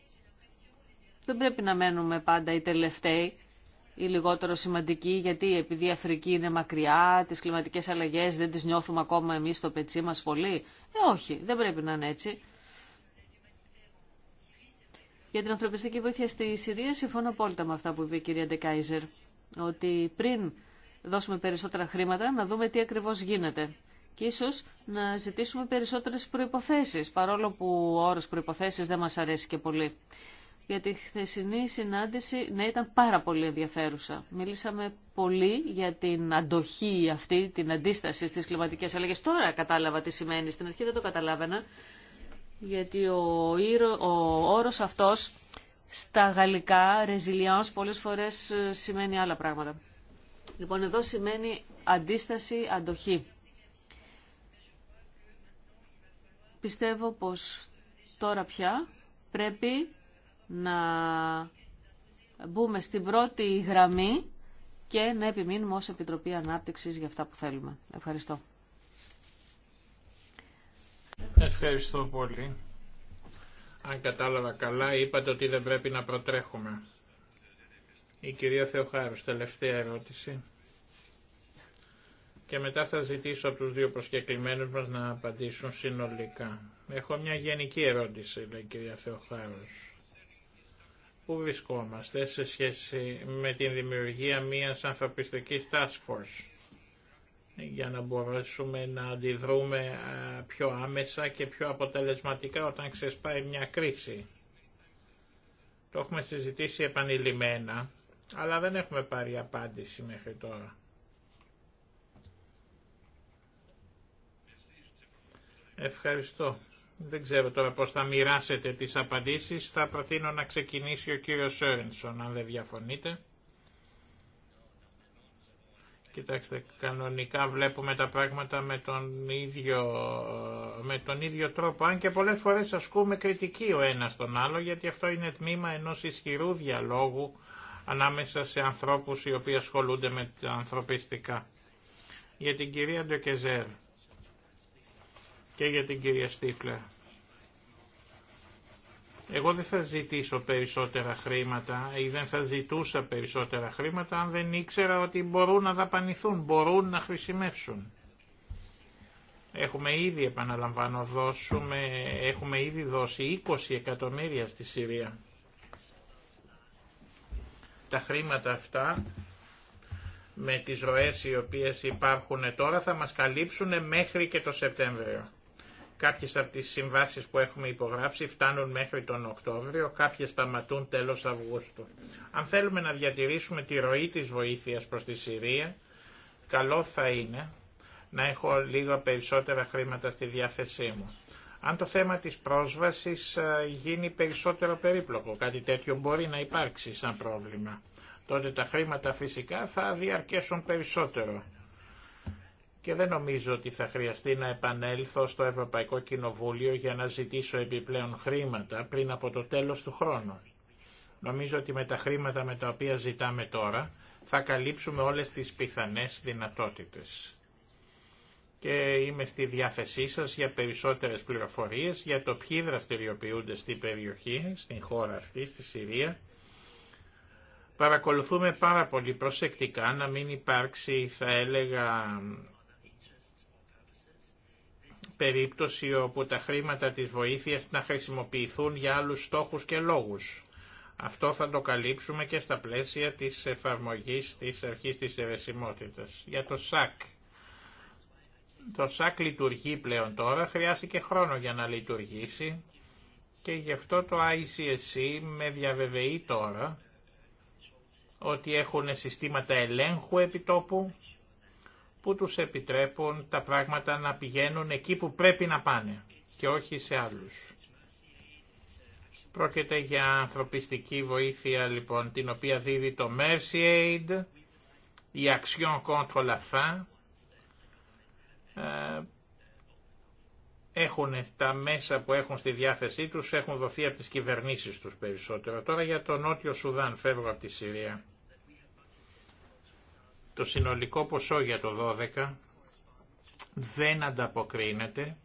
Δεν πρέπει να μένουμε πάντα οι τελευταίοι ή λιγότερο σημαντικοί, γιατί επειδή η Αφρική είναι μακριά, τις κλιματικές αλλαγές δεν τις νιώθουμε ακόμα εμείς στο πετσί μας πολύ. Ε, όχι, δεν πρέπει να είναι έτσι. Για την ανθρωπιστική βοήθεια στη Συρία συμφωνώ απόλυτα με αυτά που είπε η κυρία Ντεκάιζερ. Ότι πριν δώσουμε περισσότερα χρήματα να δούμε τι ακριβώς γίνεται. Και ίσως να ζητήσουμε περισσότερες προϋποθέσεις, παρόλο που ο όρος προϋποθέσεις δεν μας αρέσει και πολύ. Γιατί τη χθεσινή συνάντηση, ναι, ήταν πάρα πολύ ενδιαφέρουσα. Μίλησαμε πολύ για την αντοχή αυτή, την αντίσταση στις κλιματικές αλλαγές. Τώρα κατάλαβα τι σημαίνει, στην αρχή δεν το καταλάβαινα γιατί ο, όρο ο όρος αυτός στα γαλλικά resilience πολλές φορές ε, σημαίνει άλλα πράγματα. Λοιπόν, εδώ σημαίνει αντίσταση, αντοχή. Πιστεύω πως τώρα πια πρέπει να μπούμε στην πρώτη γραμμή και να επιμείνουμε ως Επιτροπή Ανάπτυξης για αυτά που θέλουμε. Ευχαριστώ. Ευχαριστώ πολύ. Αν κατάλαβα καλά, είπατε ότι δεν πρέπει να προτρέχουμε. Η κυρία Θεοχάρους, τελευταία ερώτηση. Και μετά θα ζητήσω από τους δύο προσκεκλημένους μας να απαντήσουν συνολικά. Έχω μια γενική ερώτηση, λέει η κυρία Θεοχάρους. Πού βρισκόμαστε σε σχέση με την δημιουργία μιας ανθρωπιστικής task force για να μπορέσουμε να αντιδρούμε ε, πιο άμεσα και πιο αποτελεσματικά όταν ξεσπάει μια κρίση. Το έχουμε συζητήσει επανειλημμένα, αλλά δεν έχουμε πάρει απάντηση μέχρι τώρα. Ευχαριστώ. Δεν ξέρω τώρα πώς θα μοιράσετε τις απαντήσεις. Θα προτείνω να ξεκινήσει ο κύριος Σόρενσον, αν δεν διαφωνείτε. Κοιτάξτε, κανονικά βλέπουμε τα πράγματα με τον ίδιο, με τον ίδιο τρόπο, αν και πολλές φορές ασκούμε κριτική ο ένας τον άλλο, γιατί αυτό είναι τμήμα ενός ισχυρού διαλόγου ανάμεσα σε ανθρώπους οι οποίοι ασχολούνται με τα ανθρωπιστικά. Για την κυρία Ντοκεζέρ και για την κυρία Στίφλερ. Εγώ δεν θα ζητήσω περισσότερα χρήματα ή δεν θα ζητούσα περισσότερα χρήματα αν δεν ήξερα ότι μπορούν να δαπανηθούν, μπορούν να χρησιμεύσουν. Έχουμε ήδη, επαναλαμβάνω, έχουμε ήδη δώσει 20 εκατομμύρια στη Συρία. Τα χρήματα αυτά με τις ροές οι οποίες υπάρχουν τώρα θα μας καλύψουν μέχρι και το Σεπτέμβριο. Κάποιες από τις συμβάσεις που έχουμε υπογράψει φτάνουν μέχρι τον Οκτώβριο, κάποιες σταματούν τέλος Αυγούστου. Αν θέλουμε να διατηρήσουμε τη ροή της βοήθειας προς τη Συρία, καλό θα είναι να έχω λίγο περισσότερα χρήματα στη διάθεσή μου. Αν το θέμα της πρόσβασης ε, γίνει περισσότερο περίπλοκο, κάτι τέτοιο μπορεί να υπάρξει σαν πρόβλημα, τότε τα χρήματα φυσικά θα διαρκέσουν περισσότερο και δεν νομίζω ότι θα χρειαστεί να επανέλθω στο Ευρωπαϊκό Κοινοβούλιο για να ζητήσω επιπλέον χρήματα πριν από το τέλος του χρόνου. Νομίζω ότι με τα χρήματα με τα οποία ζητάμε τώρα θα καλύψουμε όλες τις πιθανές δυνατότητες. Και είμαι στη διάθεσή σας για περισσότερες πληροφορίες για το ποιοι δραστηριοποιούνται στην περιοχή, στην χώρα αυτή, στη Συρία. Παρακολουθούμε πάρα πολύ προσεκτικά να μην υπάρξει, θα έλεγα, περίπτωση όπου τα χρήματα της βοήθειας να χρησιμοποιηθούν για άλλους στόχους και λόγους. Αυτό θα το καλύψουμε και στα πλαίσια της εφαρμογής της αρχής της ευαισιμότητας. Για το ΣΑΚ. Το ΣΑΚ λειτουργεί πλέον τώρα, χρειάστηκε χρόνο για να λειτουργήσει και γι' αυτό το ICSC με διαβεβαιεί τώρα ότι έχουν συστήματα ελέγχου επιτόπου, που τους επιτρέπουν τα πράγματα να πηγαίνουν εκεί που πρέπει να πάνε και όχι σε άλλους. Πρόκειται για ανθρωπιστική βοήθεια λοιπόν την οποία δίδει το Mercy Aid, η Action Contre la Faim. Ε, έχουν τα μέσα που έχουν στη διάθεσή τους, έχουν δοθεί από τις κυβερνήσεις τους περισσότερο. Τώρα για τον Νότιο Σουδάν, φεύγω από τη Συρία. Το συνολικό ποσό για το 12 δεν ανταποκρίνεται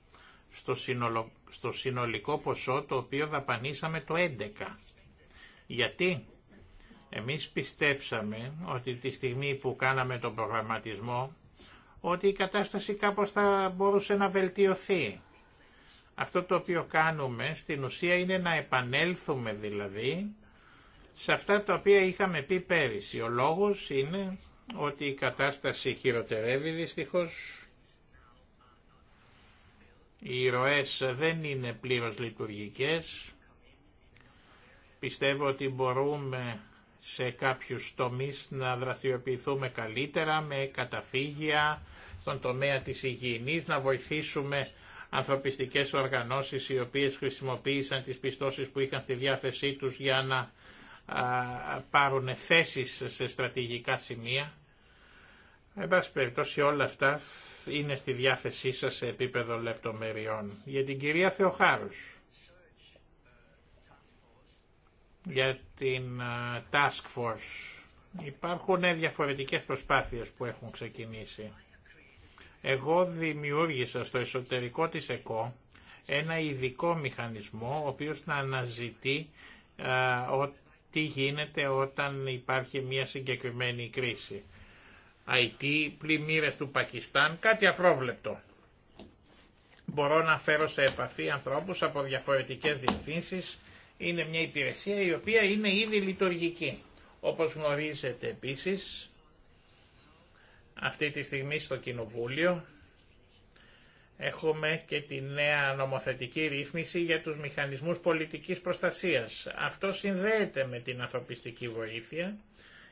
στο, συνολικό ποσό το οποίο δαπανίσαμε το 11. Γιατί εμείς πιστέψαμε ότι τη στιγμή που κάναμε τον προγραμματισμό ότι η κατάσταση κάπως θα μπορούσε να βελτιωθεί. Αυτό το οποίο κάνουμε στην ουσία είναι να επανέλθουμε δηλαδή σε αυτά τα οποία είχαμε πει πέρυσι. Ο λόγος είναι ότι η κατάσταση χειροτερεύει δυστυχώς. Οι ροές δεν είναι πλήρως λειτουργικές. Πιστεύω ότι μπορούμε σε κάποιους τομείς να δραστηριοποιηθούμε καλύτερα με καταφύγια στον τομέα της υγιεινής, να βοηθήσουμε ανθρωπιστικές οργανώσεις οι οποίες χρησιμοποίησαν τις πιστώσεις που είχαν στη διάθεσή τους για να πάρουν θέσεις σε στρατηγικά σημεία. Εν πάση περιπτώσει όλα αυτά είναι στη διάθεσή σας σε επίπεδο λεπτομεριών. Για την κυρία Θεοχάρους, για την Task Force, υπάρχουν ε, διαφορετικές προσπάθειες που έχουν ξεκινήσει. Εγώ δημιούργησα στο εσωτερικό της ΕΚΟ ένα ειδικό μηχανισμό, ο οποίος να αναζητεί τι γίνεται όταν υπάρχει μια συγκεκριμένη κρίση. IT, πλημμύρες του Πακιστάν, κάτι απρόβλεπτο. Μπορώ να φέρω σε επαφή ανθρώπους από διαφορετικές διευθύνσεις. Είναι μια υπηρεσία η οποία είναι ήδη λειτουργική. Όπως γνωρίζετε επίσης, αυτή τη στιγμή στο Κοινοβούλιο Έχουμε και τη νέα νομοθετική ρύθμιση για τους μηχανισμούς πολιτικής προστασίας. Αυτό συνδέεται με την ανθρωπιστική βοήθεια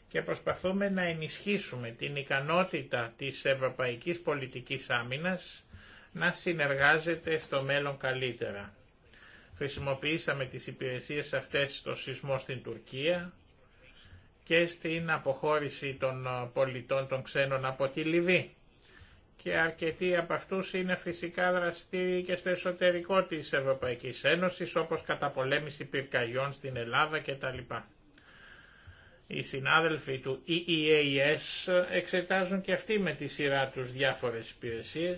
και προσπαθούμε να ενισχύσουμε την ικανότητα της ευρωπαϊκής πολιτικής άμυνας να συνεργάζεται στο μέλλον καλύτερα. Χρησιμοποιήσαμε τις υπηρεσίες αυτές στο σεισμό στην Τουρκία και στην αποχώρηση των πολιτών των ξένων από τη Λιβύη και αρκετοί από αυτούς είναι φυσικά δραστήριοι και στο εσωτερικό της Ευρωπαϊκής Ένωσης, όπως καταπολέμηση πυρκαγιών στην Ελλάδα κτλ. Οι συνάδελφοι του EEAS εξετάζουν και αυτοί με τη σειρά τους διάφορες υπηρεσίε.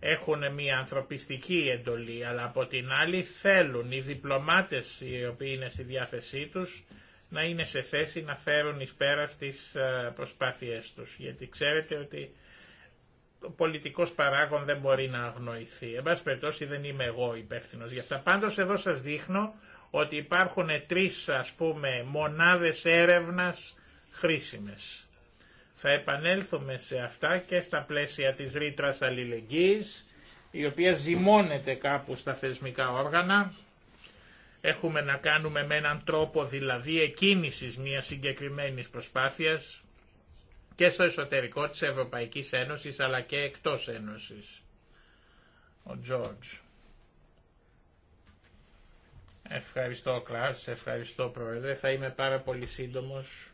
Έχουν μια ανθρωπιστική εντολή, αλλά από την άλλη θέλουν οι διπλωμάτες οι οποίοι είναι στη διάθεσή τους να είναι σε θέση να φέρουν εις πέρα στις ε, προσπάθειές τους. Γιατί ξέρετε ότι ο πολιτικός παράγων δεν μπορεί να αγνοηθεί. Εν πάση περιπτώσει δεν είμαι εγώ υπεύθυνο γι' αυτά. Πάντως εδώ σας δείχνω ότι υπάρχουν τρεις ας πούμε μονάδες έρευνας χρήσιμες. Θα επανέλθουμε σε αυτά και στα πλαίσια της ρήτρα αλληλεγγύης, η οποία ζυμώνεται κάπου στα θεσμικά όργανα, Έχουμε να κάνουμε με έναν τρόπο δηλαδή εκκίνησης μιας συγκεκριμένης προσπάθειας και στο εσωτερικό της Ευρωπαϊκής Ένωσης αλλά και εκτός Ένωσης. Ο Τζόρτζ. Ευχαριστώ Κλάς, ευχαριστώ Πρόεδρε. Θα είμαι πάρα πολύ σύντομος.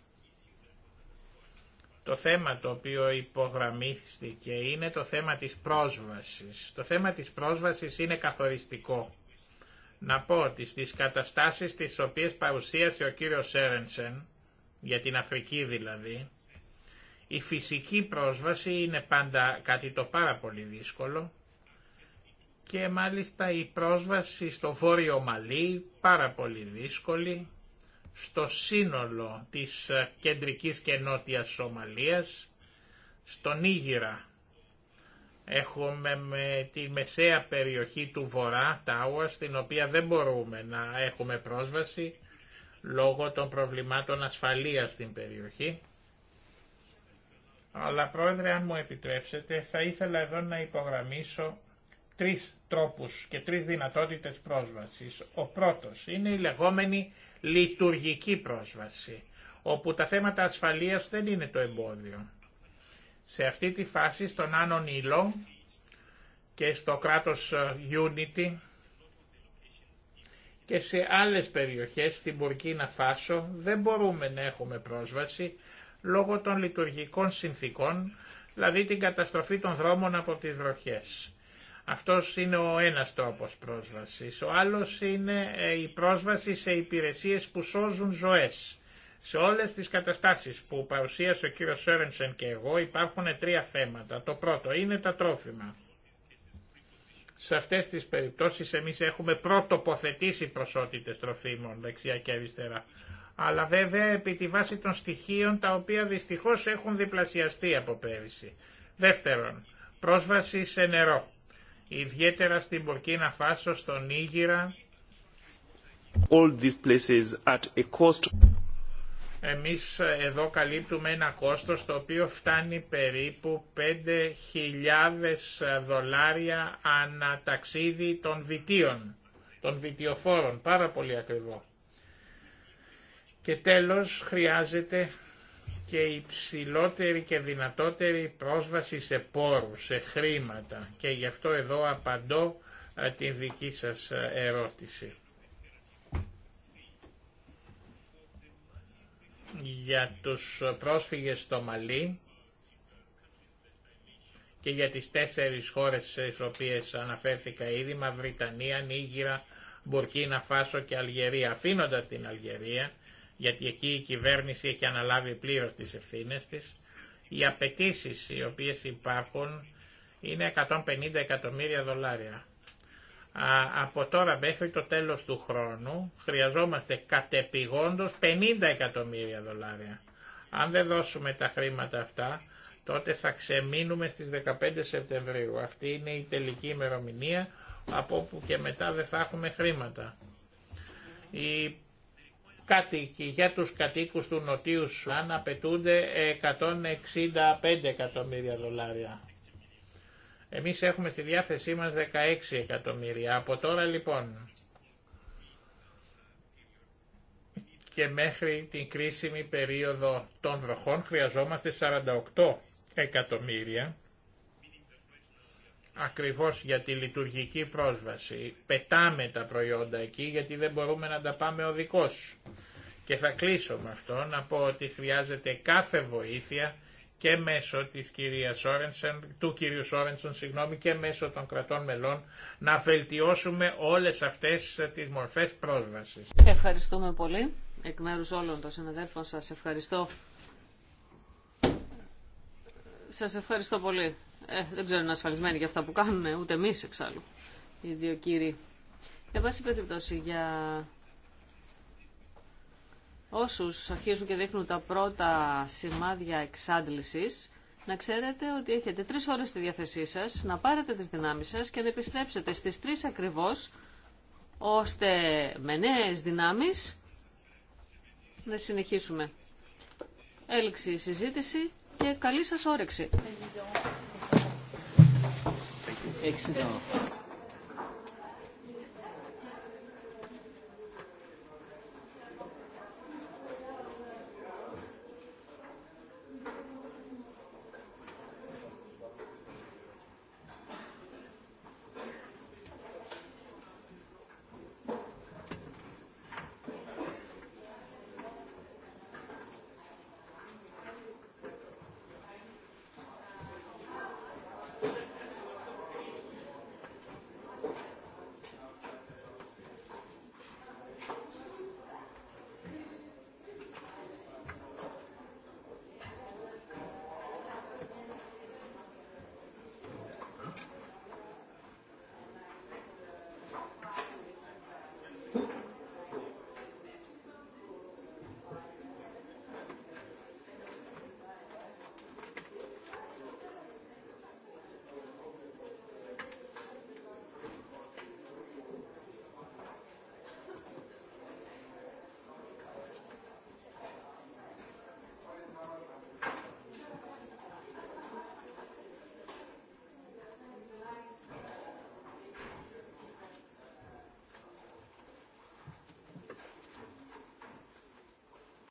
Το θέμα το οποίο υπογραμμίστηκε είναι το θέμα της πρόσβασης. Το θέμα της πρόσβασης είναι καθοριστικό να πω ότι στις καταστάσεις τις οποίες παρουσίασε ο κύριος Σέρενσεν, για την Αφρική δηλαδή, η φυσική πρόσβαση είναι πάντα κάτι το πάρα πολύ δύσκολο και μάλιστα η πρόσβαση στο Βόρειο Μαλί πάρα πολύ δύσκολη, στο σύνολο της κεντρικής και νότιας Σομαλίας, στον Ήγυρα Έχουμε με τη μεσαία περιοχή του Βορρά, Τάουα, στην οποία δεν μπορούμε να έχουμε πρόσβαση λόγω των προβλημάτων ασφαλείας στην περιοχή. Αλλά πρόεδρε, αν μου επιτρέψετε, θα ήθελα εδώ να υπογραμμίσω τρεις τρόπους και τρεις δυνατότητες πρόσβασης. Ο πρώτος είναι η λεγόμενη λειτουργική πρόσβαση, όπου τα θέματα ασφαλείας δεν είναι το εμπόδιο. Σε αυτή τη φάση στον Άνω Ήλο και στο κράτος ε, Unity και σε άλλες περιοχές στην Μπουρκίνα Φάσο δεν μπορούμε να έχουμε πρόσβαση λόγω των λειτουργικών συνθήκων, δηλαδή την καταστροφή των δρόμων από τις βροχές. Αυτός είναι ο ένας τρόπος πρόσβασης. Ο άλλος είναι ε, η πρόσβαση σε υπηρεσίες που σώζουν ζωές. Σε όλες τις καταστάσεις που παρουσίασε ο κύριος Σόρενσεν και εγώ υπάρχουν τρία θέματα. Το πρώτο είναι τα τρόφιμα. Σε αυτές τις περιπτώσεις εμείς έχουμε πρωτοποθετήσει προσότητες τροφίμων δεξιά και αριστερά. Αλλά βέβαια επί τη βάση των στοιχείων τα οποία δυστυχώς έχουν διπλασιαστεί από πέρυσι. Δεύτερον, πρόσβαση σε νερό. Ιδιαίτερα στην Πορκίνα Φάσο, στον Ήγυρα. Εμείς ε, εδώ καλύπτουμε ένα κόστος το οποίο φτάνει περίπου 5.000 ε, δολάρια ανά ταξίδι των βιτίων, των βιτιοφόρων, πάρα πολύ ακριβό. Και τέλος χρειάζεται και υψηλότερη και δυνατότερη πρόσβαση σε πόρους, σε χρήματα και γι' αυτό εδώ απαντώ ε, την δική σας ερώτηση. για τους πρόσφυγες στο Μαλί και για τις τέσσερις χώρες στις οποίες αναφέρθηκα ήδη, Μαυριτανία, Νίγηρα, Μπουρκίνα, Φάσο και Αλγερία, Αφήνοντας την Αλγερία, γιατί εκεί η κυβέρνηση έχει αναλάβει πλήρως τις ευθύνες της, οι απαιτήσει οι οποίες υπάρχουν είναι 150 εκατομμύρια δολάρια από τώρα μέχρι το τέλος του χρόνου χρειαζόμαστε κατεπηγόντως 50 εκατομμύρια δολάρια. Αν δεν δώσουμε τα χρήματα αυτά, τότε θα ξεμείνουμε στις 15 Σεπτεμβρίου. Αυτή είναι η τελική ημερομηνία, από όπου και μετά δεν θα έχουμε χρήματα. Οι κάτοικοι, για τους κατοίκους του Νοτίου Σουάν απαιτούνται 165 εκατομμύρια δολάρια. Εμείς έχουμε στη διάθεσή μας 16 εκατομμύρια. Από τώρα λοιπόν και μέχρι την κρίσιμη περίοδο των βροχών χρειαζόμαστε 48 εκατομμύρια ακριβώς για τη λειτουργική πρόσβαση. Πετάμε τα προϊόντα εκεί γιατί δεν μπορούμε να τα πάμε οδικός. Και θα κλείσω με αυτό να πω ότι χρειάζεται κάθε βοήθεια και μέσω της κυρίας Σόρενσεν, του κυρίου Σόρενσον συγγνώμη, και μέσω των κρατών μελών να βελτιώσουμε όλες αυτές τις μορφές πρόσβασης. Ευχαριστούμε πολύ. Εκ μέρους όλων των συναδέλφων σας ευχαριστώ. Σας ευχαριστώ πολύ. Ε, δεν ξέρω είναι ασφαλισμένοι για αυτά που κάνουν, ούτε εμείς εξάλλου, οι δύο κύριοι. Εν περιπτώσει για όσους αρχίζουν και δείχνουν τα πρώτα σημάδια εξάντλησης, να ξέρετε ότι έχετε τρεις ώρες στη διάθεσή σας, να πάρετε τις δυνάμεις σας και να επιστρέψετε στις τρεις ακριβώς, ώστε με νέες δυνάμεις να συνεχίσουμε. Έληξη η συζήτηση και καλή σας όρεξη.